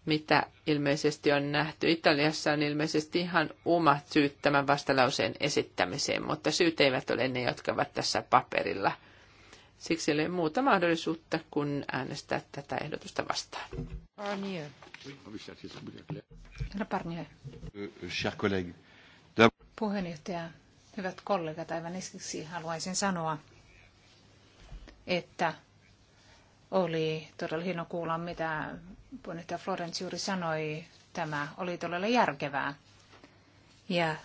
mitä ilmeisesti on nähty. Italiassa on ilmeisesti ihan omat syyt tämän vastalauseen esittämiseen, mutta syyt eivät ole ne, jotka ovat tässä paperilla – Siksi ei ole muuta mahdollisuutta kuin äänestää tätä ehdotusta vastaan. Puheenjohtaja, hyvät kollegat, aivan ensiksi haluaisin sanoa, että oli todella hieno kuulla, mitä puheenjohtaja Florence juuri sanoi. Tämä oli todella järkevää. Ja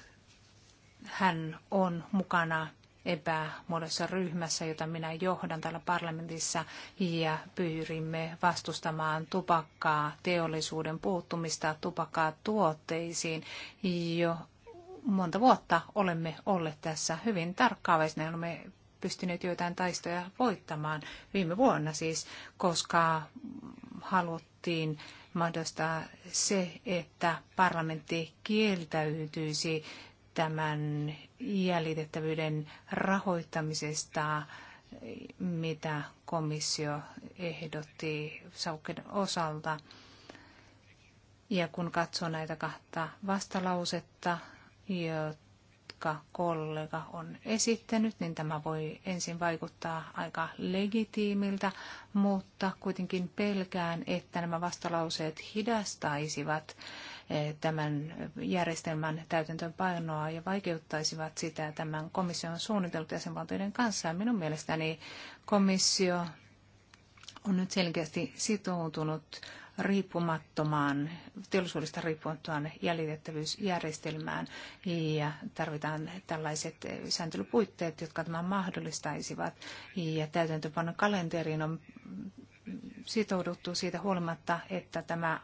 hän on mukana epämuodollisessa ryhmässä, jota minä johdan täällä parlamentissa ja pyrimme vastustamaan tupakkaa, teollisuuden puuttumista tupakkaa tuotteisiin jo monta vuotta olemme olleet tässä hyvin tarkkaavaisina. Olemme pystyneet joitain taistoja voittamaan viime vuonna siis, koska haluttiin mahdollistaa se, että parlamentti kieltäytyisi tämän jäljitettävyyden rahoittamisesta, mitä komissio ehdotti Saukken osalta. Ja kun katsoo näitä kahta vastalausetta, jotka kollega on esittänyt, niin tämä voi ensin vaikuttaa aika legitiimiltä, mutta kuitenkin pelkään, että nämä vastalauseet hidastaisivat eh, tämän järjestelmän täytäntöönpainoa ja vaikeuttaisivat sitä tämän komission suunnitelut jäsenvaltioiden kanssa. Minun mielestäni komissio on nyt selkeästi sitoutunut riippumattomaan, teollisuudesta riippumattomaan jäljitettävyysjärjestelmään ja tarvitaan tällaiset sääntelypuitteet, jotka tämän mahdollistaisivat ja täytäntöpanon kalenteriin on sitouduttu siitä huolimatta, että tämä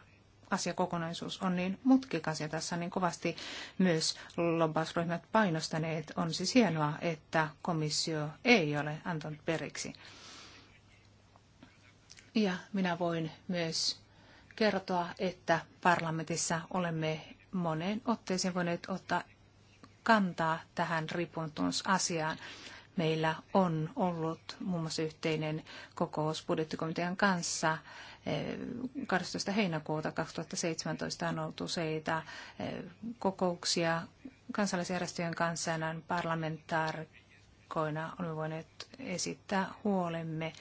asiakokonaisuus on niin mutkikas ja tässä on niin kovasti myös lobbausryhmät painostaneet. On siis hienoa, että komissio ei ole antanut periksi. Ja minä voin myös kertoa, että parlamentissa olemme moneen otteeseen voineet ottaa kantaa tähän riippumattomuusasiaan. Meillä on ollut muun muassa yhteinen kokous budjettikomitean kanssa 12. Eh, heinäkuuta 2017 on ollut useita eh, kokouksia kansalaisjärjestöjen kanssa parlamentaarikoina olemme voineet esittää huolemme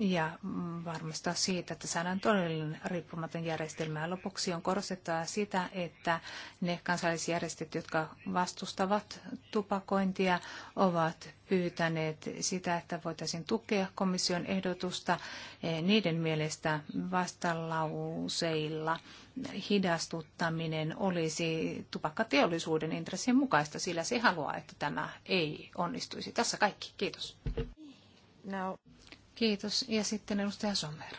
ja mm, varmistaa siitä, että saadaan todellinen riippumaton järjestelmä. Lopuksi on korostettava sitä, että ne kansallisjärjestöt, jotka vastustavat tupakointia, ovat pyytäneet sitä, että voitaisiin tukea komission ehdotusta eh, niiden mielestä vastalauseilla hidastuttaminen olisi tupakkateollisuuden intressien mukaista, sillä se haluaa, että tämä ei onnistuisi. Tässä kaikki. Kiitos. Kiitos. Ja sitten edustaja Sommer.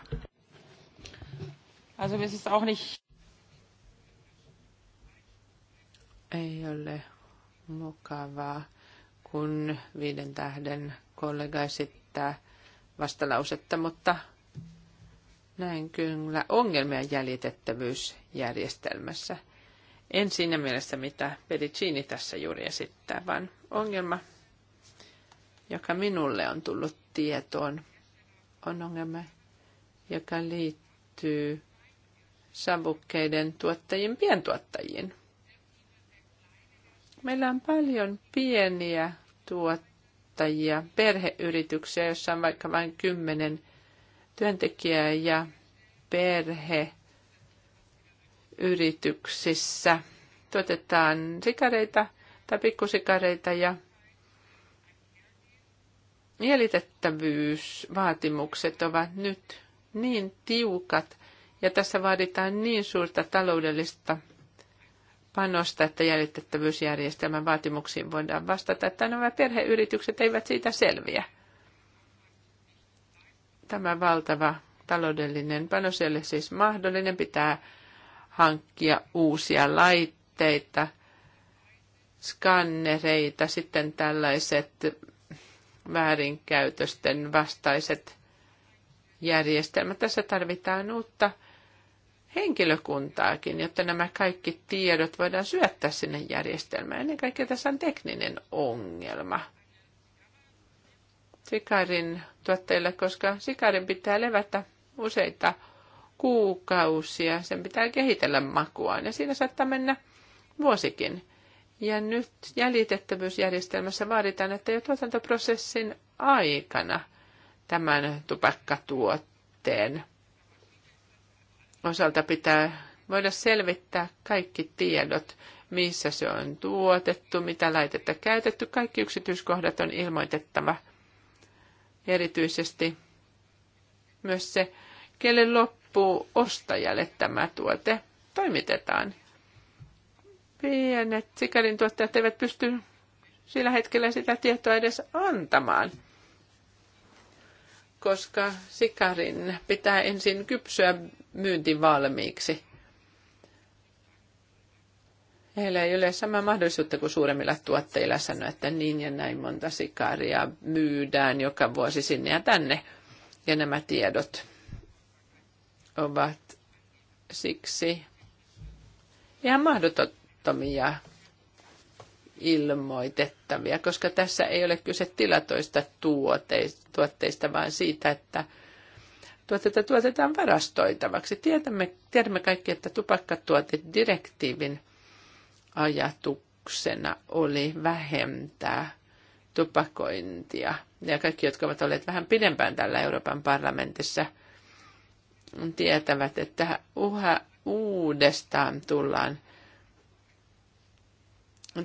Also, auch nicht... Ei ole mukavaa, kun viiden tähden kollega esittää vastalausetta, mutta näin kyllä ongelmia jäljitettävyysjärjestelmässä. En siinä mielessä, mitä Pedicini tässä juuri esittää, vaan ongelma, joka minulle on tullut tietoon on ongelma, joka liittyy savukkeiden tuottajien pientuottajiin. Meillä on paljon pieniä tuottajia, perheyrityksiä, joissa on vaikka vain kymmenen työntekijää ja perheyrityksissä tuotetaan sikareita tai pikkusikareita ja Mielitettävyysvaatimukset ovat nyt niin tiukat ja tässä vaaditaan niin suurta taloudellista panosta, että jäljitettävyysjärjestelmän vaatimuksiin voidaan vastata, että nämä perheyritykset eivät siitä selviä. Tämä valtava taloudellinen panos jolle siis mahdollinen, pitää hankkia uusia laitteita, skannereita, sitten tällaiset väärinkäytösten vastaiset järjestelmät. Tässä tarvitaan uutta henkilökuntaakin, jotta nämä kaikki tiedot voidaan syöttää sinne järjestelmään. Ennen kaikkea tässä on tekninen ongelma sikarin tuotteille, koska sikarin pitää levätä useita kuukausia. Sen pitää kehitellä makuaan ja siinä saattaa mennä vuosikin. Ja nyt jäljitettävyysjärjestelmässä vaaditaan, että jo tuotantoprosessin aikana tämän tupakkatuotteen osalta pitää voida selvittää kaikki tiedot, missä se on tuotettu, mitä laitetta käytetty, kaikki yksityiskohdat on ilmoitettava. Erityisesti myös se, kelle loppuu ostajalle tämä tuote toimitetaan pienet sikarin tuottajat eivät pysty sillä hetkellä sitä tietoa edes antamaan, koska sikarin pitää ensin kypsyä myyntivalmiiksi. Heillä ei ole samaa mahdollisuutta kuin suuremmilla tuotteilla sanoa, että niin ja näin monta sikaria myydään joka vuosi sinne ja tänne. Ja nämä tiedot ovat siksi ihan mahdotot, tilattomia ilmoitettavia, koska tässä ei ole kyse tilatoista tuotteista, vaan siitä, että tuotetta tuotetaan varastoitavaksi. Tiedämme, tiedämme kaikki, että tupakkatuotedirektiivin ajatuksena oli vähentää tupakointia. Ja kaikki, jotka ovat olleet vähän pidempään täällä Euroopan parlamentissa, tietävät, että uha uudestaan tullaan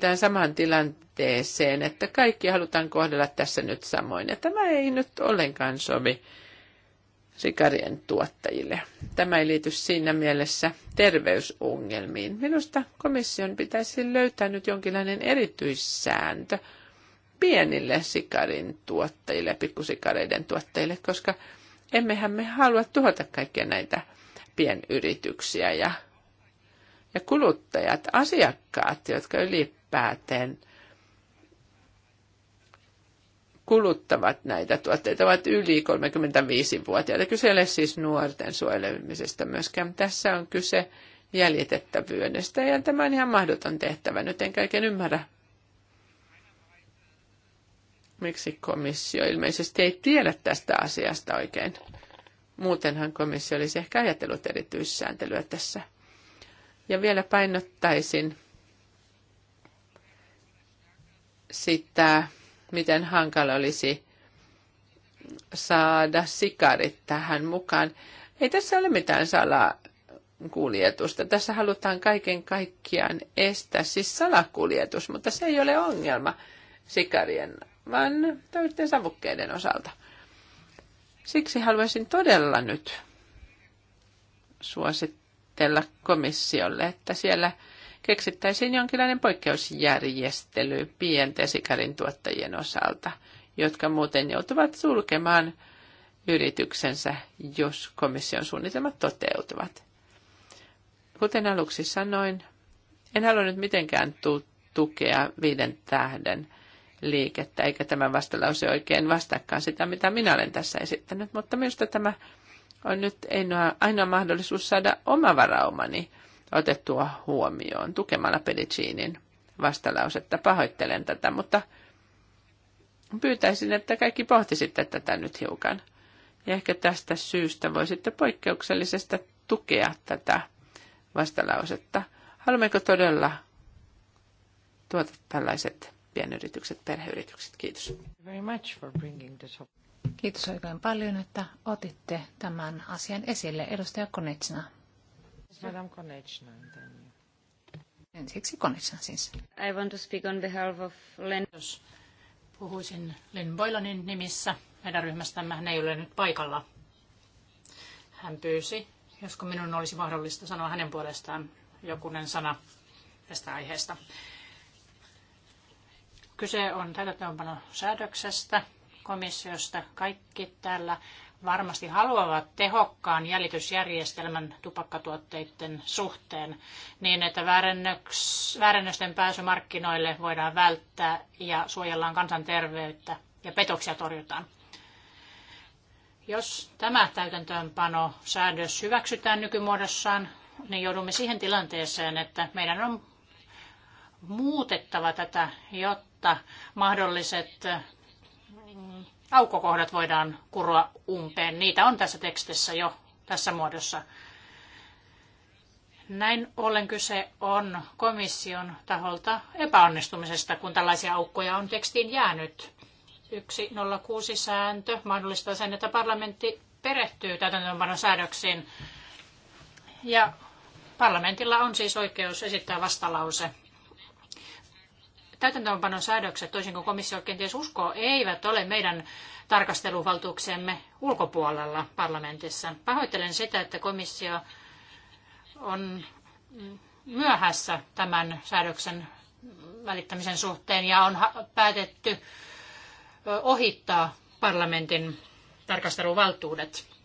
tähän samaan tilanteeseen, että kaikki halutaan kohdella tässä nyt samoin. Ja tämä ei nyt ollenkaan sovi sikarien tuottajille. Tämä ei liity siinä mielessä terveysongelmiin. Minusta komission pitäisi löytää nyt jonkinlainen erityissääntö pienille sikarin tuottajille, pikkusikareiden tuottajille, koska emmehän me halua tuhota kaikkia näitä pienyrityksiä ja, ja kuluttajat, asiakkaat, jotka yli päätteen kuluttavat näitä tuotteita ovat yli 35-vuotiaita. Kyse ei ole siis nuorten suojelemisesta myöskään. Tässä on kyse jäljitettävyydestä ja tämä on ihan mahdoton tehtävä. Nyt en kaiken ymmärrä, miksi komissio ilmeisesti ei tiedä tästä asiasta oikein. Muutenhan komissio olisi ehkä ajatellut erityissääntelyä tässä. Ja vielä painottaisin sitä, miten hankala olisi saada sikarit tähän mukaan. Ei tässä ole mitään salakuljetusta. Tässä halutaan kaiken kaikkiaan estää siis salakuljetus, mutta se ei ole ongelma sikarien, vaan täyden savukkeiden osalta. Siksi haluaisin todella nyt suositella komissiolle, että siellä – keksittäisiin jonkinlainen poikkeusjärjestely pienten sikarin tuottajien osalta, jotka muuten joutuvat sulkemaan yrityksensä, jos komission suunnitelmat toteutuvat. Kuten aluksi sanoin, en halunnut mitenkään tukea viiden tähden liikettä, eikä tämä vastalause oikein vastaakaan sitä, mitä minä olen tässä esittänyt, mutta minusta tämä on nyt ainoa, ainoa mahdollisuus saada oma varaumani otettua huomioon tukemalla Pelicinin vastalausetta. Pahoittelen tätä, mutta pyytäisin, että kaikki pohtisitte tätä nyt hiukan. Ja ehkä tästä syystä voisitte poikkeuksellisesta tukea tätä vastalausetta. Haluammeko todella tuota tällaiset pienyritykset, perheyritykset? Kiitos. Kiitos oikein paljon, että otitte tämän asian esille. Edustaja Konitsina. Madame Ensiksi siis. I want to speak on behalf of Len. Jos puhuisin Len Boylanin nimissä, meidän ryhmästämme hän ei ole nyt paikalla. Hän pyysi, josko minun olisi mahdollista sanoa hänen puolestaan jokunen sana tästä aiheesta. Kyse on täytäntöönpanosäädöksestä komissiosta. Kaikki täällä varmasti haluavat tehokkaan jäljitysjärjestelmän tupakkatuotteiden suhteen niin, että väärennösten pääsy markkinoille voidaan välttää ja suojellaan kansanterveyttä ja petoksia torjutaan. Jos tämä täytäntöönpano säädös hyväksytään nykymuodossaan, niin joudumme siihen tilanteeseen, että meidän on muutettava tätä, jotta mahdolliset mm, aukkokohdat voidaan kuroa umpeen. Niitä on tässä tekstissä jo tässä muodossa. Näin ollen kyse on komission taholta epäonnistumisesta, kun tällaisia aukkoja on tekstiin jäänyt. 106 sääntö mahdollistaa sen, että parlamentti perehtyy täytäntöönpanon säädöksiin. Ja parlamentilla on siis oikeus esittää vastalause täytäntöönpanon säädökset, toisin kuin komissio kenties uskoo, eivät ole meidän tarkasteluvaltuuksemme ulkopuolella parlamentissa. Pahoittelen sitä, että komissio on myöhässä tämän säädöksen välittämisen suhteen ja on päätetty ohittaa parlamentin tarkasteluvaltuudet.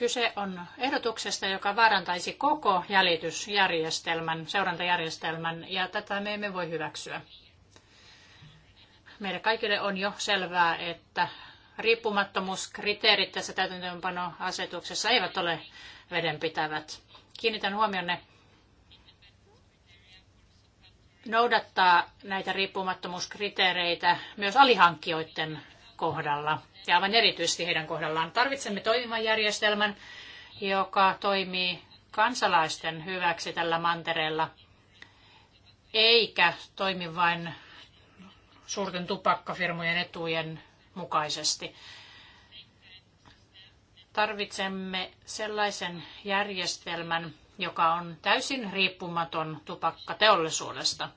Kyse on ehdotuksesta, joka vaarantaisi koko jäljitysjärjestelmän, seurantajärjestelmän, ja tätä me emme voi hyväksyä. Meille kaikille on jo selvää, että riippumattomuuskriteerit tässä täytäntöönpanoasetuksessa eivät ole vedenpitävät. Kiinnitän huomionne noudattaa näitä riippumattomuuskriteereitä myös alihankkijoiden kohdalla ja aivan erityisesti heidän kohdallaan. Tarvitsemme toimivan järjestelmän, joka toimii kansalaisten hyväksi tällä mantereella, eikä toimi vain suurten tupakkafirmojen etujen mukaisesti. Tarvitsemme sellaisen järjestelmän, joka on täysin riippumaton tupakkateollisuudesta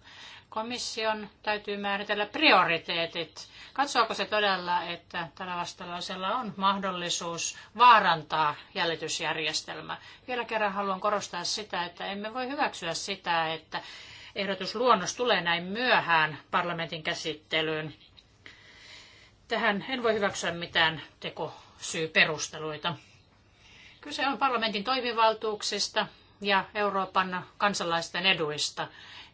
komission täytyy määritellä prioriteetit. Katsoako se todella, että tällä vastalauseella on mahdollisuus vaarantaa jäljitysjärjestelmä? Vielä kerran haluan korostaa sitä, että emme voi hyväksyä sitä, että ehdotusluonnos tulee näin myöhään parlamentin käsittelyyn. Tähän en voi hyväksyä mitään tekosyyperusteluita. Kyse on parlamentin toimivaltuuksista ja Euroopan kansalaisten eduista.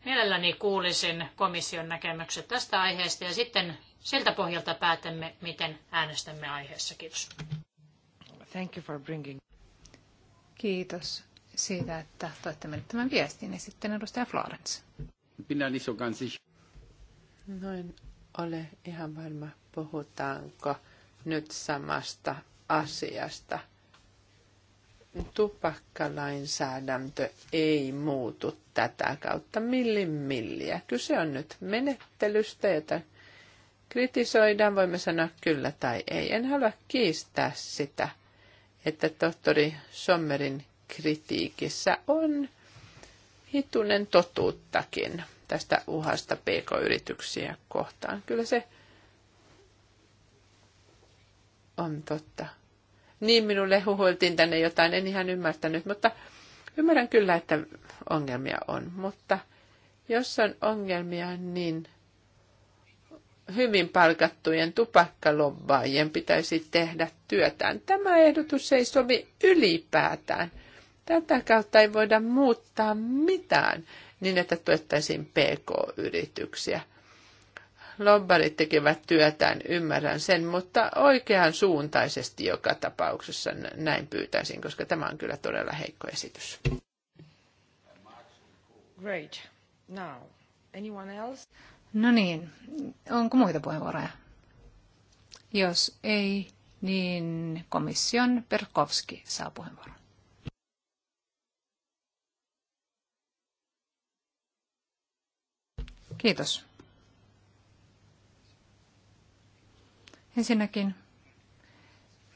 Mielelläni kuulisin komission näkemykset tästä aiheesta ja sitten siltä pohjalta päätämme, miten äänestämme aiheessa. Kiitos. Thank you for bringing. Kiitos siitä, että toitte meille tämän viestin. Ja sitten edustaja Florence. Minä nicht so Noin ole ihan varma, puhutaanko nyt samasta asiasta – tupakkalainsäädäntö ei muutu tätä kautta millin milliä. Kyse on nyt menettelystä, jota kritisoidaan, voimme sanoa kyllä tai ei. En halua kiistää sitä, että tohtori Sommerin kritiikissä on hitunen totuuttakin tästä uhasta pk-yrityksiä kohtaan. Kyllä se on totta. Niin minulle huhuiltiin tänne jotain, en ihan ymmärtänyt, mutta ymmärrän kyllä, että ongelmia on. Mutta jos on ongelmia, niin hyvin palkattujen tupakkalobbaajien pitäisi tehdä työtään. Tämä ehdotus ei sovi ylipäätään. Tätä kautta ei voida muuttaa mitään niin, että tuettaisiin pk-yrityksiä lobbarit tekevät työtään, ymmärrän sen, mutta oikean suuntaisesti joka tapauksessa näin pyytäisin, koska tämä on kyllä todella heikko esitys. Great. Now, anyone else? No niin, onko muita puheenvuoroja? Jos ei, niin komission Perkovski saa puheenvuoron. Kiitos. Ensinnäkin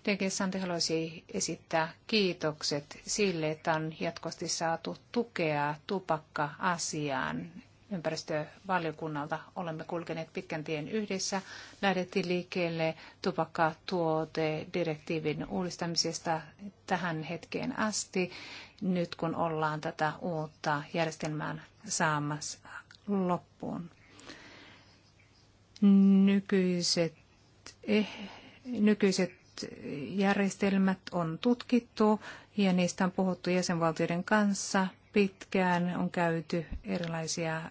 DG Santi haluaisi esittää kiitokset sille, että on jatkuvasti saatu tukea tupakka-asiaan ympäristövaliokunnalta. Olemme kulkeneet pitkän tien yhdessä. Lähdettiin liikkeelle tupakkatuotedirektiivin uudistamisesta tähän hetkeen asti, nyt kun ollaan tätä uutta järjestelmää saamassa loppuun. Nykyiset Eh, nykyiset järjestelmät on tutkittu ja niistä on puhuttu jäsenvaltioiden kanssa pitkään. On käyty erilaisia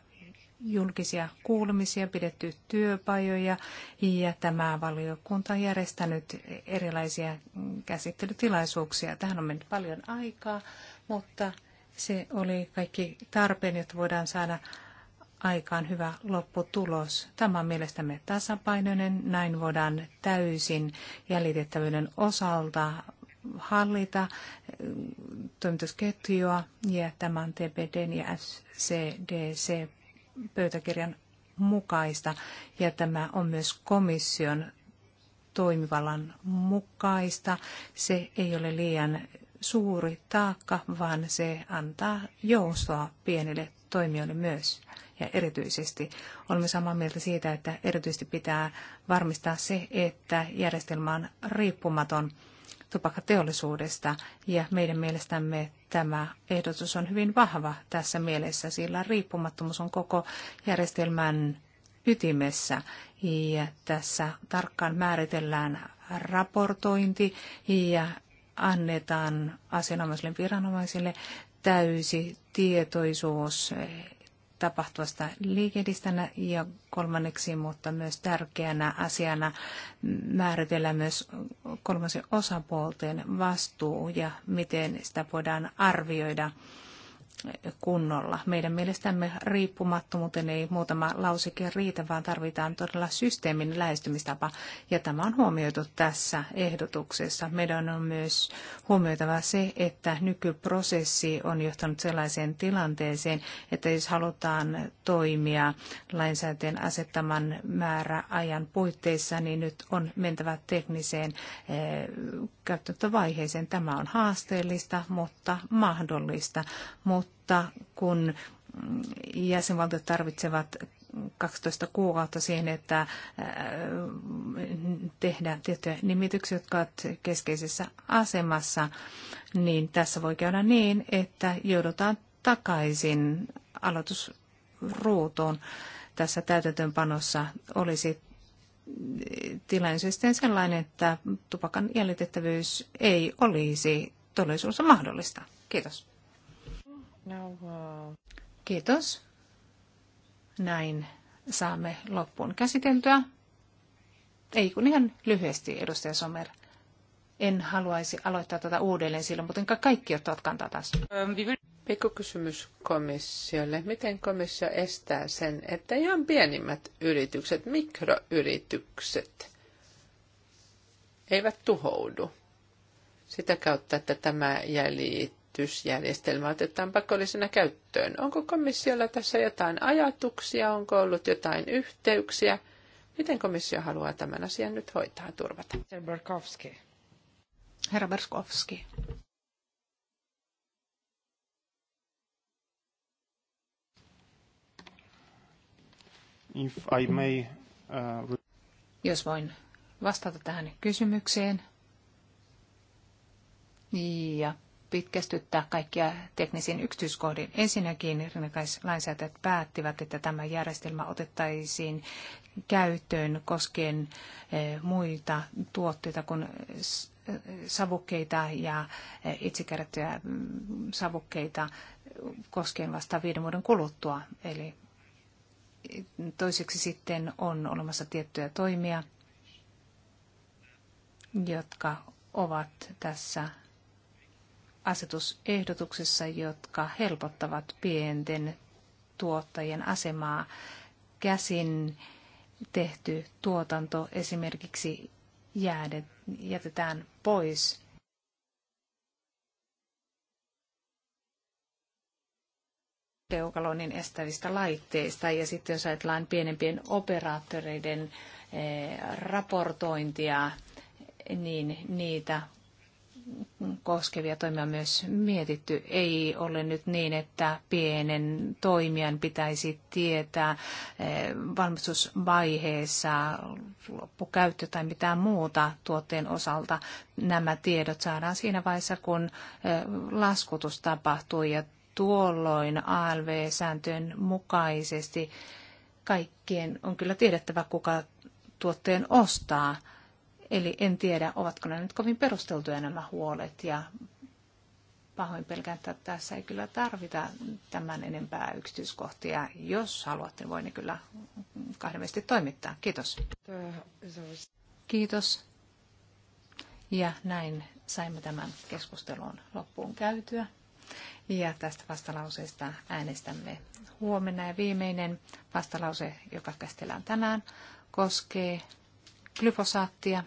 julkisia kuulumisia, pidetty työpajoja ja tämä valiokunta on järjestänyt erilaisia käsittelytilaisuuksia. Tähän on mennyt paljon aikaa, mutta se oli kaikki tarpeen, jotta voidaan saada aikaan hyvä lopputulos. Tämä on mielestämme tasapainoinen. Näin voidaan täysin jäljitettävyyden osalta hallita eh, toimitusketjua ja tämän TPD ja SCDC pöytäkirjan mukaista ja tämä on myös komission toimivallan mukaista. Se ei ole liian suuri taakka, vaan se antaa joustoa pienille toimijoille myös. Ja erityisesti olemme samaa mieltä siitä, että erityisesti pitää varmistaa se, että järjestelmä on riippumaton tupakkateollisuudesta. Ja meidän mielestämme tämä ehdotus on hyvin vahva tässä mielessä, sillä riippumattomuus on koko järjestelmän ytimessä. Ja tässä tarkkaan määritellään raportointi ja annetaan asianomaisille viranomaisille täysi tietoisuus tapahtuvasta liikehdistänä ja kolmanneksi, mutta myös tärkeänä asiana määritellä myös kolmasen osapuolten vastuu ja miten sitä voidaan arvioida kunnolla. Meidän mielestämme riippumattomuuteen ei muutama lauseke riitä, vaan tarvitaan todella systeemin lähestymistapa, ja tämä on huomioitu tässä ehdotuksessa. Meidän on myös huomioitava se, että nykyprosessi on johtanut sellaiseen tilanteeseen, että jos halutaan toimia lainsäätäjän asettaman määräajan puitteissa, niin nyt on mentävä tekniseen eh, käyttöntövaiheeseen. Tämä on haasteellista, mutta mahdollista. Mutta mutta kun jäsenvaltiot tarvitsevat 12 kuukautta siihen, että äh, tehdään tiettyjä nimityksiä, jotka ovat keskeisessä asemassa, niin tässä voi käydä niin, että joudutaan takaisin aloitusruutuun. Tässä täytäntöönpanossa olisi tilanne sellainen, että tupakan jäljitettävyys ei olisi todellisuudessa mahdollista. Kiitos. Kiitos. Näin saamme loppuun käsiteltyä. Ei kun ihan lyhyesti, edustaja Somer. En haluaisi aloittaa tätä uudelleen silloin, mutta kaikki ottavat kantaa taas. Pikku kysymys komissiolle. Miten komissio estää sen, että ihan pienimmät yritykset, mikroyritykset, eivät tuhoudu? Sitä kautta, että tämä jäljit lähetysjärjestelmä otetaan pakollisena käyttöön. Onko komissiolla tässä jotain ajatuksia, onko ollut jotain yhteyksiä? Miten komissio haluaa tämän asian nyt hoitaa turvata turvata? Berkowski. Herra Berkowski. If I may, uh... Jos voin vastata tähän kysymykseen. Ja pitkästyttää kaikkia teknisiin yksityiskohdin. Ensinnäkin rinnakkaislainsäätäjät päättivät, että tämä järjestelmä otettaisiin käyttöön koskien eh, muita tuotteita kuin savukkeita ja eh, itsekerättyjä mm, savukkeita koskien vasta viiden vuoden kuluttua. Eli eh, toiseksi sitten on olemassa tiettyjä toimia, jotka ovat tässä asetusehdotuksessa, jotka helpottavat pienten tuottajien asemaa. Käsin tehty tuotanto esimerkiksi jäädet, jätetään pois. Keukaloinnin estävistä laitteista ja sitten jos ajatellaan pienempien operaattoreiden eh, raportointia, niin niitä koskevia toimia myös mietitty. Ei ole nyt niin, että pienen toimijan pitäisi tietää eh, valmistusvaiheessa loppukäyttö tai mitään muuta tuotteen osalta. Nämä tiedot saadaan siinä vaiheessa, kun eh, laskutus tapahtuu ja tuolloin ALV-sääntöjen mukaisesti kaikkien on kyllä tiedettävä, kuka tuotteen ostaa – Eli en tiedä, ovatko ne nyt kovin perusteltuja nämä huolet ja pahoin pelkään, että tässä ei kyllä tarvita tämän enempää yksityiskohtia. Jos haluatte, niin voin ne kyllä kahdemmesti toimittaa. Kiitos. Kiitos. Ja näin saimme tämän keskustelun loppuun käytyä. Ja tästä vastalauseesta äänestämme huomenna. Ja viimeinen vastalause, joka käsitellään tänään, koskee glyfosaattia.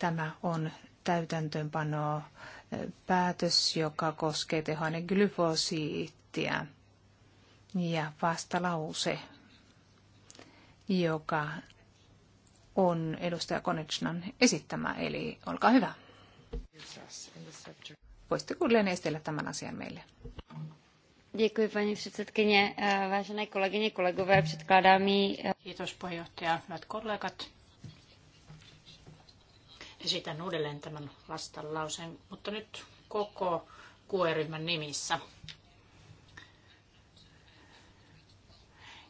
Tämä on täytäntöönpano päätös, joka koskee tehoaine glyfosiittia ja vastalause, joka on edustaja Konechnan esittämä, eli olkaa hyvä. Voisitte kuulleen esitellä tämän asian meille. Děkuji, paní předsedkyně. Eh, vážené kolegyně, kolegové, předkládám eh, Kiitos, puheenjohtaja. Hyvät kollegat. Esitän uudelleen tämän vastalauseen, mutta nyt koko QE-ryhmän nimissä.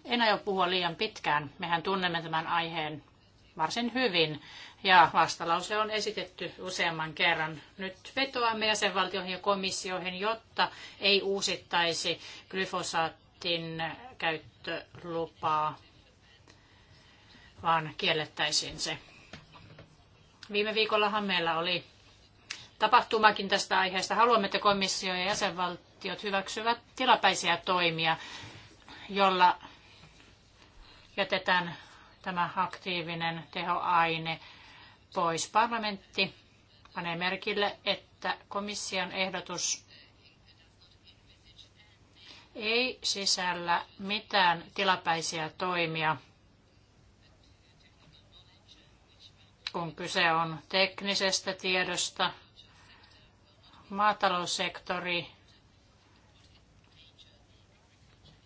En aio puhua liian pitkään. Mehän tunnemme tämän aiheen varsin hyvin ja vastalause on esitetty useamman kerran. Nyt vetoamme jäsenvaltioihin ja komissioihin, jotta ei uusittaisi glyfosaattin käyttölupaa, vaan kiellettäisiin se. Viime viikollahan meillä oli tapahtumakin tästä aiheesta. Haluamme, että komissio ja jäsenvaltiot hyväksyvät tilapäisiä toimia, jolla jätetään tämä aktiivinen tehoaine pois. Parlamentti panee merkille, että komission ehdotus ei sisällä mitään tilapäisiä toimia – kun kyse on teknisestä tiedosta. Maataloussektori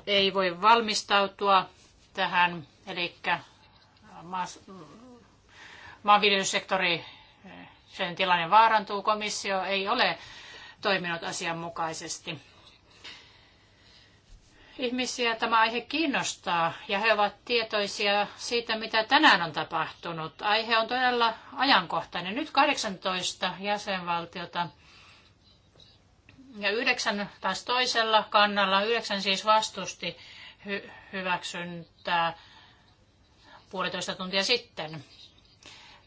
ei voi valmistautua tähän, eli maanviljelyssektori, sen tilanne vaarantuu, komissio ei ole toiminut asianmukaisesti ihmisiä tämä aihe kiinnostaa ja he ovat tietoisia siitä, mitä tänään on tapahtunut. Aihe on todella ajankohtainen. Nyt 18 jäsenvaltiota ja yhdeksän taas toisella kannalla, yhdeksän siis vastusti hy- hyväksyntää puolitoista tuntia sitten.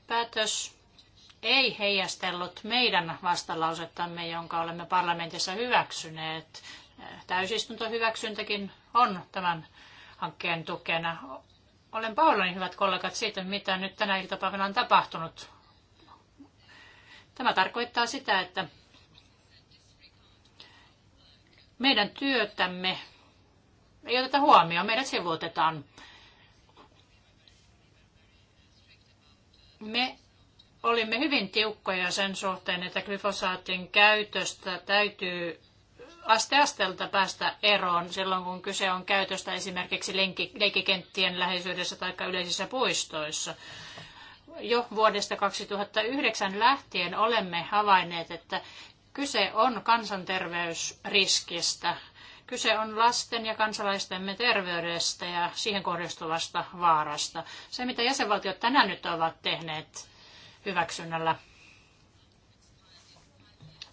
Päätös ei heijastellut meidän vastalausettamme, jonka olemme parlamentissa hyväksyneet. Täysistuntohyväksyntäkin on tämän hankkeen tukena. Olen pahoillani, hyvät kollegat, siitä, mitä nyt tänä iltapäivänä on tapahtunut. Tämä tarkoittaa sitä, että meidän työtämme ei oteta huomioon, meidät sivuutetaan. Me olimme hyvin tiukkoja sen suhteen, että glyfosaatin käytöstä täytyy aste asteelta päästä eroon silloin, kun kyse on käytöstä esimerkiksi leikkikenttien läheisyydessä tai yleisissä puistoissa. Jo vuodesta 2009 lähtien olemme havainneet, että kyse on kansanterveysriskistä. Kyse on lasten ja kansalaistemme terveydestä ja siihen kohdistuvasta vaarasta. Se, mitä jäsenvaltiot tänään nyt ovat tehneet hyväksynnällä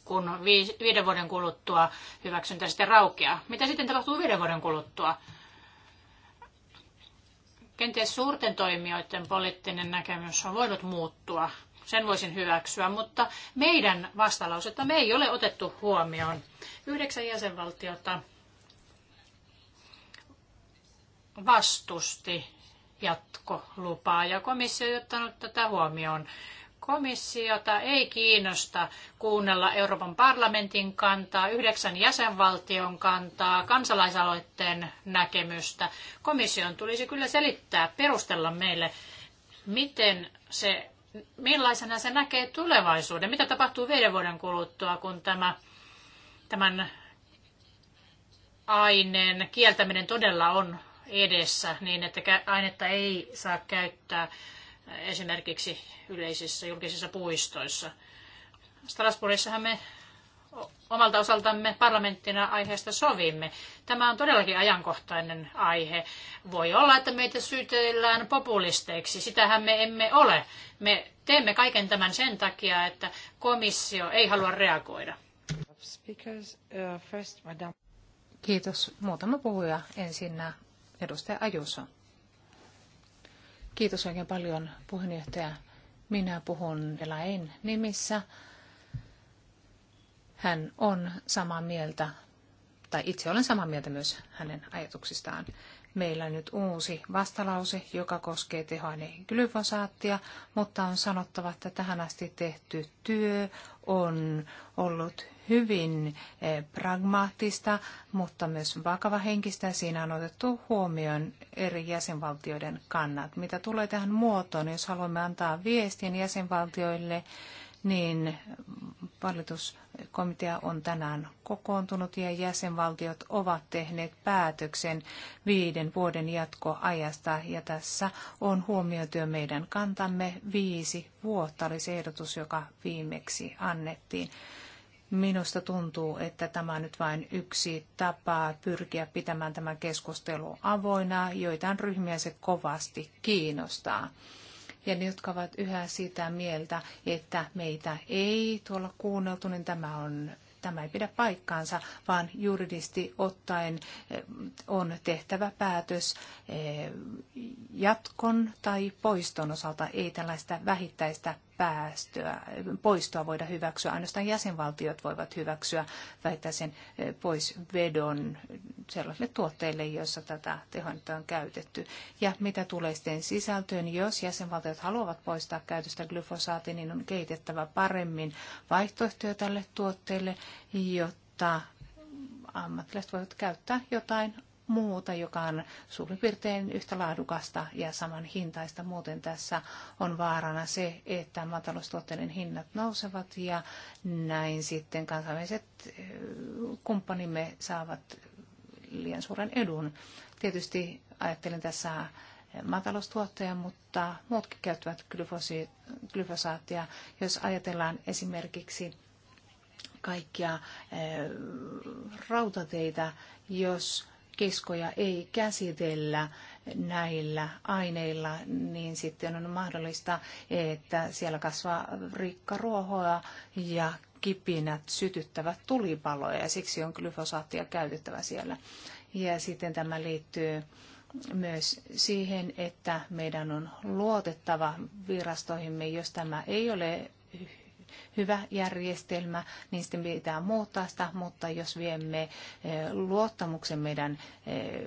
kun viiden vuoden kuluttua hyväksyntä sitten raukeaa. Mitä sitten tapahtuu viiden vuoden kuluttua? Kenties suurten toimijoiden poliittinen näkemys on voinut muuttua. Sen voisin hyväksyä, mutta meidän vastalausetta me ei ole otettu huomioon. Yhdeksän jäsenvaltiota vastusti jatkolupaa ja komissio ei ottanut tätä huomioon. Komissiota ei kiinnosta kuunnella Euroopan parlamentin kantaa, yhdeksän jäsenvaltion kantaa, kansalaisaloitteen näkemystä. Komission tulisi kyllä selittää, perustella meille, miten se, millaisena se näkee tulevaisuuden. Mitä tapahtuu viiden vuoden kuluttua, kun tämä, tämän aineen kieltäminen todella on edessä, niin että ainetta ei saa käyttää esimerkiksi yleisissä julkisissa puistoissa. Strasbourgissahan me omalta osaltamme parlamenttina aiheesta sovimme. Tämä on todellakin ajankohtainen aihe. Voi olla, että meitä syytellään populisteiksi. Sitähän me emme ole. Me teemme kaiken tämän sen takia, että komissio ei halua reagoida. Uh, Kiitos. Muutama puhuja. Ensinnä edustaja Ajuso. Kiitos oikein paljon puheenjohtaja. Minä puhun Elain nimissä. Hän on samaa mieltä, tai itse olen samaa mieltä myös hänen ajatuksistaan. Meillä on nyt uusi vastalause, joka koskee tehoaineen glyfosaattia, mutta on sanottava, että tähän asti tehty työ on ollut hyvin eh, pragmaattista, mutta myös vakava henkistä Siinä on otettu huomioon eri jäsenvaltioiden kannat. Mitä tulee tähän muotoon, jos haluamme antaa viestin jäsenvaltioille, niin valituskomitea on tänään kokoontunut ja jäsenvaltiot ovat tehneet päätöksen viiden vuoden jatkoajasta. Ja tässä on huomioitu jo meidän kantamme viisi vuotta, oli se ehdotus, joka viimeksi annettiin. Minusta tuntuu, että tämä on nyt vain yksi tapa pyrkiä pitämään tämän keskustelu avoina, joitain ryhmiä se kovasti kiinnostaa. Ja ne, jotka ovat yhä sitä mieltä, että meitä ei tuolla kuunneltu, niin tämä on tämä ei pidä paikkaansa, vaan juridisti ottaen eh, on tehtävä päätös eh, jatkon tai poiston osalta, ei tällaista vähittäistä päästöä, poistoa voida hyväksyä. Ainoastaan jäsenvaltiot voivat hyväksyä vähittäisen eh, poisvedon sellaisille tuotteille, joissa tätä tehointa on käytetty. Ja mitä tulee sitten sisältöön, jos jäsenvaltiot haluavat poistaa käytöstä glyfosaatin, niin on kehitettävä paremmin vaihtoehtoja tälle tuotteelle, jotta ammattilaiset voivat käyttää jotain muuta, joka on suurin piirtein yhtä laadukasta ja saman hintaista. Muuten tässä on vaarana se, että maataloustuotteiden hinnat nousevat ja näin sitten kansainväliset eh, kumppanimme saavat liian suuren edun. Tietysti ajattelen tässä eh, maataloustuottaja, mutta muutkin käyttävät glyfosaattia. Jos ajatellaan esimerkiksi kaikkia eh, rautateitä, jos keskoja ei käsitellä näillä aineilla, niin sitten on mahdollista, että siellä kasvaa rikkaruohoa ja kipinät sytyttävät tulipaloja ja siksi on glyfosaattia käytettävä siellä. Ja sitten tämä liittyy myös siihen, että meidän on luotettava virastoihimme, jos tämä ei ole hyvä järjestelmä, niin sitten pitää muuttaa sitä, mutta jos viemme eh, luottamuksen meidän eh,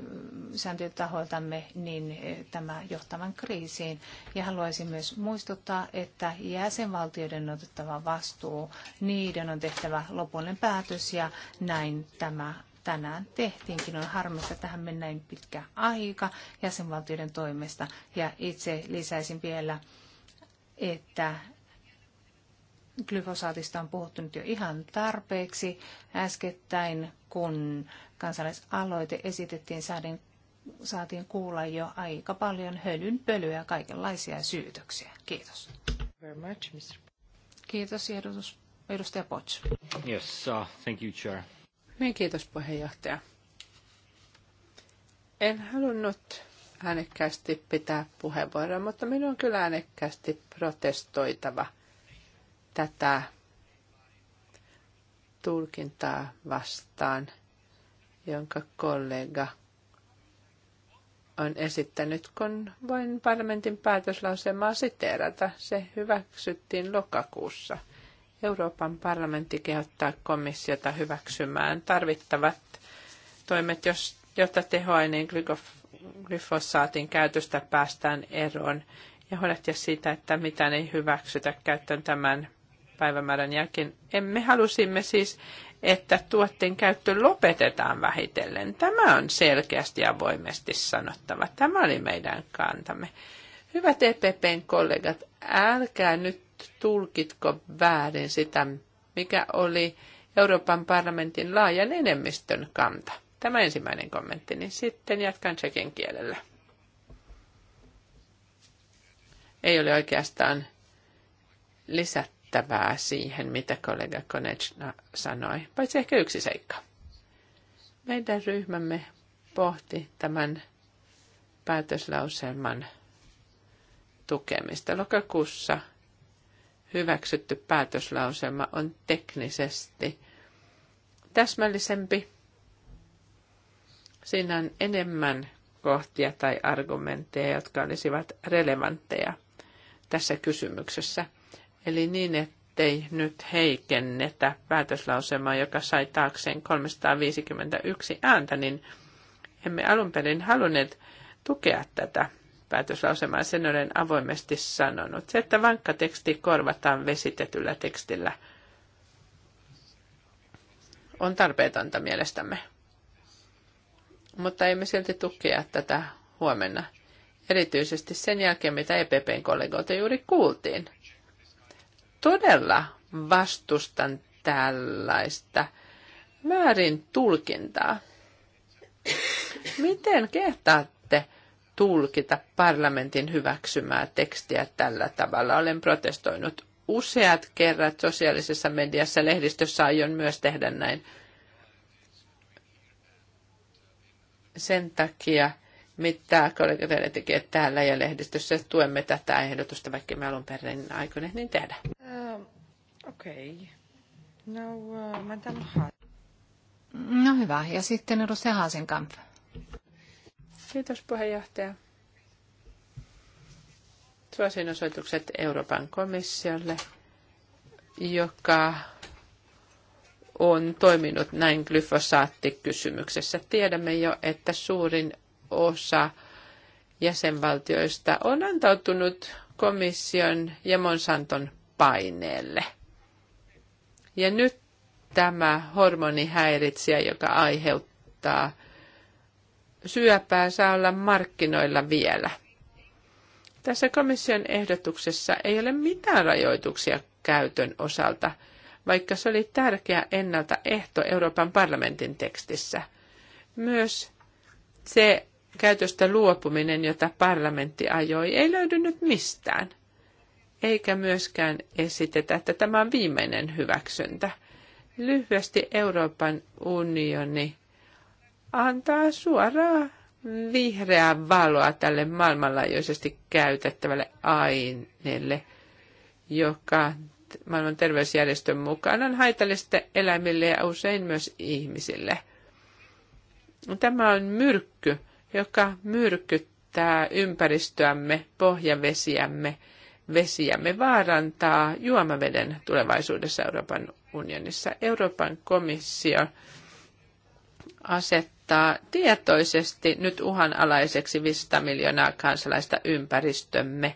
sääntötahoiltamme, niin eh, tämä johtavan kriisiin. Ja haluaisin myös muistuttaa, että jäsenvaltioiden on otettava vastuu, niiden on tehtävä lopullinen päätös ja näin tämä tänään tehtiinkin. On harmi että tähän mennään näin pitkä aika jäsenvaltioiden toimesta. Ja itse lisäisin vielä, että glyfosaatista on puhuttu nyt jo ihan tarpeeksi. Äskettäin, kun kansalaisaloite esitettiin, saatiin, saatiin kuulla jo aika paljon hölynpölyä ja kaikenlaisia syytöksiä. Kiitos. Very much, Mr. Kiitos, edustus, edustaja Potts. Yes, uh, thank you, Chair. Niin, kiitos, puheenjohtaja. En halunnut äänekkäästi pitää puheenvuoroa, mutta minun on kyllä äänekkäästi protestoitava – tätä tulkintaa vastaan, jonka kollega on esittänyt, kun voin parlamentin päätöslausemaa siteerata. Se hyväksyttiin lokakuussa. Euroopan parlamentti kehottaa komissiota hyväksymään tarvittavat toimet, jotta tehoaineen glyfosaatin käytöstä päästään eroon ja huolehtia siitä, että mitään ei hyväksytä käyttöön tämän päivämäärän jälkeen. Emme halusimme siis, että tuotteen käyttö lopetetaan vähitellen. Tämä on selkeästi ja voimesti sanottava. Tämä oli meidän kantamme. Hyvät EPPn kollegat, älkää nyt tulkitko väärin sitä, mikä oli Euroopan parlamentin laajan enemmistön kanta. Tämä ensimmäinen kommentti, niin sitten jatkan tsekin kielellä. Ei ole oikeastaan lisättävää lisättävää siihen, mitä kollega Konechna sanoi, paitsi ehkä yksi seikka. Meidän ryhmämme pohti tämän päätöslauselman tukemista. Lokakuussa hyväksytty päätöslauselma on teknisesti täsmällisempi. Siinä on enemmän kohtia tai argumentteja, jotka olisivat relevantteja tässä kysymyksessä. Eli niin, ettei nyt heikennetä päätöslausemaa, joka sai taakseen 351 ääntä, niin emme alun perin halunneet tukea tätä päätöslausemaa, sen olen avoimesti sanonut. Se, että vankka teksti korvataan vesitetyllä tekstillä, on tarpeetonta mielestämme. Mutta emme silti tukea tätä huomenna, erityisesti sen jälkeen, mitä EPPn kollegoilta juuri kuultiin todella vastustan tällaista määrin tulkintaa. Miten kehtaatte tulkita parlamentin hyväksymää tekstiä tällä tavalla? Olen protestoinut useat kerrat sosiaalisessa mediassa, lehdistössä aion myös tehdä näin. Sen takia mitä kollega Vere tekee täällä ja lehdistössä. Tuemme tätä ehdotusta, vaikka me alun perin aikoinen niin tehdä. Uh, Okei. Okay. No, uh, No hyvä. Ja sitten edustaja Haasenkamp. Kiitos puheenjohtaja. Suosin osoitukset Euroopan komissiolle, joka on toiminut näin glyfosaattikysymyksessä. Tiedämme jo, että suurin osa jäsenvaltioista on antautunut komission ja Monsanton paineelle. Ja nyt tämä hormonihäiritsijä, joka aiheuttaa syöpää, saa olla markkinoilla vielä. Tässä komission ehdotuksessa ei ole mitään rajoituksia käytön osalta, vaikka se oli tärkeä ennalta ehto Euroopan parlamentin tekstissä. Myös se käytöstä luopuminen, jota parlamentti ajoi, ei löydy nyt mistään. Eikä myöskään esitetä, että tämä on viimeinen hyväksyntä. Lyhyesti Euroopan unioni antaa suoraa vihreää valoa tälle maailmanlaajuisesti käytettävälle aineelle, joka maailman terveysjärjestön mukaan on haitallista eläimille ja usein myös ihmisille. Tämä on myrkky joka myrkyttää ympäristöämme, pohjavesiämme, vesiämme, vaarantaa juomaveden tulevaisuudessa Euroopan unionissa. Euroopan komissio asettaa tietoisesti nyt uhanalaiseksi 500 miljoonaa kansalaista ympäristömme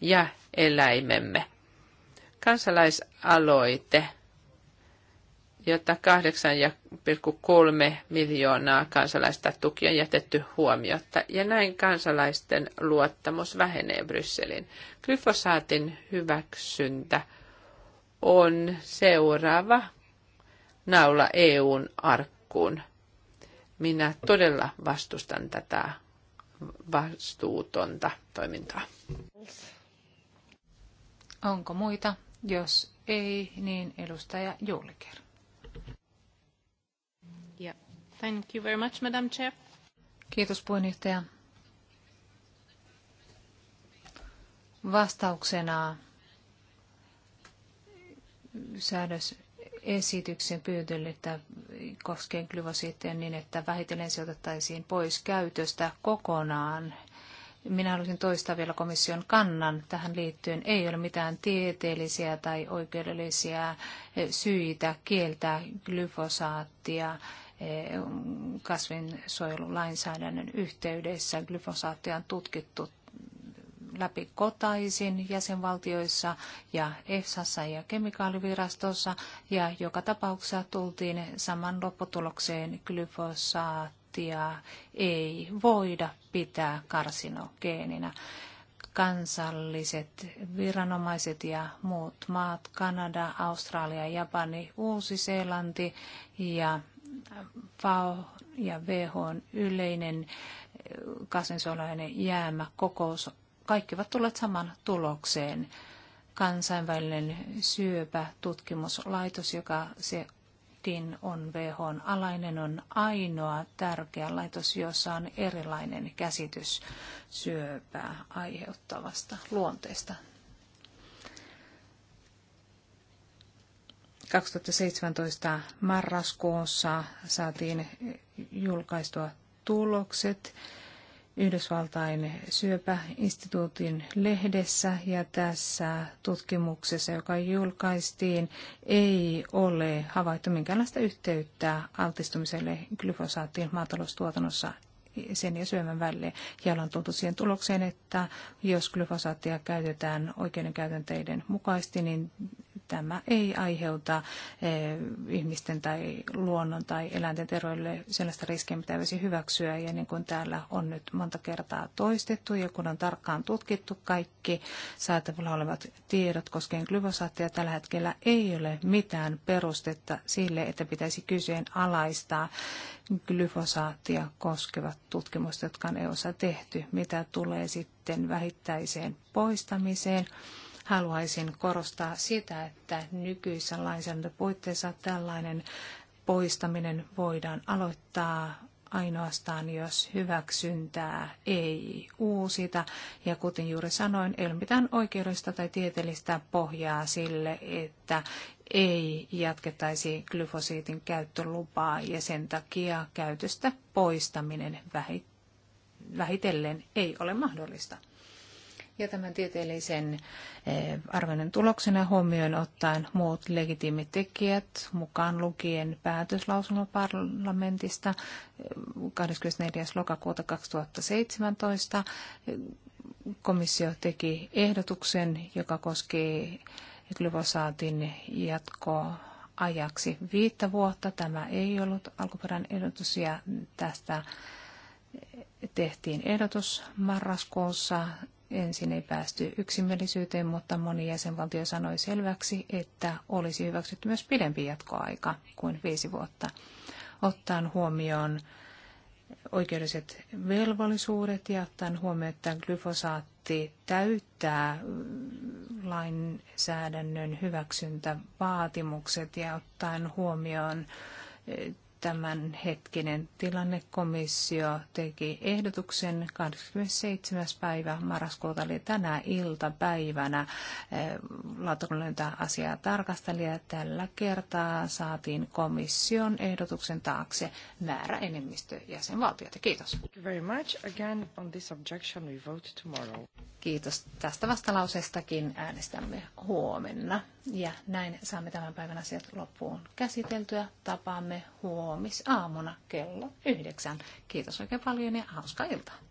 ja eläimemme. Kansalaisaloite – jota 8,3 miljoonaa kansalaista tuki on jätetty huomiotta, ja näin kansalaisten luottamus vähenee Brysselin. Glyfosaatin hyväksyntä on seuraava naula EUn arkkuun. Minä todella vastustan tätä vastuutonta toimintaa. Onko muita? Jos ei, niin edustaja Juuliker. Thank you very much, Madam Chair. Kiitos puheenjohtaja. Vastauksena säädösesityksen pyyntölle, että koskien glyfosiitteja niin, että vähitellen se otettaisiin pois käytöstä kokonaan. Minä haluaisin toistaa vielä komission kannan tähän liittyen. Ei ole mitään tieteellisiä tai oikeudellisia syitä kieltää glyfosaattia E kasvinsuojelulainsäädännön yhteydessä. Glyfosaattia on tutkittu läpi kotaisin jäsenvaltioissa ja EFSassa ja kemikaalivirastossa ja joka tapauksessa tultiin saman lopputulokseen glyfosaattia ei voida pitää karsinogeeninä. kansalliset viranomaiset ja muut maat, Kanada, Australia, Japani, Uusi-Seelanti ja FAO ja WHOn yleinen eh, kasvinsuolainen jäämä kokous, kaikki ovat tulleet saman tulokseen. Kansainvälinen syöpätutkimuslaitos, joka se Tin on WHOn alainen, on ainoa tärkeä laitos, jossa on erilainen käsitys syöpää aiheuttavasta luonteesta. 2017 marraskuussa saatiin julkaistua tulokset Yhdysvaltain syöpäinstituutin lehdessä ja tässä tutkimuksessa, joka julkaistiin, ei ole havaittu minkäänlaista yhteyttä altistumiselle glyfosaattiin maataloustuotannossa sen ja syövän välille. Ja on tultu siihen tulokseen, että jos glyfosaattia käytetään oikeudenkäytänteiden mukaisesti, niin tämä ei aiheuta eh, ihmisten tai luonnon tai eläinten terveydelle sellaista riskiä, mitä voisi hyväksyä. Ja niin kuin täällä on nyt monta kertaa toistettu ja kun on tarkkaan tutkittu kaikki saatavilla olevat tiedot koskien glyfosaattia, tällä hetkellä ei ole mitään perustetta sille, että pitäisi kyseenalaistaa glyfosaattia koskevat tutkimukset, jotka on EUssa tehty. Mitä tulee sitten vähittäiseen poistamiseen? haluaisin korostaa sitä, että nykyisen lainsäädäntöpuitteissa tällainen poistaminen voidaan aloittaa ainoastaan, jos hyväksyntää ei uusita. Ja kuten juuri sanoin, ei ole mitään oikeudellista tai tieteellistä pohjaa sille, että ei jatkettaisi glyfosiitin käyttölupaa ja sen takia käytöstä poistaminen vähitellen ei ole mahdollista ja tämän tieteellisen eh, arvioinnin tuloksena huomioon ottaen muut legitiimit tekijät, mukaan lukien päätöslausunnon parlamentista 24. Eh, lokakuuta 2017. Komissio teki ehdotuksen, joka koski glyfosaatin jatkoa ajaksi viittä vuotta. Tämä ei ollut alkuperäinen ehdotus ja tästä tehtiin ehdotus marraskuussa ensin ei päästy yksimielisyyteen, mutta moni jäsenvaltio sanoi selväksi, että olisi hyväksytty myös pidempi jatkoaika kuin viisi vuotta, ottaen huomioon oikeudelliset velvollisuudet ja ottaen huomioon, että glyfosaatti täyttää lainsäädännön hyväksyntävaatimukset ja ottaen huomioon tämänhetkinen tilanne. Komissio teki ehdotuksen 27. päivä marraskuuta, eli tänä iltapäivänä eh, lautakunnallinen asiaa tarkasteli, ja tällä kertaa saatiin komission ehdotuksen taakse määrä enemmistö jäsenvaltioita. Kiitos. Kiitos tästä vastalauseestakin äänestämme huomenna. Ja näin saamme tämän päivän asiat loppuun käsiteltyä. Tapaamme huomenna huomisaamuna kello yhdeksän. Kiitos oikein paljon ja hauskaa iltaa.